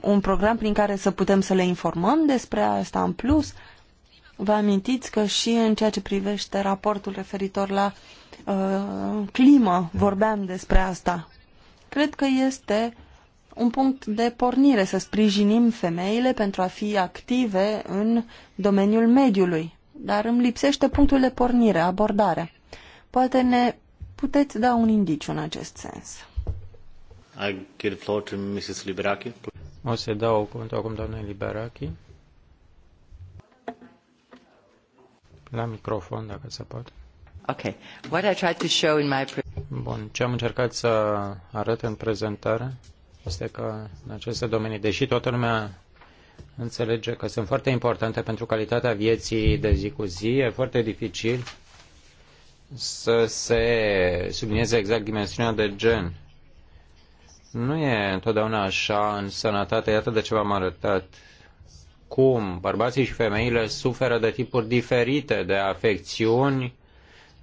Un program prin care să putem să le informăm despre asta în plus? Vă amintiți că și în ceea ce privește raportul referitor la uh, climă vorbeam despre asta. Cred că este uh, un punct de pornire, să sprijinim femeile pentru a fi active în domeniul mediului. Dar îmi lipsește punctul de pornire, abordarea. Poate ne puteți da un indiciu în acest sens. I give the floor to Mrs. Liberaki. O să dau cuvântul acum doamnei Liberaki. La microfon, dacă se poate. Okay. What I tried to show in my Bun, ce am încercat să arăt în prezentare este că în aceste domenii, deși toată lumea înțelege că sunt foarte importante pentru calitatea vieții de zi cu zi, e foarte dificil să se sublinieze exact dimensiunea de gen. Nu e întotdeauna așa în sănătate, iată de ce v-am arătat cum bărbații și femeile suferă de tipuri diferite de afecțiuni,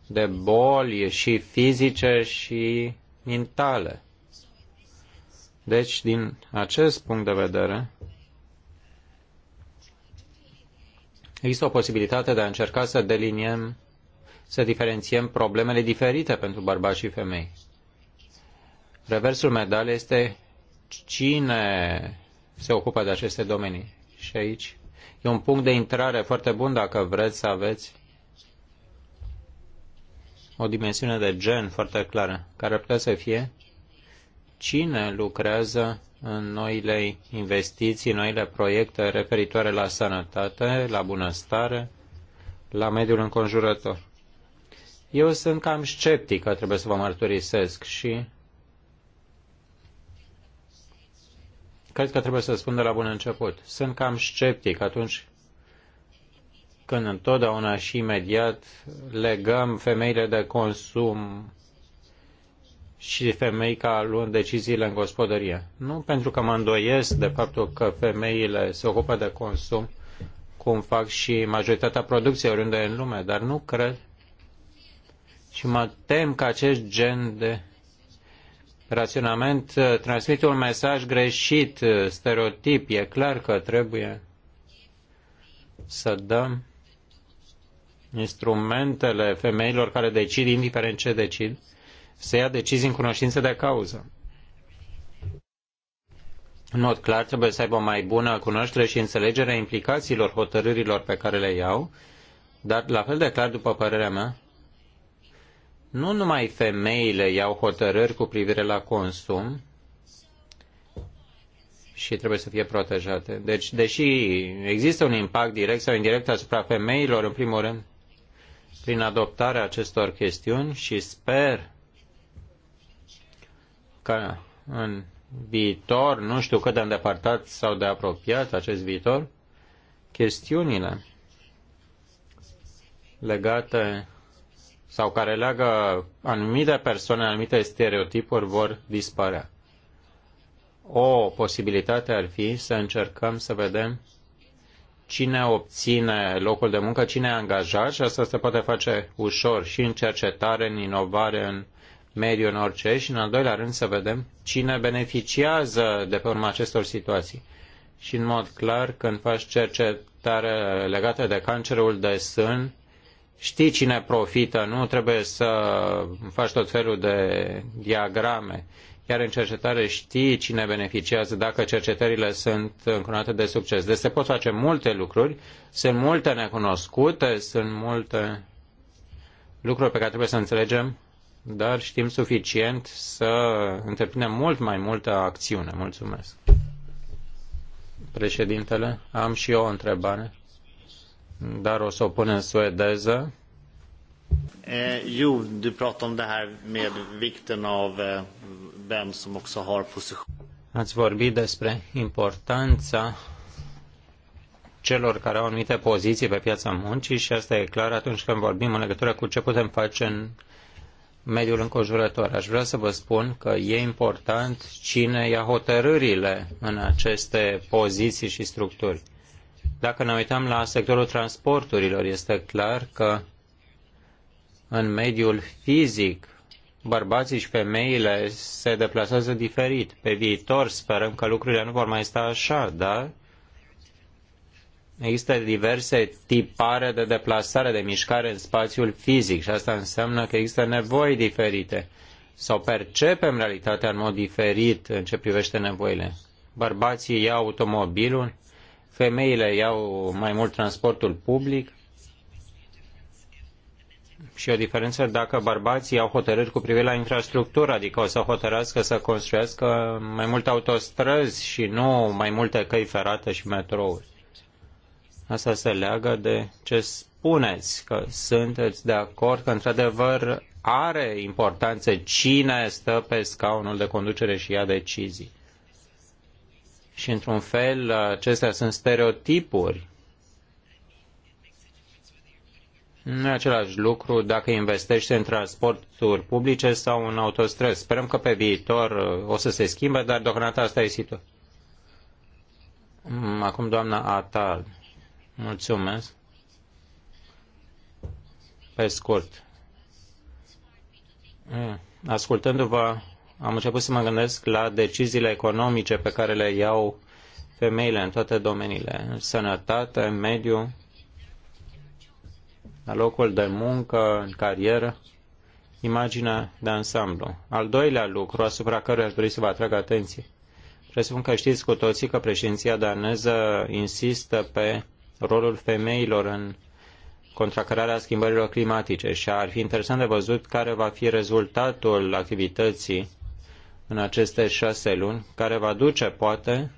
de boli și fizice și mentale. Deci, din acest punct de vedere, există o posibilitate de a încerca să deliniem, să diferențiem problemele diferite pentru bărbați și femei. Reversul medalei este cine se ocupă de aceste domenii. Și aici e un punct de intrare foarte bun dacă vreți să aveți o dimensiune de gen foarte clară, care ar putea să fie cine lucrează în noile investiții, noile proiecte referitoare la sănătate, la bunăstare, la mediul înconjurător. Eu sunt cam sceptică, trebuie să vă mărturisesc și cred că trebuie să spun de la bun început. Sunt cam sceptic atunci când întotdeauna și imediat legăm femeile de consum și femei ca luând deciziile în gospodărie. Nu pentru că mă îndoiesc de faptul că femeile se ocupă de consum, cum fac și majoritatea producției oriunde în lume, dar nu cred și mă tem că acest gen de raționament uh, transmite un mesaj greșit, uh, stereotip. E clar că trebuie să dăm instrumentele femeilor care decid, indiferent ce decid, să ia decizii în cunoștință de cauză. În mod clar, trebuie să aibă mai bună cunoaștere și înțelegere a implicațiilor hotărârilor pe care le iau, dar, la fel de clar, după părerea mea, nu numai femeile iau hotărâri cu privire la consum și trebuie să fie protejate. Deci, deși există un impact direct sau indirect asupra femeilor, în primul rând, prin adoptarea acestor chestiuni și sper ca în viitor, nu știu cât de îndepărtat sau de apropiat acest viitor, chestiunile legate sau care leagă anumite persoane, anumite stereotipuri vor dispărea. O posibilitate ar fi să încercăm să vedem cine obține locul de muncă, cine e angajat și asta se poate face ușor și în cercetare, în inovare, în mediu în orice și, în al doilea rând, să vedem cine beneficiază de pe urma acestor situații. Și, în mod clar, când faci cercetare legată de cancerul de sân, știi cine profită, nu trebuie să faci tot felul de diagrame. Iar în cercetare știi cine beneficiază dacă cercetările sunt încunate de succes. Deci se pot face multe lucruri, sunt multe necunoscute, sunt multe lucruri pe care trebuie să înțelegem dar știm suficient să întreprindem mult mai multă acțiune. Mulțumesc. Președintele, am și eu o întrebare, dar o să o pun în suedeză. Eh, jo, du pratar om det här med vikten av eh, vem som också har position. Ați vorbit despre importanța celor care au anumite poziții pe piața muncii și asta e clar atunci când vorbim în legătură cu ce putem face în mediul înconjurător. Aș vrea să vă spun că e important cine ia hotărârile în aceste poziții și structuri. Dacă ne uităm la sectorul transporturilor, este clar că în mediul fizic bărbații și femeile se deplasează diferit. Pe viitor sperăm că lucrurile nu vor mai sta așa, dar Există diverse tipare de deplasare, de mișcare în spațiul fizic și asta înseamnă că există nevoi diferite sau percepem realitatea în mod diferit în ce privește nevoile. Bărbații iau automobilul, femeile iau mai mult transportul public și o diferență dacă bărbații au hotărâri cu privire la infrastructură, adică o să hotărască să construiască mai multe autostrăzi și nu mai multe căi ferate și metrouri. Asta se leagă de ce spuneți, că sunteți de acord că într-adevăr are importanță cine stă pe scaunul de conducere și ia decizii. Și într-un fel, acestea sunt stereotipuri. Nu e același lucru dacă investești în transporturi publice sau în autostrăzi. Sperăm că pe viitor uh, o să se schimbe, dar deocamdată asta e situația. Mm, acum doamna Atal. Mulțumesc. Pe scurt. Eh, ascultându-vă, am început să mă gândesc la deciziile economice pe care le iau femeile în toate domeniile, în sănătate, în mediu, la locul de muncă, în carieră, imaginea de ansamblu. Al doilea lucru asupra căruia aș dori să vă atrag atenție. Presupun că știți cu toții că președinția daneză insistă pe rolul femeilor în contracararea schimbărilor climatice și ar fi interesant de văzut care va fi rezultatul activității în aceste șase luni, care va duce, poate,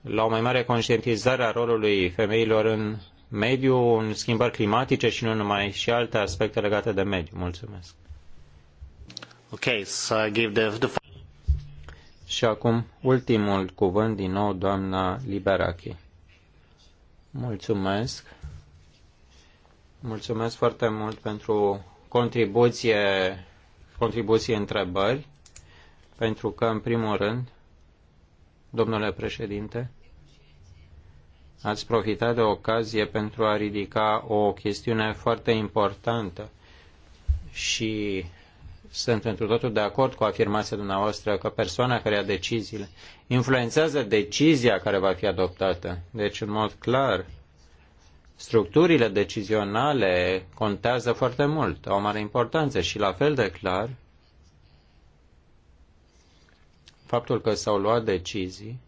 la o mai mare conștientizare a rolului femeilor în mediu, în schimbări climatice și nu numai, și alte aspecte legate de mediu. Mulțumesc. Okay, so I give the, the... Și acum, ultimul cuvânt din nou, doamna Liberachi. Mulțumesc. Mulțumesc foarte mult pentru contribuție, contribuție întrebări, pentru că, în primul rând, domnule președinte, ați profitat de ocazie pentru a ridica o chestiune foarte importantă și sunt întru totul de acord cu afirmația dumneavoastră că persoana care ia deciziile influențează decizia care va fi adoptată. Deci, în mod clar, structurile decizionale contează foarte mult, au o mare importanță și la fel de clar faptul că s-au luat decizii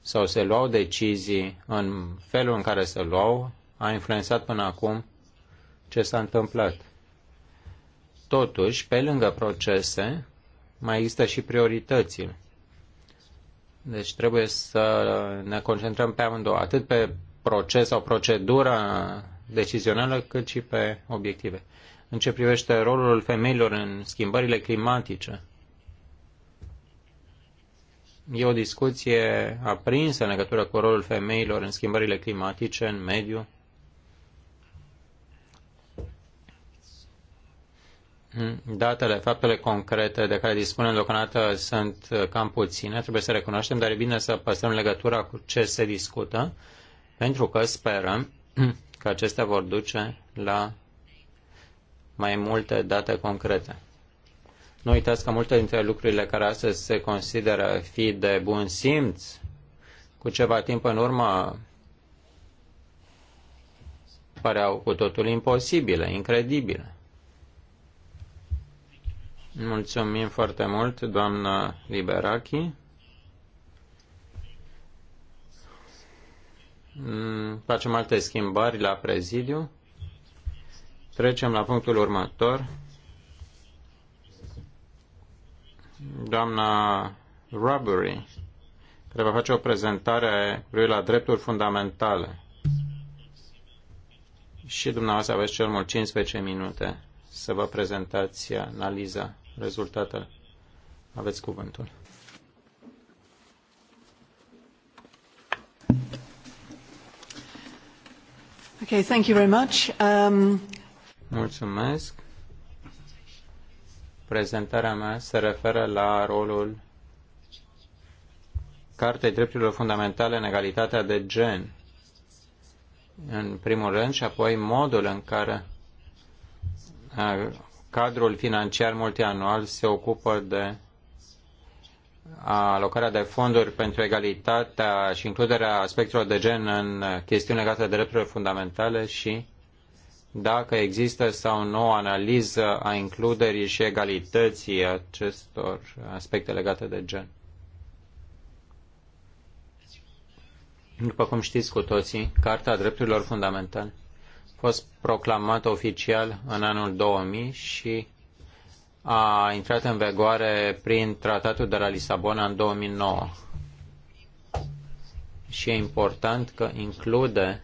sau se luau decizii în felul în care se luau a influențat până acum ce s-a întâmplat. Totuși, pe lângă procese, mai există și prioritățile. Deci trebuie să ne concentrăm pe amândouă, atât pe proces sau procedură decizională, cât și pe obiective. În ce privește rolul femeilor în schimbările climatice, e o discuție aprinsă în legătură cu rolul femeilor în schimbările climatice, în mediu, Datele, faptele concrete de care dispunem deocamdată sunt uh, cam puține, trebuie să recunoaștem, dar e bine să păstrăm legătura cu ce se discută, pentru că sperăm că acestea vor duce la mai multe date concrete. Nu uitați că multe dintre lucrurile care astăzi se consideră fi de bun simț, cu ceva timp în urmă păreau cu totul imposibile, incredibile. Mulțumim foarte mult, doamna Liberachi. Mm, facem alte schimbări la prezidiu. Trecem la punctul următor. Doamna Rubbery, care va face o prezentare lui la drepturi fundamentale. Și dumneavoastră aveți cel mult 15 minute să vă prezentați analiza rezultatele. Aveți cuvântul. Okay, thank you very much. Um... Mulțumesc. Prezentarea mea se referă la rolul Cartei Drepturilor Fundamentale în egalitatea de gen, în primul rând, și apoi modul în care uh, cadrul financiar multianual se ocupă de alocarea de fonduri pentru egalitatea și includerea aspectelor de gen în chestiuni legate de drepturile fundamentale și dacă există sau nu o analiză a includerii și egalității acestor aspecte legate de gen. După cum știți cu toții, Carta Drepturilor Fundamentale fost proclamat oficial în anul 2000 și a intrat în vigoare prin tratatul de la Lisabona în 2009. Și e important că include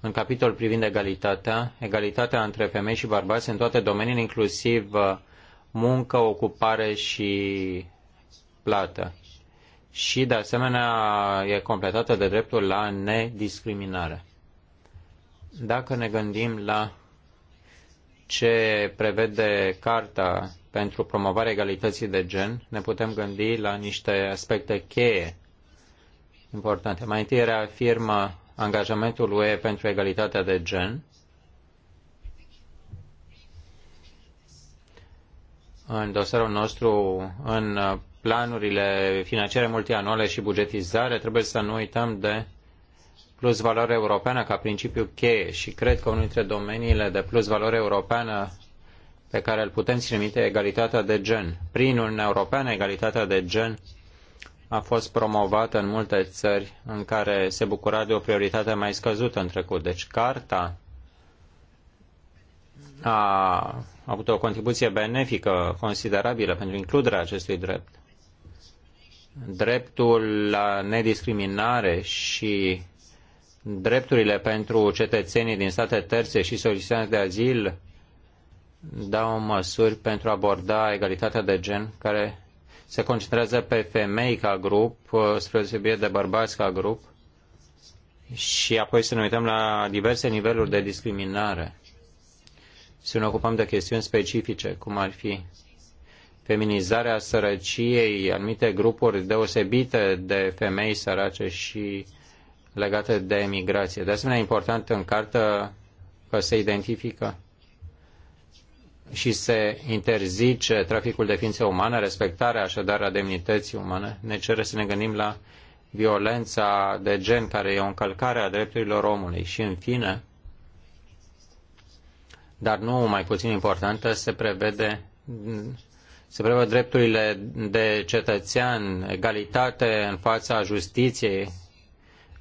în capitol privind egalitatea, egalitatea între femei și bărbați în toate domeniile, inclusiv uh, muncă, ocupare și plată. Și, de asemenea, e completată de dreptul la nediscriminare. Dacă ne gândim la ce prevede Carta pentru promovarea egalității de gen, ne putem gândi la niște aspecte cheie importante. Mai întâi reafirmă angajamentul UE pentru egalitatea de gen. În dosarul nostru, în planurile financiare multianuale și bugetizare, trebuie să nu uităm de plus valoare europeană ca principiu cheie și cred că unul dintre domeniile de plus valoare europeană pe care îl putem trimite e egalitatea de gen. Prin Uniunea Europeană, egalitatea de gen a fost promovată în multe țări în care se bucura de o prioritate mai scăzută în trecut. Deci carta a avut o contribuție benefică considerabilă pentru includerea acestui drept. Dreptul la nediscriminare și drepturile pentru cetățenii din state terțe și solicitanți de azil dau măsuri pentru a aborda egalitatea de gen care se concentrează pe femei ca grup, spre deosebire de bărbați ca grup, și apoi să ne uităm la diverse niveluri de discriminare. Să ne ocupăm de chestiuni specifice, cum ar fi feminizarea sărăciei, anumite grupuri deosebite de femei sărace și uh, legate de emigrație. De asemenea, important în cartă că se identifică și se interzice traficul de ființe umane, respectarea așadar a demnității umane, ne cere să ne gândim la violența de gen care e o încălcare a drepturilor omului și în fine, dar nu mai puțin importantă, se prevede se prevă drepturile de cetățean, egalitate în fața justiției,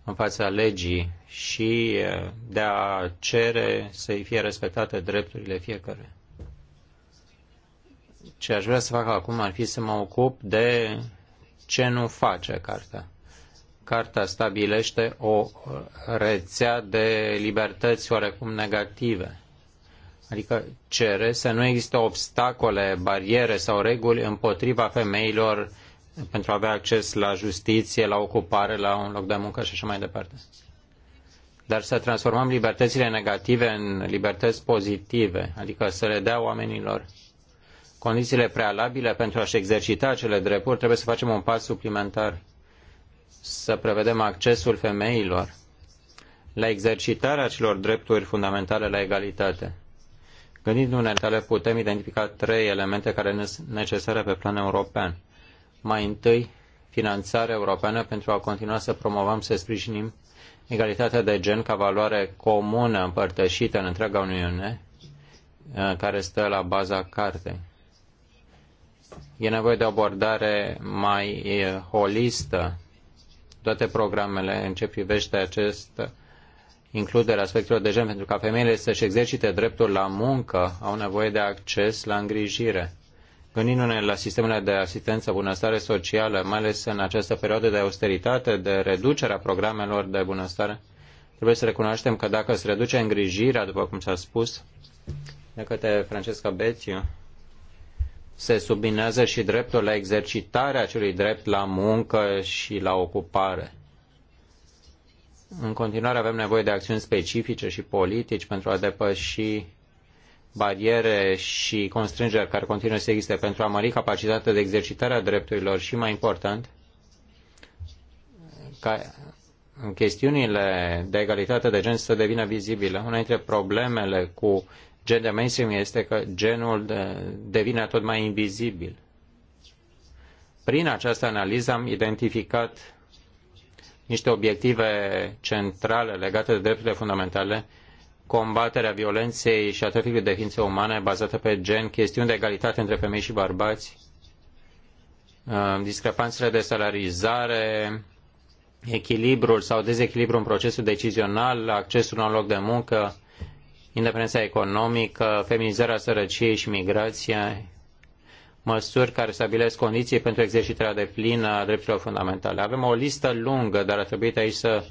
în fața legii și eh, de a cere să-i fie respectate drepturile fiecare. Ce aș vrea să fac acum ar fi să mă ocup de ce nu face cartea. Carta stabilește o eh, rețea de libertăți oarecum negative. Adică cere să nu există obstacole, bariere sau reguli împotriva femeilor pentru a avea acces la justiție, la ocupare, la un loc de muncă și așa mai departe. Dar să transformăm libertățile negative în libertăți pozitive, adică să le dea oamenilor condițiile prealabile pentru a-și exercita acele drepturi, trebuie să facem un pas suplimentar, să prevedem accesul femeilor la exercitarea acelor drepturi fundamentale la egalitate. Gândindu-ne tale, putem identifica trei elemente care sunt necesare pe plan european – mai întâi, finanțarea europeană pentru a continua să promovăm, să sprijinim egalitatea de gen ca valoare comună împărtășită în întreaga Uniune, uh, care stă la baza cartei. E nevoie de o abordare mai uh, holistă. Toate programele în ce privește acest uh, includerea aspectelor de gen pentru ca femeile să-și exercite dreptul la muncă, au nevoie de acces la îngrijire gândindu-ne la sistemele de asistență, bunăstare socială, mai ales în această perioadă de austeritate, de reducerea programelor de bunăstare, trebuie să recunoaștem că dacă se reduce îngrijirea, după cum s-a spus de către Francesca Bețiu, se subminează și dreptul la exercitarea acelui drept la muncă și la ocupare. În continuare avem nevoie de acțiuni specifice și politici pentru a depăși bariere și constrângeri care continuă să existe pentru a mări capacitatea de exercitare a drepturilor și, mai important, ca chestiunile de egalitate de gen să devină vizibile. Una dintre problemele cu gen de mainstream este că genul devine tot mai invizibil. Prin această analiză am identificat niște obiective centrale legate de drepturile fundamentale combaterea violenței și a traficului de ființe umane bazată pe gen, chestiuni de egalitate între femei și bărbați, uh, discrepanțele de salarizare, echilibrul sau dezechilibrul în procesul decizional, accesul la un loc de muncă, independența economică, feminizarea sărăciei și migrația, măsuri care stabilesc condiții pentru exercitarea de plină a drepturilor fundamentale. Avem o listă lungă, dar ar trebui aici să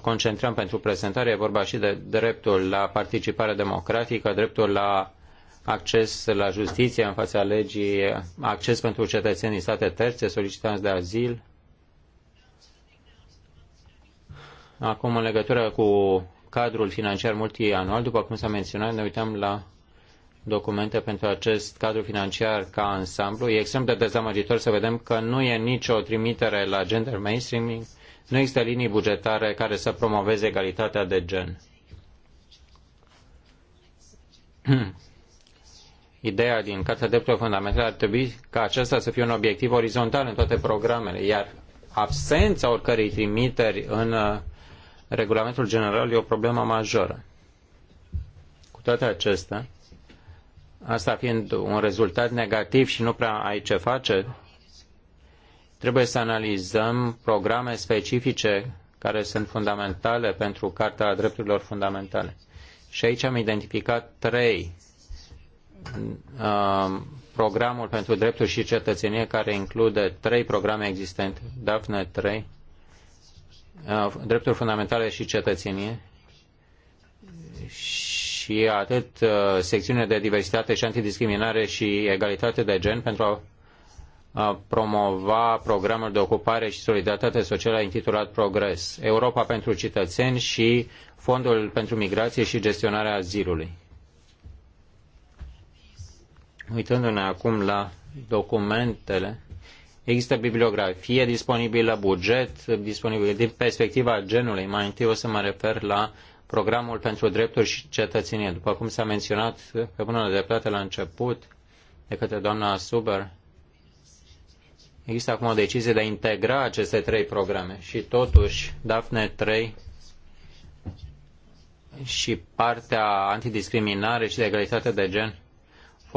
concentrăm pentru prezentare. E vorba și de dreptul la participare democratică, dreptul la acces la justiție în fața legii, acces pentru cetățenii state terțe, solicitanți de azil. Acum, în legătură cu cadrul financiar multianual, după cum s-a menționat, ne uităm la documente pentru acest cadru financiar ca ansamblu. E extrem de dezamăgitor să vedem că nu e nicio trimitere la gender mainstreaming, nu există linii bugetare care să promoveze egalitatea de gen. Ideea din Cartea Drepturilor Fundamentale ar trebui ca acesta să fie un obiectiv orizontal în toate programele, iar absența oricărei trimiteri în uh, regulamentul general e o problemă majoră. Cu toate acestea, asta fiind un rezultat negativ și nu prea ai ce face, Trebuie să analizăm programe specifice care sunt fundamentale pentru Carta Drepturilor Fundamentale. Și aici am identificat trei. Um, programul pentru drepturi și cetățenie care include trei programe existente. DAFNE 3, uh, drepturi fundamentale și cetățenie și atât uh, secțiune de diversitate și antidiscriminare și egalitate de gen pentru a promova programul de ocupare și solidaritate socială intitulat Progres, Europa pentru cetățeni și Fondul pentru migrație și gestionarea azilului. Uitându-ne acum la documentele, există bibliografie disponibilă, buget disponibil. Din perspectiva genului, mai întâi o să mă refer la programul pentru drepturi și cetățenie. După cum s-a menționat pe bună dreptate la început de către doamna Suber, Există acum o decizie de a integra aceste trei programe și totuși DAFNE 3 și partea antidiscriminare și de egalitate de gen au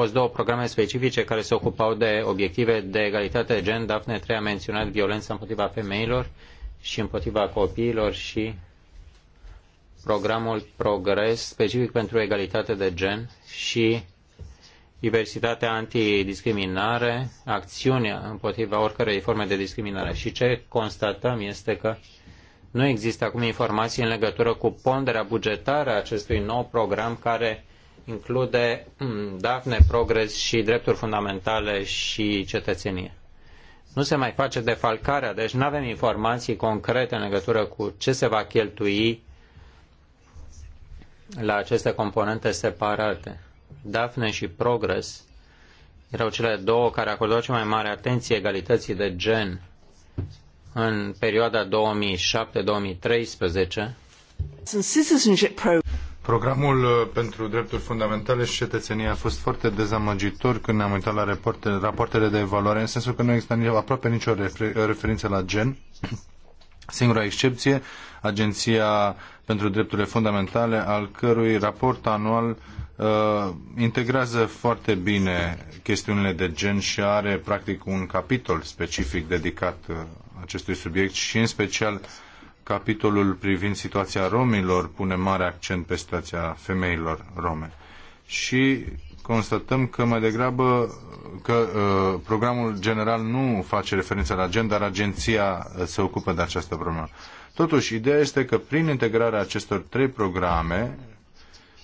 fost două programe specifice care se ocupau de obiective de egalitate de gen. Dafne 3 a menționat violența împotriva femeilor și împotriva copiilor și programul Progres specific pentru egalitate de gen și diversitatea antidiscriminare, acțiunea împotriva oricărei forme de discriminare. Și ce constatăm este că nu există acum informații în legătură cu ponderea bugetară a acestui nou program care include mm, Dafne, Progres și drepturi fundamentale și cetățenie. Nu se mai face defalcarea, deci nu avem informații concrete în legătură cu ce se va cheltui la aceste componente separate. Daphne și Progress erau cele două care acordau cea mai mare atenție egalității de gen în perioada 2007-2013. Programul uh, pentru drepturi fundamentale și cetățenie a fost foarte dezamăgitor când ne-am uitat la rapoartele de evaluare, în sensul că nu există aproape nicio referință la gen Singura excepție, Agenția pentru Drepturile Fundamentale, al cărui raport anual uh, integrează foarte bine chestiunile de gen și are practic un capitol specific dedicat uh, acestui subiect și în special capitolul privind situația romilor pune mare accent pe situația femeilor rome. Și constatăm că mai degrabă că uh, programul general nu face referință la gen, dar agenția uh, se ocupă de această problemă. Totuși, ideea este că prin integrarea acestor trei programe,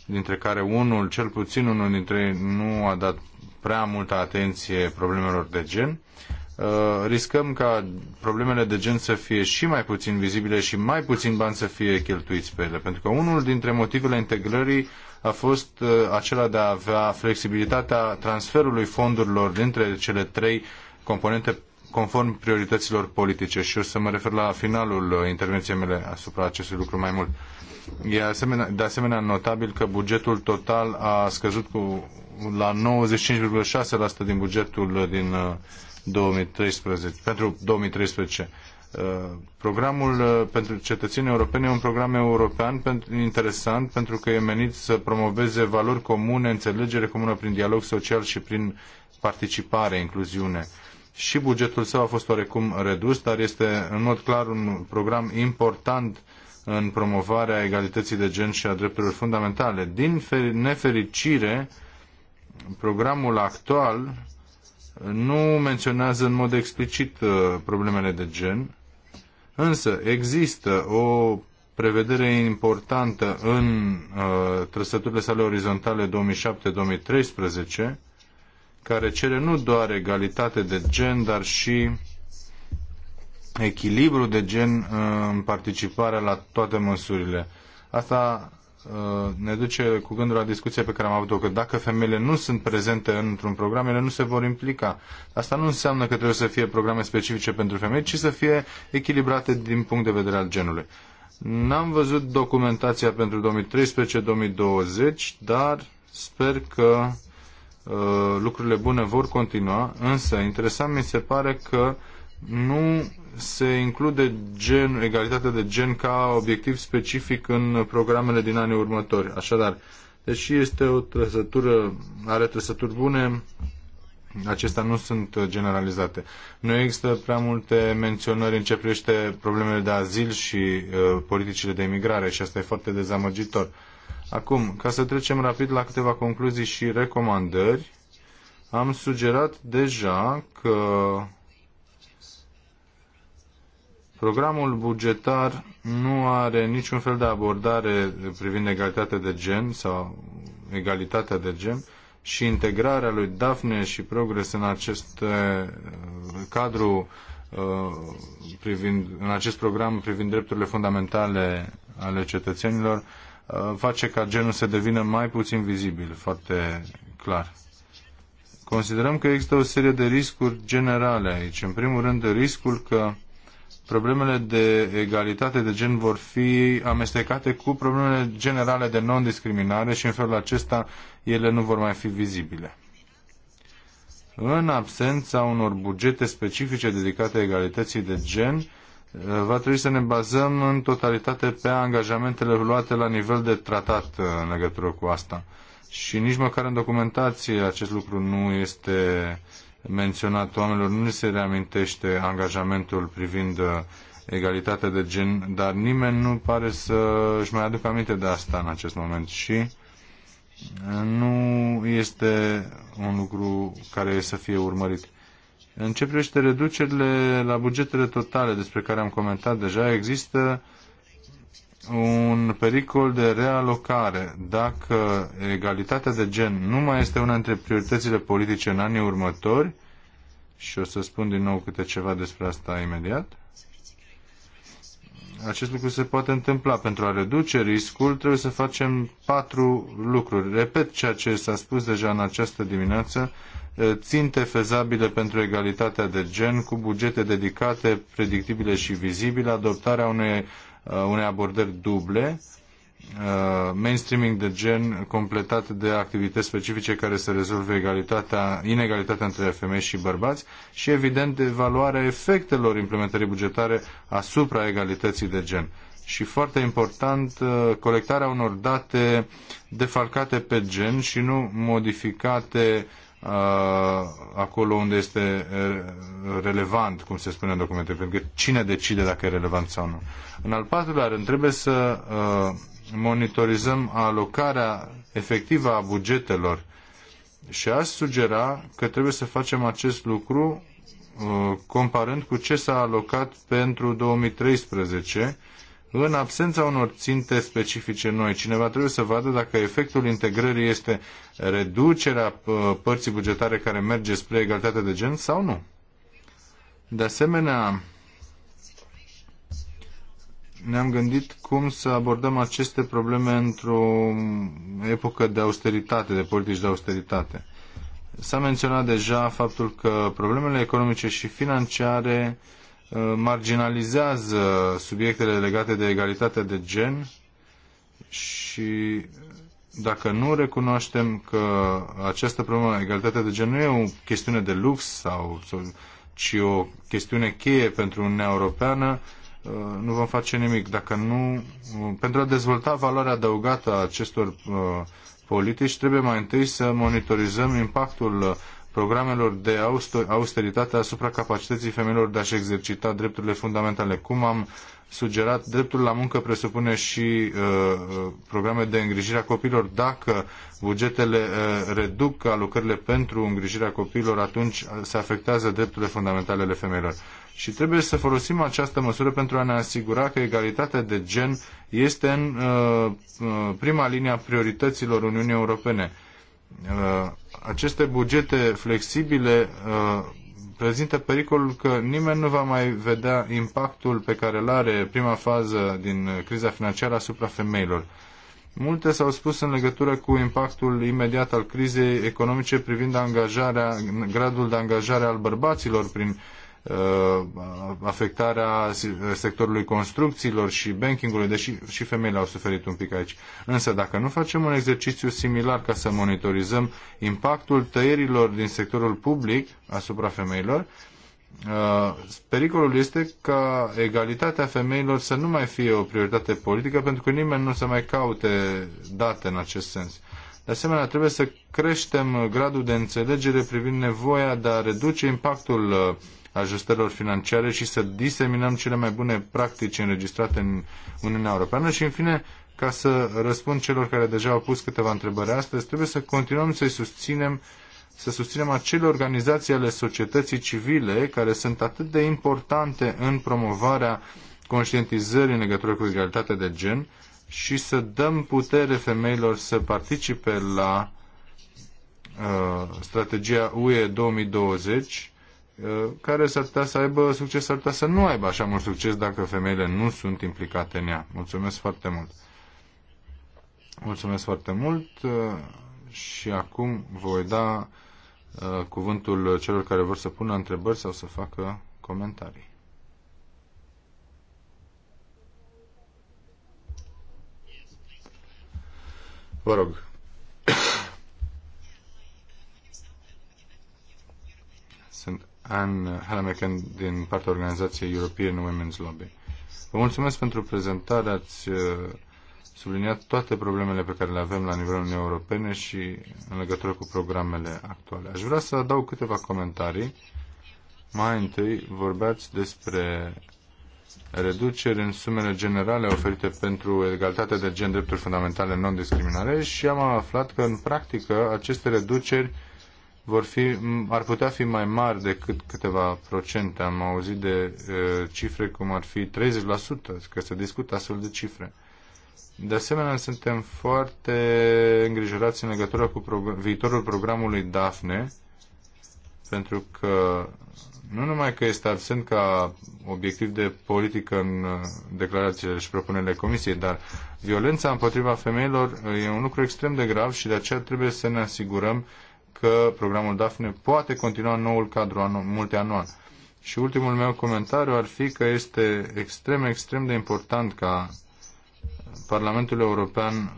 dintre care unul, cel puțin unul dintre ei, nu a dat prea multă atenție problemelor de gen, uh, riscăm ca problemele de gen să fie și mai puțin vizibile și mai puțin bani să fie cheltuiți pe ele. Pentru că unul dintre motivele integrării a fost uh, acela de a avea flexibilitatea transferului fondurilor dintre cele trei componente conform priorităților politice și o să mă refer la finalul uh, intervenției mele asupra acestui lucru mai mult. E asemenea, de asemenea notabil că bugetul total a scăzut cu la 95,6% din bugetul uh, din 2013, pentru 2013 Uh, programul uh, pentru cetățenii europeni e un program european pentru, interesant pentru că e menit să promoveze valori comune, înțelegere comună prin dialog social și prin participare, incluziune. Și bugetul său a fost oarecum redus, dar este în mod clar un program important în promovarea egalității de gen și a drepturilor fundamentale. Din nefericire, programul actual nu menționează în mod explicit uh, problemele de gen Însă există o prevedere importantă în uh, trăsăturile sale orizontale 2007-2013 care cere nu doar egalitate de gen, dar și echilibru de gen uh, în participarea la toate măsurile. Asta Uh, ne duce cu gândul la discuția pe care am avut-o, că dacă femeile nu sunt prezente într-un program, ele nu se vor implica. Asta nu înseamnă că trebuie să fie programe specifice pentru femei, ci să fie echilibrate din punct de vedere al genului. N-am văzut documentația pentru 2013-2020, dar sper că uh, lucrurile bune vor continua, însă interesant mi se pare că nu se include gen, egalitatea de gen ca obiectiv specific în programele din anii următori. Așadar, deși este o trăsătură, are trăsături bune, acestea nu sunt generalizate. Nu există prea multe menționări în ce privește problemele de azil și uh, politicile de imigrare și asta e foarte dezamăgitor. Acum, ca să trecem rapid la câteva concluzii și recomandări, am sugerat deja că Programul bugetar nu are niciun fel de abordare privind egalitatea de gen sau egalitatea de gen și integrarea lui Daphne și Progres în acest uh, cadru uh, privind, în acest program privind drepturile fundamentale ale cetățenilor uh, face ca genul să devină mai puțin vizibil, foarte clar. Considerăm că există o serie de riscuri generale aici. În primul rând, riscul că problemele de egalitate de gen vor fi amestecate cu problemele generale de non-discriminare și în felul acesta ele nu vor mai fi vizibile. În absența unor bugete specifice dedicate egalității de gen, va trebui să ne bazăm în totalitate pe angajamentele luate la nivel de tratat în legătură cu asta. Și nici măcar în documentație acest lucru nu este menționat oamenilor, nu se reamintește angajamentul privind uh, egalitatea de gen, dar nimeni nu pare să își mai aducă aminte de asta în acest moment și uh, nu este un lucru care să fie urmărit. În ce privește reducerile la bugetele totale despre care am comentat deja, există uh, un pericol de realocare dacă egalitatea de gen nu mai este una dintre prioritățile politice în anii următori și o să spun din nou câte ceva despre asta imediat. Acest lucru se poate întâmpla. Pentru a reduce riscul trebuie să facem patru lucruri. Repet ceea ce s-a spus deja în această dimineață. Eh, ținte fezabile pentru egalitatea de gen cu bugete dedicate, predictibile și vizibile, adoptarea unei Uh, unei abordări duble, uh, mainstreaming de gen completat de activități specifice care să rezolve egalitatea, inegalitatea între femei și bărbați și, evident, evaluarea efectelor implementării bugetare asupra egalității de gen. Și foarte important, uh, colectarea unor date defalcate pe gen și nu modificate acolo unde este relevant, cum se spune în documente, pentru că cine decide dacă e relevant sau nu. În al patrulea rând, trebuie să monitorizăm alocarea efectivă a bugetelor și aș sugera că trebuie să facem acest lucru comparând cu ce s-a alocat pentru 2013 în absența unor ținte specifice noi. Cineva trebuie să vadă dacă efectul integrării este reducerea uh, părții bugetare care merge spre egalitate de gen sau nu. De asemenea, ne-am gândit cum să abordăm aceste probleme într-o epocă de austeritate, de politici de austeritate. S-a menționat deja faptul că problemele economice și financiare uh, Uh, marginalizează subiectele legate de egalitatea de gen și dacă nu recunoaștem că această problemă, egalitatea de gen, nu e o chestiune de lux, sau, ci o chestiune cheie pentru Uniunea Europeană, uh, nu vom face nimic. Dacă nu, uh, pentru a dezvolta valoarea adăugată a acestor politici, trebuie mai întâi să monitorizăm impactul programelor de austeritate asupra capacității femeilor de a-și exercita drepturile fundamentale. Cum am sugerat, dreptul la muncă presupune și uh, uh programe de îngrijire a copiilor. Dacă bugetele uh, reduc alocările pentru îngrijirea copiilor, atunci uh, se afectează drepturile fundamentale ale femeilor. Și trebuie să folosim această măsură pentru a ne asigura că egalitatea de gen este în uh, uh prima linie a priorităților Uniunii Europene Uh, aceste bugete flexibile uh, prezintă pericolul că nimeni nu va mai vedea impactul pe care îl are prima fază din criza financiară asupra femeilor. Multe s-au spus în legătură cu impactul imediat al crizei economice privind angajarea, gradul de angajare al bărbaților prin Uh, afectarea sectorului construcțiilor și bankingului, deși și femeile au suferit un pic aici. Însă dacă nu facem un exercițiu similar ca să monitorizăm impactul tăierilor din sectorul public asupra femeilor, uh, pericolul este ca egalitatea femeilor să nu mai fie o prioritate politică pentru că nimeni nu se mai caute date în acest sens. De asemenea, trebuie să creștem gradul de înțelegere privind nevoia de a reduce impactul uh, ajustărilor financiare și să diseminăm cele mai bune practici înregistrate în Uniunea Europeană și, în fine, ca să răspund celor care deja au pus câteva întrebări astăzi, trebuie să continuăm să-i susținem să susținem acele organizații ale societății civile care sunt atât de importante în promovarea conștientizării în legătură cu egalitatea de gen și să dăm putere femeilor să participe la uh, strategia UE 2020 Uh, care s-ar putea să aibă succes, s-ar putea să nu aibă așa mult succes dacă femeile nu sunt implicate în ea. Mulțumesc foarte mult! Mulțumesc foarte mult uh, și acum voi da uh, cuvântul celor care vor să pună întrebări sau să facă comentarii. Vă rog. Anne Hanamecken din partea organizației European Women's Lobby. Vă mulțumesc pentru prezentare, ați uh, subliniat toate problemele pe care le avem la nivelul Uniunii Europene și în legătură cu programele actuale. Aș vrea să adaug câteva comentarii. Mai întâi vorbeați despre reduceri în sumele generale oferite pentru egalitatea de gen, drepturi fundamentale, non-discriminare și am aflat că în practică aceste reduceri vor fi, ar putea fi mai mari decât câteva procente. Am auzit de uh, cifre cum ar fi 30%, că se discută astfel de cifre. De asemenea, suntem foarte îngrijorați în legătură cu prog- viitorul programului DAFNE, pentru că nu numai că este absent ca obiectiv de politică în uh, declarațiile și propunerile Comisiei, dar violența împotriva femeilor uh, e un lucru extrem de grav și de aceea trebuie să ne asigurăm uh, că programul DAFNE poate continua în noul cadru anu- multianual. Și ultimul meu comentariu ar fi că este extrem, extrem de important ca Parlamentul European uh,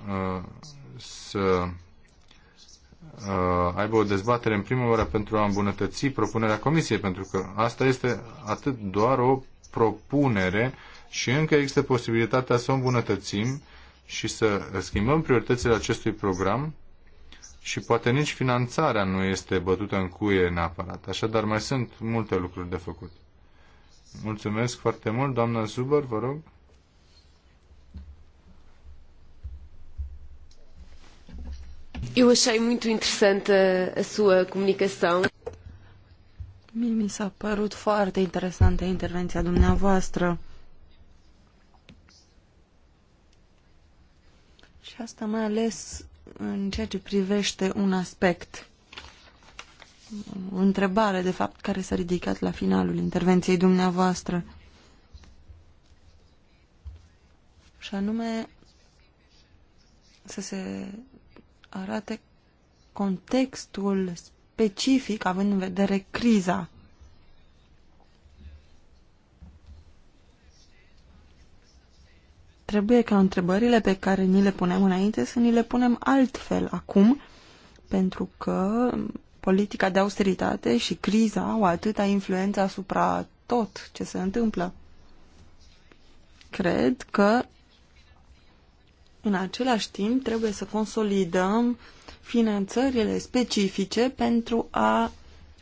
să uh, aibă o dezbatere în primăvară pentru a îmbunătăți propunerea Comisiei, pentru că asta este atât doar o propunere și încă există posibilitatea să o îmbunătățim și să schimbăm prioritățile acestui program și poate nici finanțarea nu este bătută în cuie neapărat. Așadar, mai sunt multe lucruri de făcut. Mulțumesc foarte mult, doamna Zuber, vă rog. Eu achei muito interessante a, a sua comunicação. Mie mi s-a părut foarte interesantă intervenția dumneavoastră. Și asta mai ales în ceea ce privește un aspect, o întrebare, de fapt, care s-a ridicat la finalul intervenției dumneavoastră. Și anume să se arate contextul specific, având în vedere criza Trebuie ca întrebările pe care ni le punem înainte să ni le punem altfel acum, pentru că politica de austeritate și criza au atâta influență asupra tot ce se întâmplă. Cred că în același timp trebuie să consolidăm finanțările specifice pentru a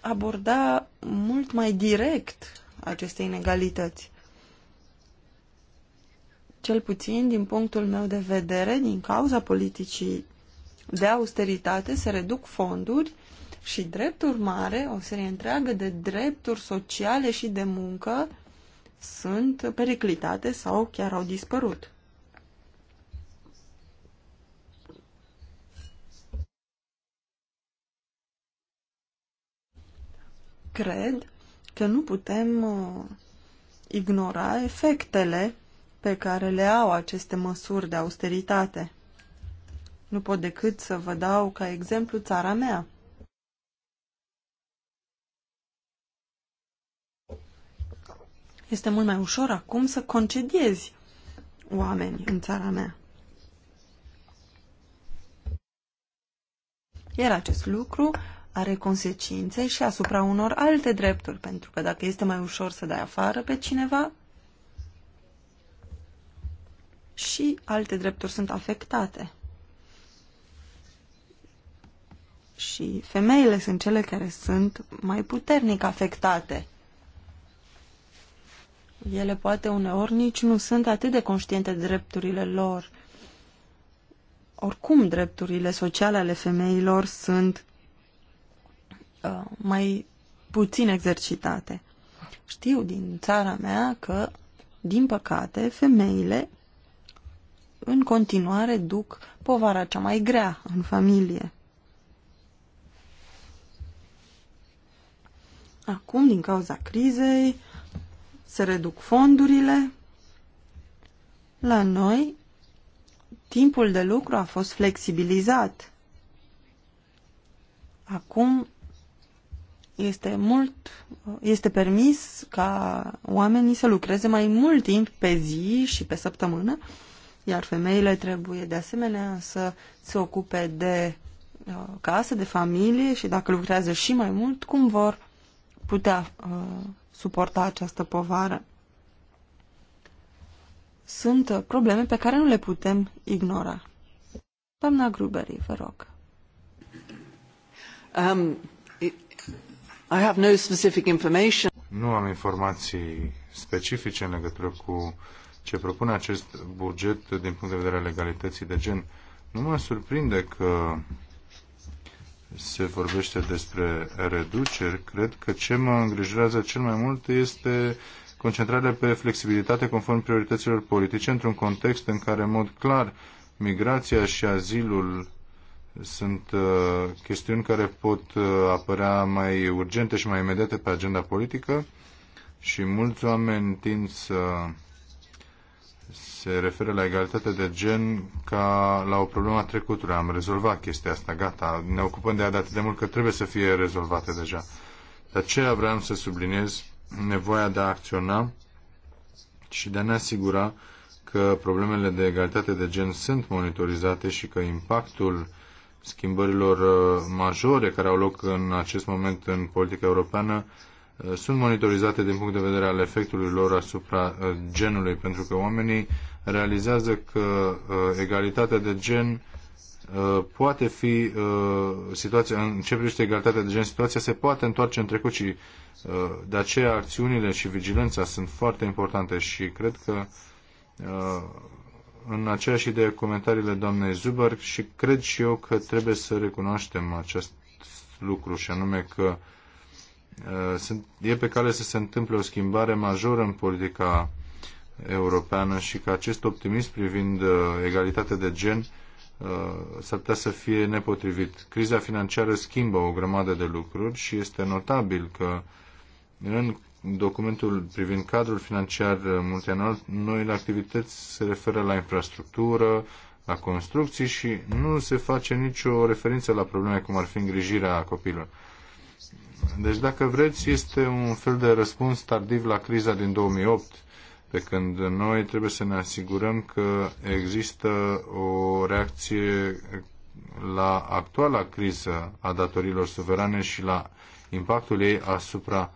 aborda mult mai direct aceste inegalități cel puțin din punctul meu de vedere, din cauza politicii de austeritate, se reduc fonduri și, drept urmare, o serie întreagă de drepturi sociale și de muncă sunt periclitate sau chiar au dispărut. Cred că nu putem uh, ignora efectele pe care le au aceste măsuri de austeritate. Nu pot decât să vă dau ca exemplu țara mea. Este mult mai ușor acum să concediezi oameni în țara mea. Iar acest lucru are consecințe și asupra unor alte drepturi, pentru că dacă este mai ușor să dai afară pe cineva, și alte drepturi sunt afectate. Și femeile sunt cele care sunt mai puternic afectate. Ele poate uneori nici nu sunt atât de conștiente de drepturile lor. Oricum, drepturile sociale ale femeilor sunt uh, mai puțin exercitate. Știu din țara mea că, din păcate, femeile în continuare duc povara cea mai grea în familie. Acum, din cauza crizei, se reduc fondurile. La noi, timpul de lucru a fost flexibilizat. Acum este mult, este permis ca oamenii să lucreze mai mult timp pe zi și pe săptămână iar femeile trebuie de asemenea să se ocupe de uh, casă, de familie și dacă lucrează și mai mult, cum vor putea uh, suporta această povară. Sunt uh, probleme pe care nu le putem ignora. Doamna Gruberi, vă rog. Um, it, I have no specific information. Nu am informații specifice în legătură cu ce propune acest buget din punct de vedere al legalității de gen. Nu mă surprinde că se vorbește despre reduceri. Cred că ce mă îngrijorează cel mai mult este concentrarea pe flexibilitate conform priorităților politice într-un context în care, în mod clar, migrația și azilul sunt uh, chestiuni care pot uh, apărea mai urgente și mai imediate pe agenda politică și mulți oameni tind să uh, se referă la egalitatea de gen ca la o problemă a trecutului. Am rezolvat chestia asta, gata, ne ocupăm de ea de atât de mult că trebuie să fie rezolvată deja. Dar ce vreau să subliniez nevoia de a acționa și de a ne asigura că problemele de egalitate de gen sunt monitorizate și că impactul schimbărilor uh, majore care au loc în acest moment în politica europeană Uh, sunt monitorizate din punct de vedere al efectului lor asupra uh, genului, pentru că oamenii realizează că uh, egalitatea de gen poate fi situația, în ce privește egalitatea de gen, situația se poate întoarce în trecut și de aceea acțiunile și vigilența sunt foarte importante și cred că în aceeași idee comentariile doamnei Zuber și cred și eu că trebuie să recunoaștem acest lucru și anume că uh, Uh, sunt, e pe cale să se întâmple o schimbare majoră în politica europeană și că acest optimism privind uh, egalitatea de gen uh, s-ar putea să fie nepotrivit. Criza financiară schimbă o grămadă de lucruri și este notabil că în documentul privind cadrul financiar multianual, noile activități se referă la infrastructură, la construcții și nu se face nicio referință la probleme cum ar fi îngrijirea copiilor. Deci, dacă vreți, este un fel de răspuns tardiv la criza din 2008, pe când noi trebuie să ne asigurăm că există o reacție la actuala criză a datorilor suverane și la impactul ei asupra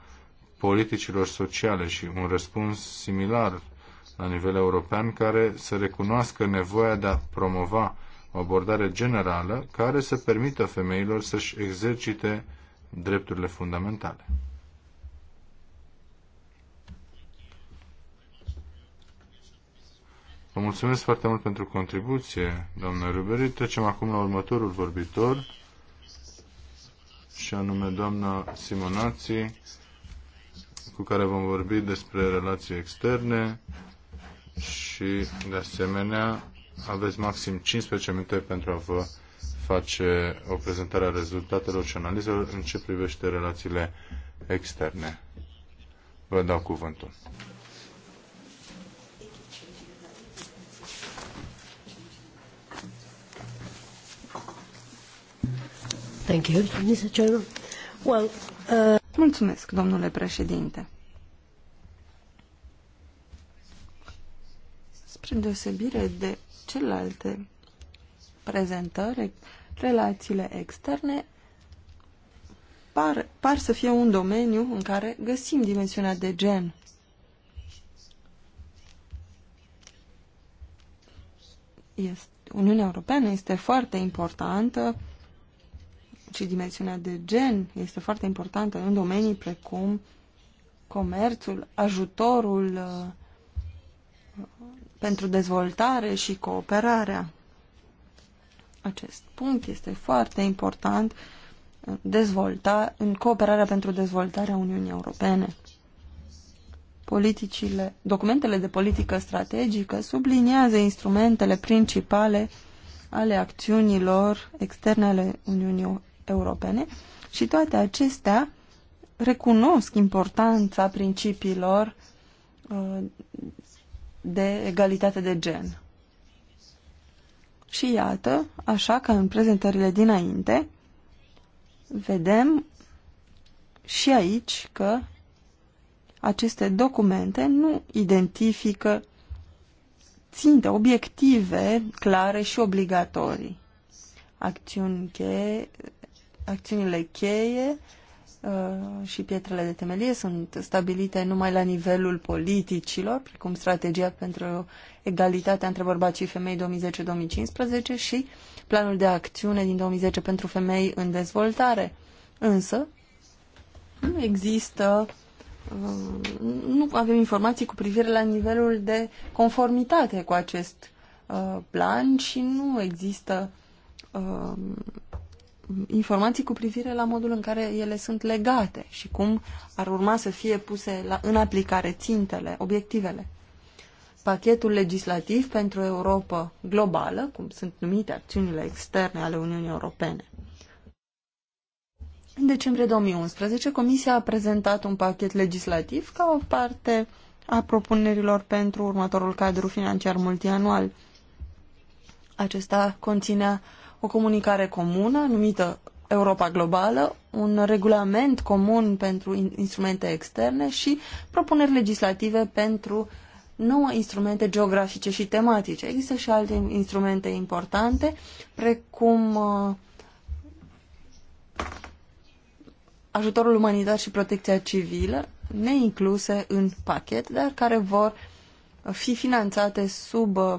politicilor sociale și un răspuns similar la nivel european care să recunoască nevoia de a promova o abordare generală care să permită femeilor să-și exercite drepturile fundamentale. Vă mulțumesc foarte mult pentru contribuție, doamna Ruberi. Trecem acum la următorul vorbitor, și anume doamna Simonații, cu care vom vorbi despre relații externe și, de asemenea, aveți maxim 15 minute pentru a vă face o prezentare a rezultatelor și analizelor în ce privește relațiile externe. Vă dau cuvântul. Thank you, Mr. Chairman. Well, uh... Mulțumesc, domnule președinte. Spre deosebire de celelalte prezentări, relațiile externe par, par să fie un domeniu în care găsim dimensiunea de gen. Este, Uniunea Europeană este foarte importantă și dimensiunea de gen este foarte importantă în domenii precum comerțul, ajutorul uh, pentru dezvoltare și cooperarea. Acest punct este foarte important dezvolta, în cooperarea pentru dezvoltarea Uniunii Europene. Politicile, documentele de politică strategică subliniază instrumentele principale ale acțiunilor externe ale Uniunii Europene și toate acestea recunosc importanța principiilor uh, de egalitate de gen. Și iată, așa că în prezentările dinainte, vedem și aici că aceste documente nu identifică ținte, obiective clare și obligatorii. Acțiuni cheie, acțiunile cheie Uh, și pietrele de temelie sunt stabilite numai la nivelul politicilor, precum strategia pentru egalitatea între bărbați și femei 2010-2015 și planul de acțiune din 2010 pentru femei în dezvoltare. Însă, nu există, uh, nu avem informații cu privire la nivelul de conformitate cu acest uh, plan și nu există informații cu privire la modul în care ele sunt legate și cum ar urma să fie puse la, în aplicare țintele, obiectivele. Pachetul legislativ pentru Europa globală, cum sunt numite acțiunile externe ale Uniunii Europene. În decembrie 2011, Comisia a prezentat un pachet legislativ ca o parte a propunerilor pentru următorul cadru financiar multianual. Acesta conținea o comunicare comună numită Europa Globală, un regulament comun pentru instrumente externe și propuneri legislative pentru nouă instrumente geografice și tematice. Există și alte instrumente importante, precum uh, ajutorul umanitar și protecția civilă, neincluse în pachet, dar care vor fi finanțate sub uh,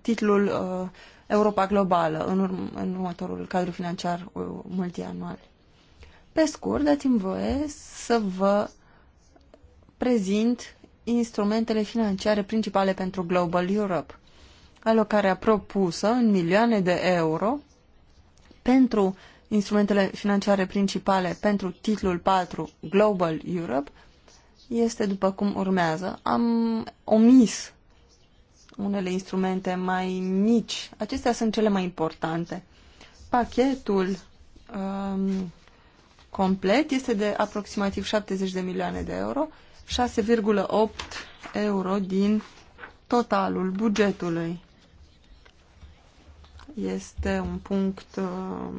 titlul uh, Europa Globală în, urm- în următorul cadru financiar uh, multianual. Pe scurt, dați-mi voie să vă prezint instrumentele financiare principale pentru Global Europe. Alocarea propusă în milioane de euro pentru instrumentele financiare principale pentru titlul 4 Global Europe este după cum urmează. Am omis unele instrumente mai mici. Acestea sunt cele mai importante. Pachetul um, complet este de aproximativ 70 de milioane de euro, 6,8 euro din totalul bugetului. Este un punct um,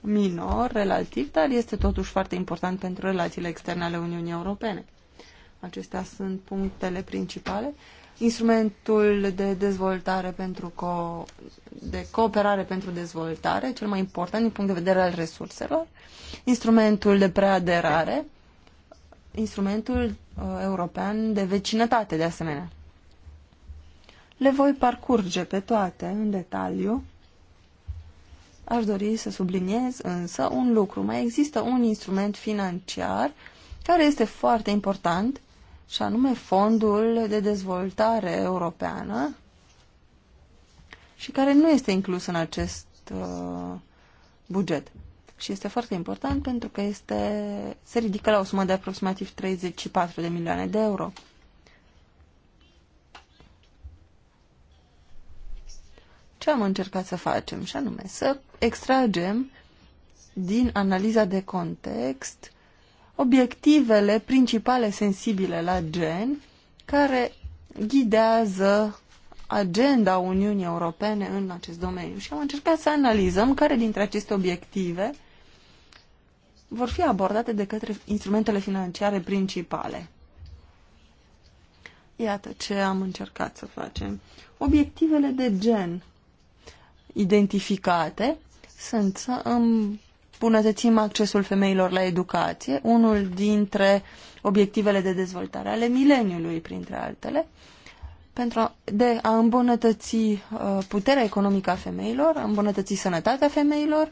minor relativ, dar este totuși foarte important pentru relațiile externe ale Uniunii Europene. Acestea sunt punctele principale instrumentul de dezvoltare pentru co- de cooperare pentru dezvoltare, cel mai important din punct de vedere al resurselor, instrumentul de preaderare, instrumentul uh, european de vecinătate, de asemenea. Le voi parcurge pe toate în detaliu. Aș dori să subliniez însă un lucru. Mai există un instrument financiar care este foarte important și anume Fondul de Dezvoltare Europeană și care nu este inclus în acest uh, buget. Și este foarte important pentru că este, se ridică la o sumă de aproximativ 34 de milioane de euro. Ce am încercat să facem? Și anume, să extragem din analiza de context obiectivele principale sensibile la gen care ghidează agenda Uniunii Europene în acest domeniu. Și am încercat să analizăm care dintre aceste obiective vor fi abordate de către instrumentele financiare principale. Iată ce am încercat să facem. Obiectivele de gen identificate sunt să îmi îmbunătățim accesul femeilor la educație, unul dintre obiectivele de dezvoltare ale mileniului, printre altele, pentru de a îmbunătăți uh, puterea economică a femeilor, a îmbunătăți sănătatea femeilor,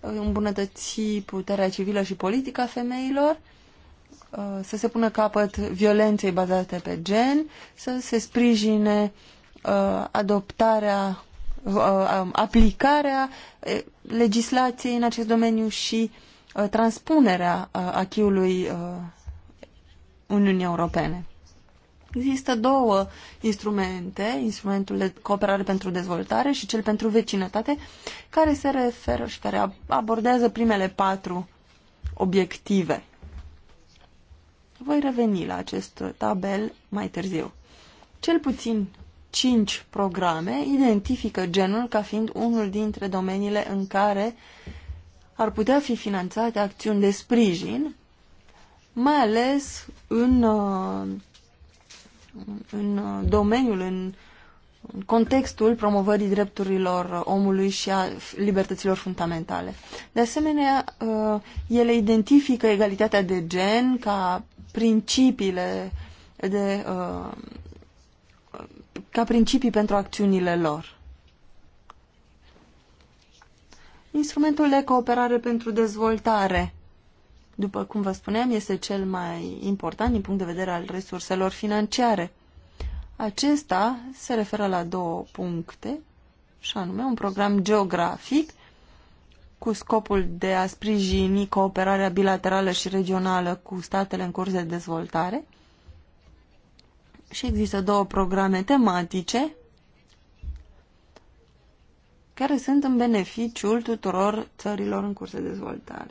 uh, îmbunătăți puterea civilă și politică a femeilor, uh, să se pună capăt violenței bazate pe gen, să se sprijine adoptarea Uh, um, aplicarea uh, legislației în acest domeniu și uh, transpunerea achiului Uniunii Europene. Există două instrumente, instrumentul de cooperare pentru dezvoltare și cel pentru vecinătate, care se referă și care abordează primele patru obiective. Voi reveni la acest tabel mai târziu. Cel puțin cinci programe identifică genul ca fiind unul dintre domeniile în care ar putea fi finanțate acțiuni de sprijin, mai ales în, uh, în uh, domeniul, în, contextul promovării drepturilor omului și a libertăților fundamentale. De asemenea, uh, ele identifică egalitatea de gen ca principiile de ca principii pentru acțiunile lor. Instrumentul de cooperare pentru dezvoltare, după cum vă spuneam, este cel mai important din punct de vedere al resurselor financiare. Acesta se referă la două puncte, și anume un program geografic cu scopul de a sprijini cooperarea bilaterală și regională cu statele în curs de dezvoltare și există două programe tematice care sunt în beneficiul tuturor țărilor în curs de dezvoltare.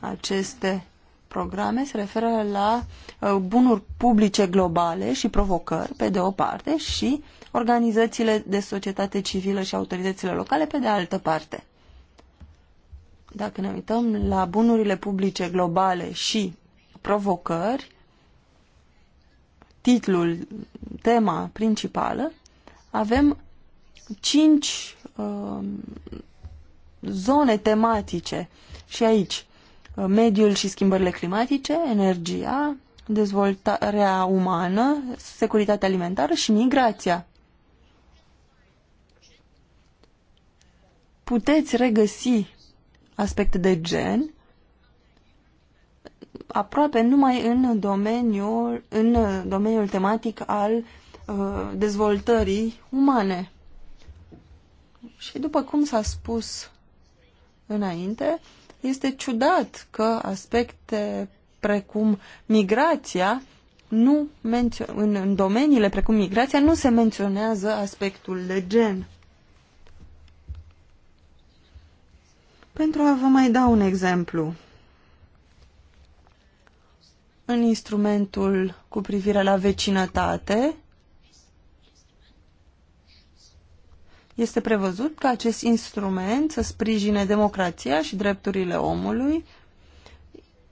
Aceste programe se referă la uh, bunuri publice globale și provocări, pe de o parte, și organizațiile de societate civilă și autoritățile locale, pe de altă parte. Dacă ne uităm la bunurile publice globale și provocări, titlul, tema principală, avem cinci uh, zone tematice și aici uh, mediul și schimbările climatice, energia, dezvoltarea umană, securitatea alimentară și migrația. Puteți regăsi aspecte de gen aproape numai în domeniul, în domeniul tematic al uh, dezvoltării umane. Și după cum s-a spus înainte, este ciudat că aspecte precum migrația nu în, în domeniile precum migrația nu se menționează aspectul de gen. Pentru a vă mai da un exemplu, în instrumentul cu privire la vecinătate este prevăzut ca acest instrument să sprijine democrația și drepturile omului,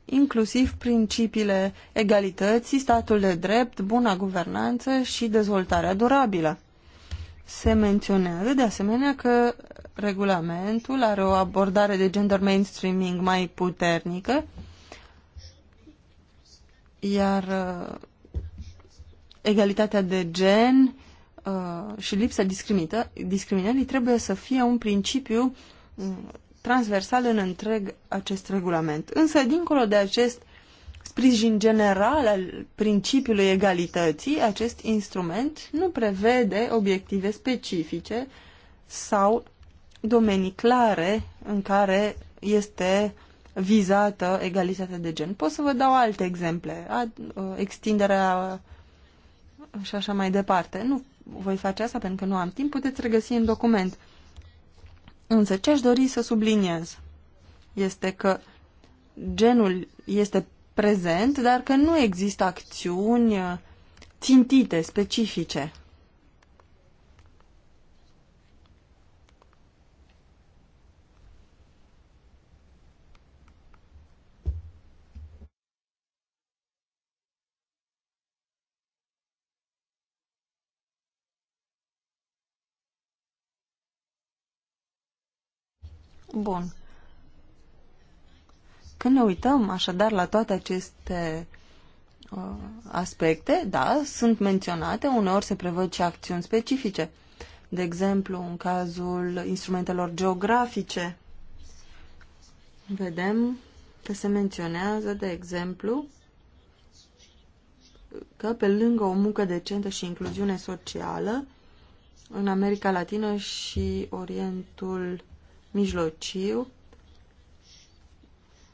inclusiv principiile egalității, statul de drept, buna guvernanță și dezvoltarea durabilă. Se menționează de asemenea că regulamentul are o abordare de gender mainstreaming mai puternică, iar uh, egalitatea de gen uh, și lipsa discriminării trebuie să fie un principiu uh, transversal în întreg acest regulament. Însă, dincolo de acest sprijin general al principiului egalității, acest instrument nu prevede obiective specifice sau domenii clare în care este vizată egalitatea de gen. Pot să vă dau alte exemple, a, uh, extinderea și așa mai departe. Nu voi face asta pentru că nu am timp, puteți regăsi în document. Însă ce aș dori să subliniez este că genul este prezent, dar că nu există acțiuni uh, țintite, specifice. Bun. Când ne uităm așadar la toate aceste uh, aspecte, da, sunt menționate, uneori se prevăd și acțiuni specifice. De exemplu, în cazul instrumentelor geografice, vedem că se menționează, de exemplu, că pe lângă o muncă decentă și incluziune socială, în America Latină și Orientul mijlociu,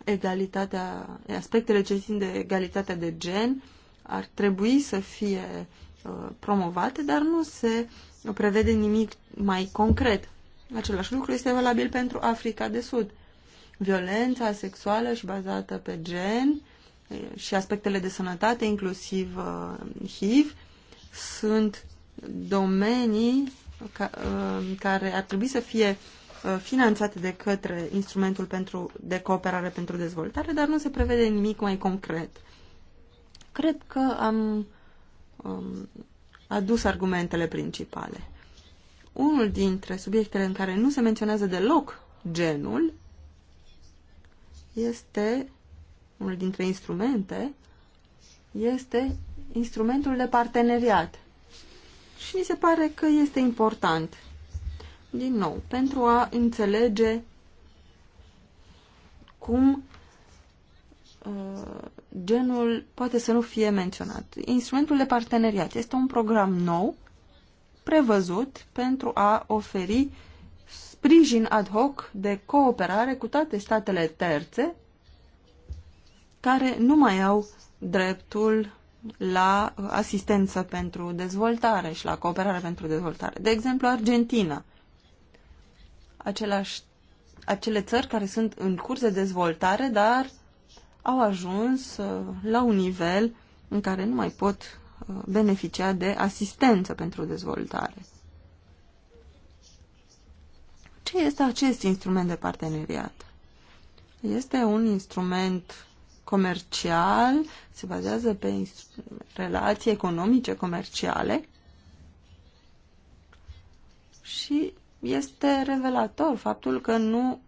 egalitatea, aspectele ce țin de egalitatea de gen ar trebui să fie uh, promovate, dar nu se prevede nimic mai concret. Același lucru este valabil pentru Africa de Sud. Violența sexuală și bazată pe gen uh, și aspectele de sănătate, inclusiv uh, HIV, sunt domenii ca, care ar trebui să fie uh, Uh, finanțate de către instrumentul pentru, de cooperare pentru dezvoltare, dar nu se prevede nimic mai concret. Cred că am um, adus argumentele principale. Unul dintre subiectele în care nu se menționează deloc genul este unul dintre instrumente este instrumentul de parteneriat. Și mi se pare că este important din nou, pentru a înțelege cum uh, genul poate să nu fie menționat. Instrumentul de parteneriat este un program nou prevăzut pentru a oferi sprijin ad hoc de cooperare cu toate statele terțe care nu mai au dreptul la uh, asistență pentru dezvoltare și la cooperare pentru dezvoltare. De exemplu, Argentina același, acele țări care sunt în curs de dezvoltare, dar au ajuns uh, la un nivel în care nu mai pot uh, beneficia de asistență pentru dezvoltare. Ce este acest instrument de parteneriat? Este un instrument comercial, se bazează pe relații economice comerciale și este revelator faptul că nu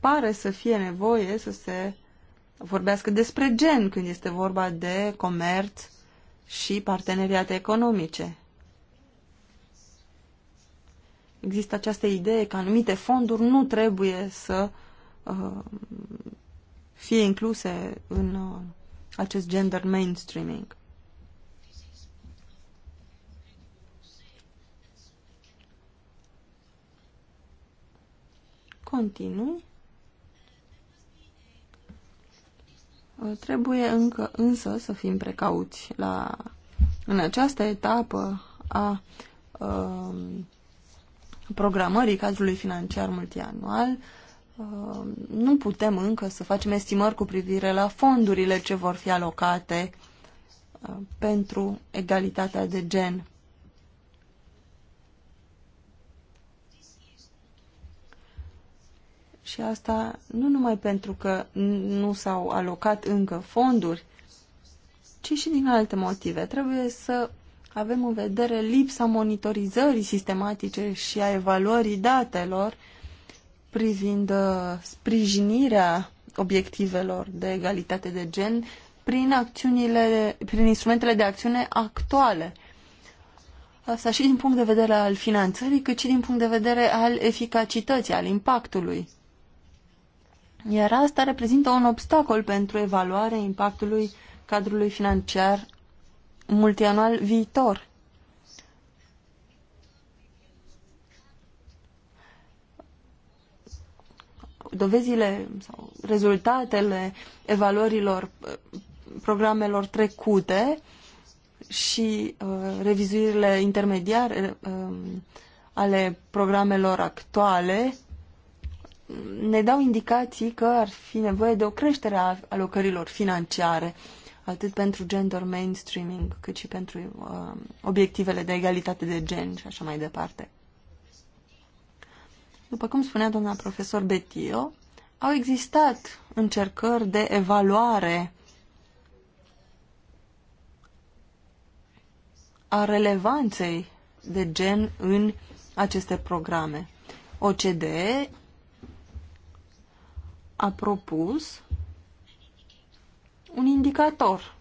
pare să fie nevoie să se vorbească despre gen când este vorba de comerț și parteneriate economice. Există această idee că anumite fonduri nu trebuie să uh, fie incluse în uh, acest gender mainstreaming. Continui. Uh, trebuie încă însă să fim precauți la, în această etapă a a um, programării cadrului financiar multianual. Um, nu putem încă să facem estimări cu privire la fondurile ce vor fi alocate uh, pentru egalitatea de gen Și asta nu numai pentru că nu s-au alocat încă fonduri, ci și din alte motive. Trebuie să avem în vedere lipsa monitorizării sistematice și a evaluării datelor privind uh, sprijinirea obiectivelor de egalitate de gen prin, acțiunile, prin instrumentele de acțiune actuale. Asta și din punct de vedere al finanțării, cât și din punct de vedere al eficacității, al impactului. Iar asta reprezintă un obstacol pentru evaluarea impactului cadrului financiar multianual viitor. Dovezile sau rezultatele evaluărilor programelor trecute și uh, revizuirile intermediare uh, um, ale programelor actuale ne dau indicații că ar fi nevoie de o creștere a alocărilor financiare, atât pentru gender mainstreaming, cât și pentru uh, obiectivele de egalitate de gen și așa mai departe. După cum spunea doamna profesor Betio, au existat încercări de evaluare a relevanței de gen în aceste programe. OCDE a propus un indicator.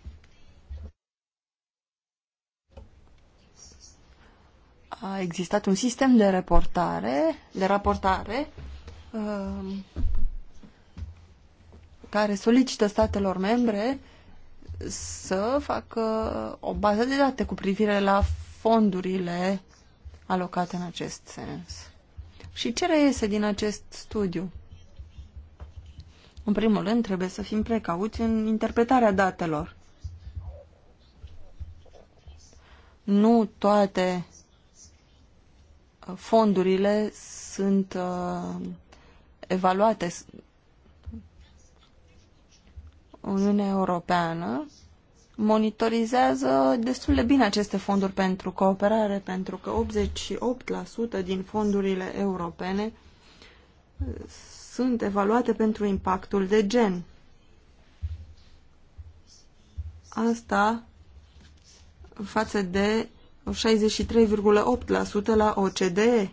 A existat un sistem de reportare, de raportare um, care solicită statelor membre să facă o bază de date cu privire la fondurile alocate în acest sens. Și ce reiese din acest studiu? În primul rând, trebuie să fim precauți în interpretarea datelor. Nu toate uh, fondurile sunt uh, evaluate. Uniunea Europeană monitorizează destul de bine aceste fonduri pentru cooperare, pentru că 88% din fondurile europene sunt evaluate pentru impactul de gen. Asta față de 63,8% la OCDE.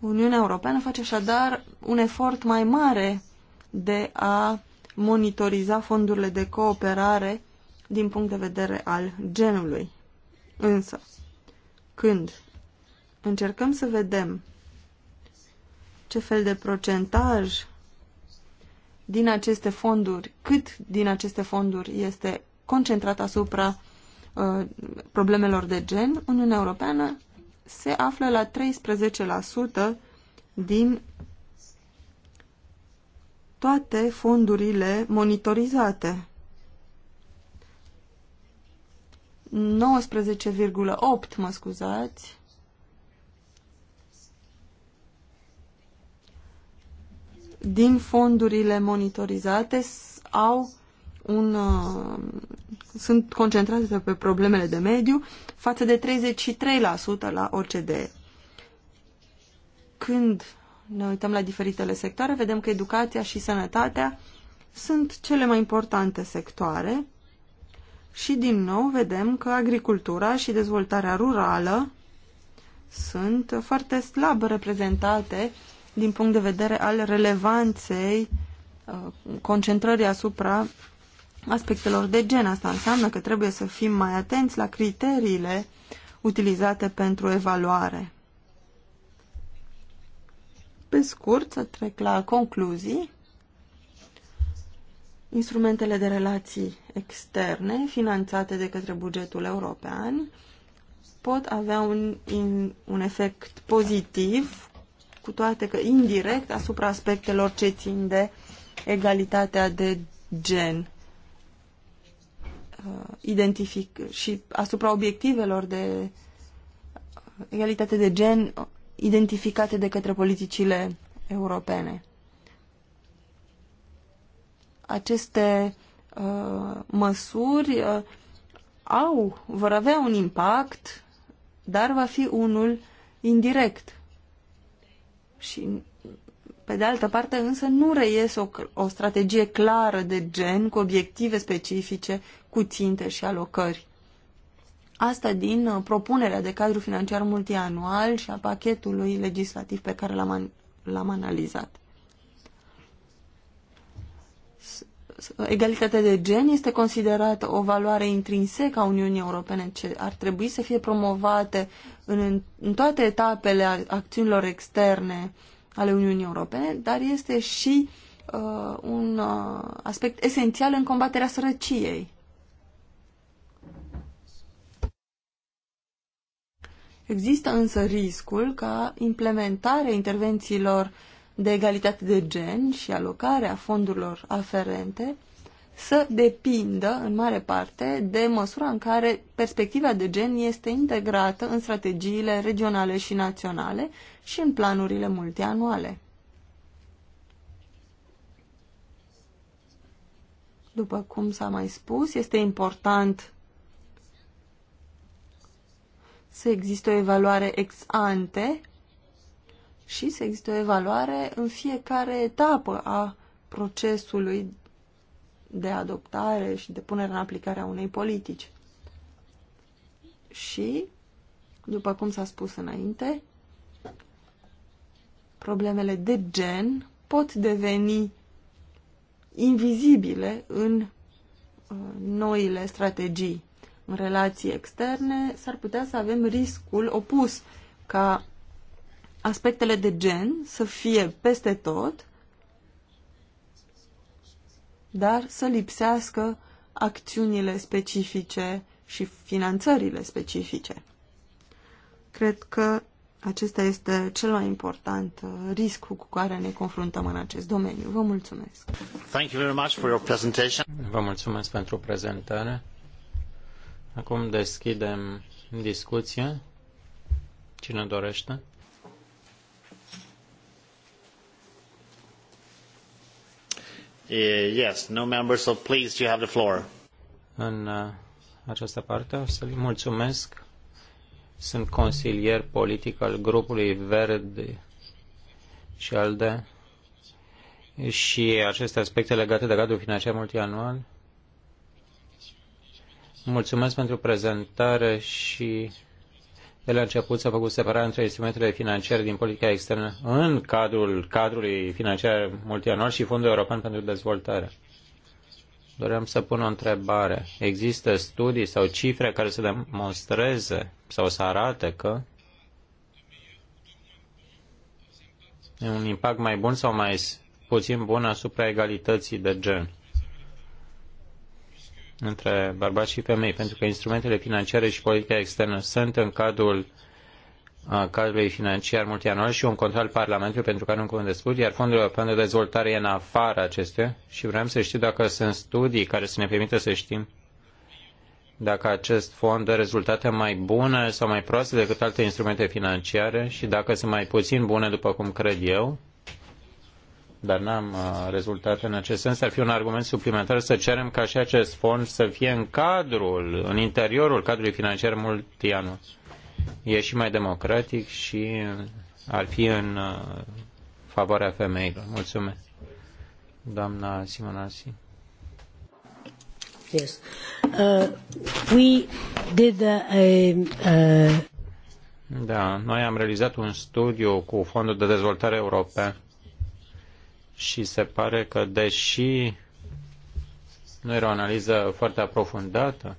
Uniunea Europeană face așadar un efort mai mare de a monitoriza fondurile de cooperare din punct de vedere al genului. Însă, când încercăm să vedem ce fel de procentaj din aceste fonduri, cât din aceste fonduri este concentrat asupra uh, problemelor de gen, Uniunea Europeană se află la 13% din toate fondurile monitorizate. 19,8, mă scuzați, din fondurile monitorizate au un, uh, sunt concentrate pe problemele de mediu față de 33% la OCDE. Când ne uităm la diferitele sectoare, vedem că educația și sănătatea sunt cele mai importante sectoare și din nou vedem că agricultura și dezvoltarea rurală sunt foarte slab reprezentate din punct de vedere al relevanței uh, concentrării asupra aspectelor de gen. Asta înseamnă că trebuie să fim mai atenți la criteriile utilizate pentru evaluare. Pe scurt, să trec la concluzii. Instrumentele de relații externe finanțate de către bugetul european pot avea un, un efect pozitiv cu toate că indirect, asupra aspectelor ce țin de egalitatea de gen uh, identific și asupra obiectivelor de uh, egalitate de gen identificate de către politicile europene. Aceste uh, măsuri uh, au, vor avea un impact, dar va fi unul indirect. Și, pe de altă parte, însă nu reiese o, o strategie clară de gen cu obiective specifice, cu ținte și alocări. Asta din uh, propunerea de cadru financiar multianual și a pachetului legislativ pe care l-am, l-am analizat. egalitatea de gen este considerată o valoare intrinsecă a Uniunii Europene ce ar trebui să fie promovate în, în toate etapele acțiunilor externe ale Uniunii Europene, dar este și uh, un uh, aspect esențial în combaterea sărăciei. Există însă riscul ca implementarea intervențiilor uh, de egalitate de gen și alocarea fondurilor aferente să depindă în mare parte de măsura în care perspectiva de gen este integrată în strategiile regionale și naționale și în planurile multianuale. După cum s-a mai spus, este important să existe o evaluare ex ante și să existe o evaluare în fiecare etapă a procesului de adoptare și de punere în aplicare a unei politici. Și, după cum s-a spus înainte, problemele de gen pot deveni invizibile în uh, noile strategii. În relații externe s-ar putea să avem riscul opus ca aspectele de gen să fie peste tot, dar să lipsească acțiunile specifice și finanțările specifice. Cred că acesta este cel mai important uh, risc cu care ne confruntăm în acest domeniu. Vă mulțumesc. Thank you very much for your presentation. Vă mulțumesc pentru prezentare. Acum deschidem discuția. Cine dorește? Uh, yes, no members, so please, you have the floor. În uh, această parte o să-l mulțumesc. Sunt consilier politic al grupului Verde și al de și aceste aspecte legate de cadrul financiar multianual. Mulțumesc pentru prezentare și de la început s-a făcut separarea între instrumentele financiare din politica externă în cadrul cadrului financiar multianual și Fondul European pentru Dezvoltare. Doream să pun o întrebare. Există studii sau cifre care să demonstreze sau să arate că e un impact mai bun sau mai puțin bun asupra egalității de gen? între bărbați și femei, pentru că instrumentele financiare și politica externă sunt în cadrul cadrului financiar multianual și un control parlamentului pentru care nu cuvânt de spus, iar fondul european de dezvoltare e în afara acestea și vrem să știu dacă sunt studii care să ne permită să știm dacă acest fond dă rezultate mai bune sau mai proaste decât alte instrumente financiare și dacă sunt mai puțin bune, după cum cred eu, dar n-am uh, rezultate în acest sens, ar fi un argument suplimentar să cerem ca și acest fond să fie în cadrul, în interiorul cadrului financiar multianual. E și mai democratic și ar fi în uh, favoarea femeilor. Mulțumesc. Doamna Simonasi. Yes. Uh, we did uh, a, uh... Da, noi am realizat un studiu cu Fondul de Dezvoltare Europeană și se pare că, deși nu era o analiză foarte aprofundată,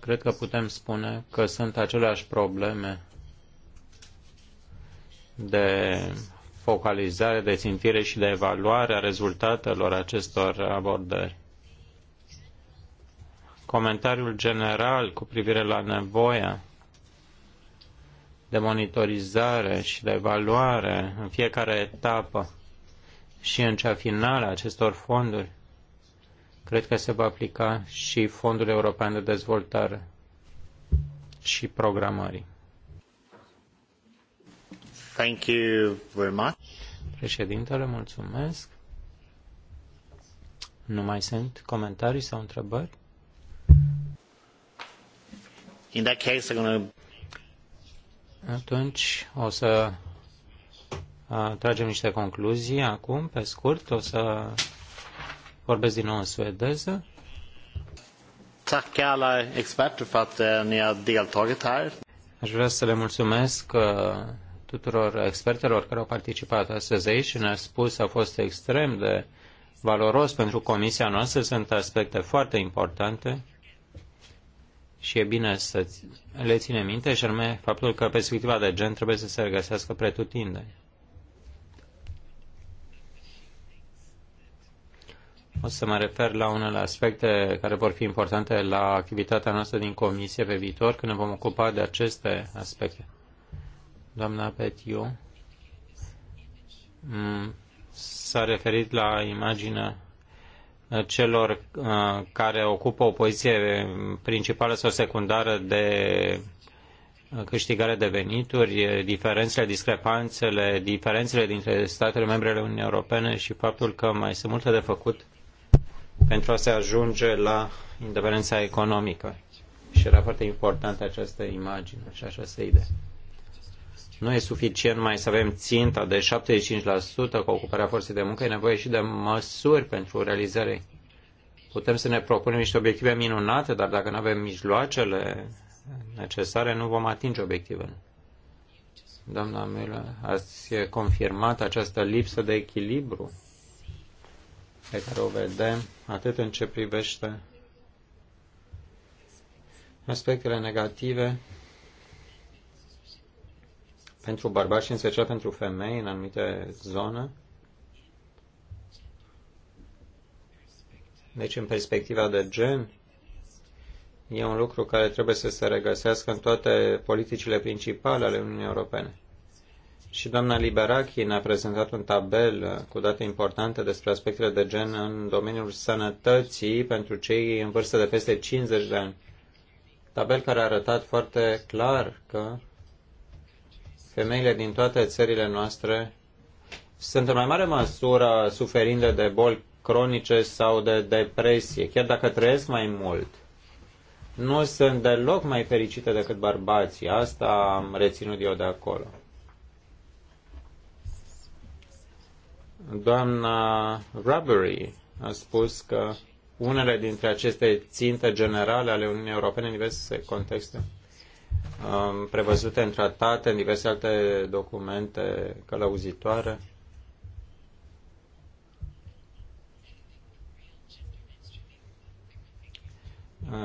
cred că putem spune că sunt aceleași probleme de focalizare, de țintire și de evaluare a rezultatelor acestor abordări. Comentariul general cu privire la nevoia de monitorizare și de evaluare în fiecare etapă și în cea finală a acestor fonduri, cred că se va aplica și Fondul European de Dezvoltare și programării. Thank you very much. Președintele, mulțumesc. Nu mai sunt comentarii sau întrebări? In that case, I'm gonna... Atunci o să tragem niște concluzii acum, pe scurt. O să vorbesc din nou în suedeză. Tacka eh, deltagit Aș vrea să le mulțumesc eh, tuturor expertelor care au participat astăzi aici și ne-a spus a fost extrem de valoros pentru comisia noastră. Sunt aspecte foarte importante și e bine să le ținem minte, și anume faptul că perspectiva de gen trebuie să se regăsească pretutindeni. O să mă refer la unele aspecte care vor fi importante la activitatea noastră din comisie pe viitor, când ne vom ocupa de aceste aspecte. Doamna Petiu mm, s-a referit la imaginea celor uh, care ocupă o poziție principală sau secundară de uh, câștigare de venituri, diferențele, discrepanțele, diferențele dintre statele membre ale Uniunii Europene și faptul că mai sunt multe de făcut pentru a se ajunge la independența economică. Și era foarte importantă această imagine și această idee. Nu e suficient mai să avem ținta de 75% cu ocuparea forței de muncă, e nevoie și de măsuri pentru realizare. Putem să ne propunem niște obiective minunate, dar dacă nu avem mijloacele necesare, nu vom atinge obiectivele. Doamna Mila, ați confirmat această lipsă de echilibru pe care o vedem atât în ce privește aspectele negative pentru bărbați și în special pentru femei în anumite zone. Deci, în perspectiva de gen, e un lucru care trebuie să se regăsească în toate politicile principale ale Uniunii Europene. Și doamna Liberachi ne-a prezentat un tabel cu date importante despre aspectele de gen în domeniul sănătății pentru cei în vârstă de peste 50 de ani. Tabel care a arătat foarte clar că Femeile din toate țările noastre sunt în mai mare măsură suferinde de boli cronice sau de depresie, chiar dacă trăiesc mai mult. Nu sunt deloc mai fericite decât bărbații. Asta am reținut eu de acolo. Doamna Rubbery a spus că unele dintre aceste ținte generale ale Uniunii Europene în diverse contexte prevăzute în tratate, în diverse alte documente călăuzitoare.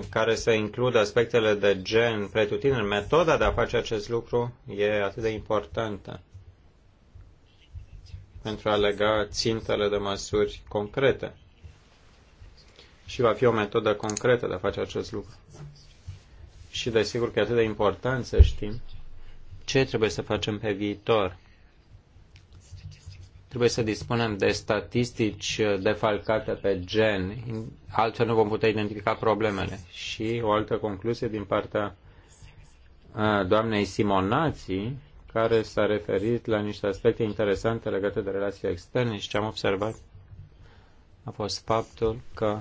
care să includă aspectele de gen pretutindeni. Metoda de a face acest lucru e atât de importantă pentru a lega țintele de măsuri concrete. Și va fi o metodă concretă de a face acest lucru și desigur că e atât de important să știm ce trebuie să facem pe viitor. Trebuie să dispunem de statistici defalcate pe gen, altfel nu vom putea identifica problemele. Și o altă concluzie din partea doamnei Simonații, care s-a referit la niște aspecte interesante legate de relații externe și ce am observat a fost faptul că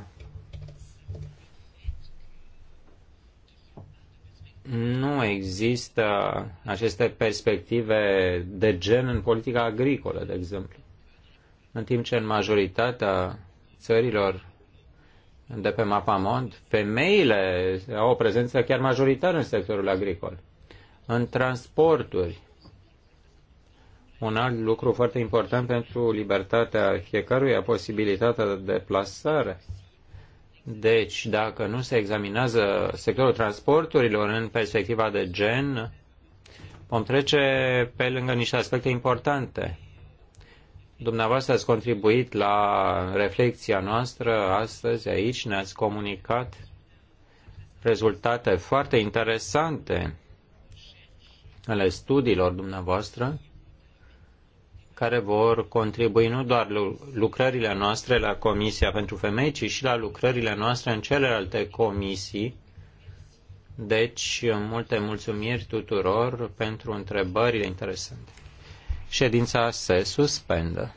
nu există aceste perspective de gen în politica agricolă, de exemplu. În timp ce în majoritatea țărilor de pe Mapamond, femeile au o prezență chiar majoritară în sectorul agricol. În transporturi, un alt lucru foarte important pentru libertatea fiecăruia, posibilitatea de plasare deci, dacă nu se examinează sectorul transporturilor în perspectiva de gen, vom trece pe lângă niște aspecte importante. Dumneavoastră ați contribuit la reflexia noastră astăzi aici, ne-ați comunicat rezultate foarte interesante ale studiilor dumneavoastră care vor contribui nu doar lucrările noastre la Comisia pentru Femei, ci și la lucrările noastre în celelalte comisii. Deci, multe mulțumiri tuturor pentru întrebările interesante. Ședința se suspendă.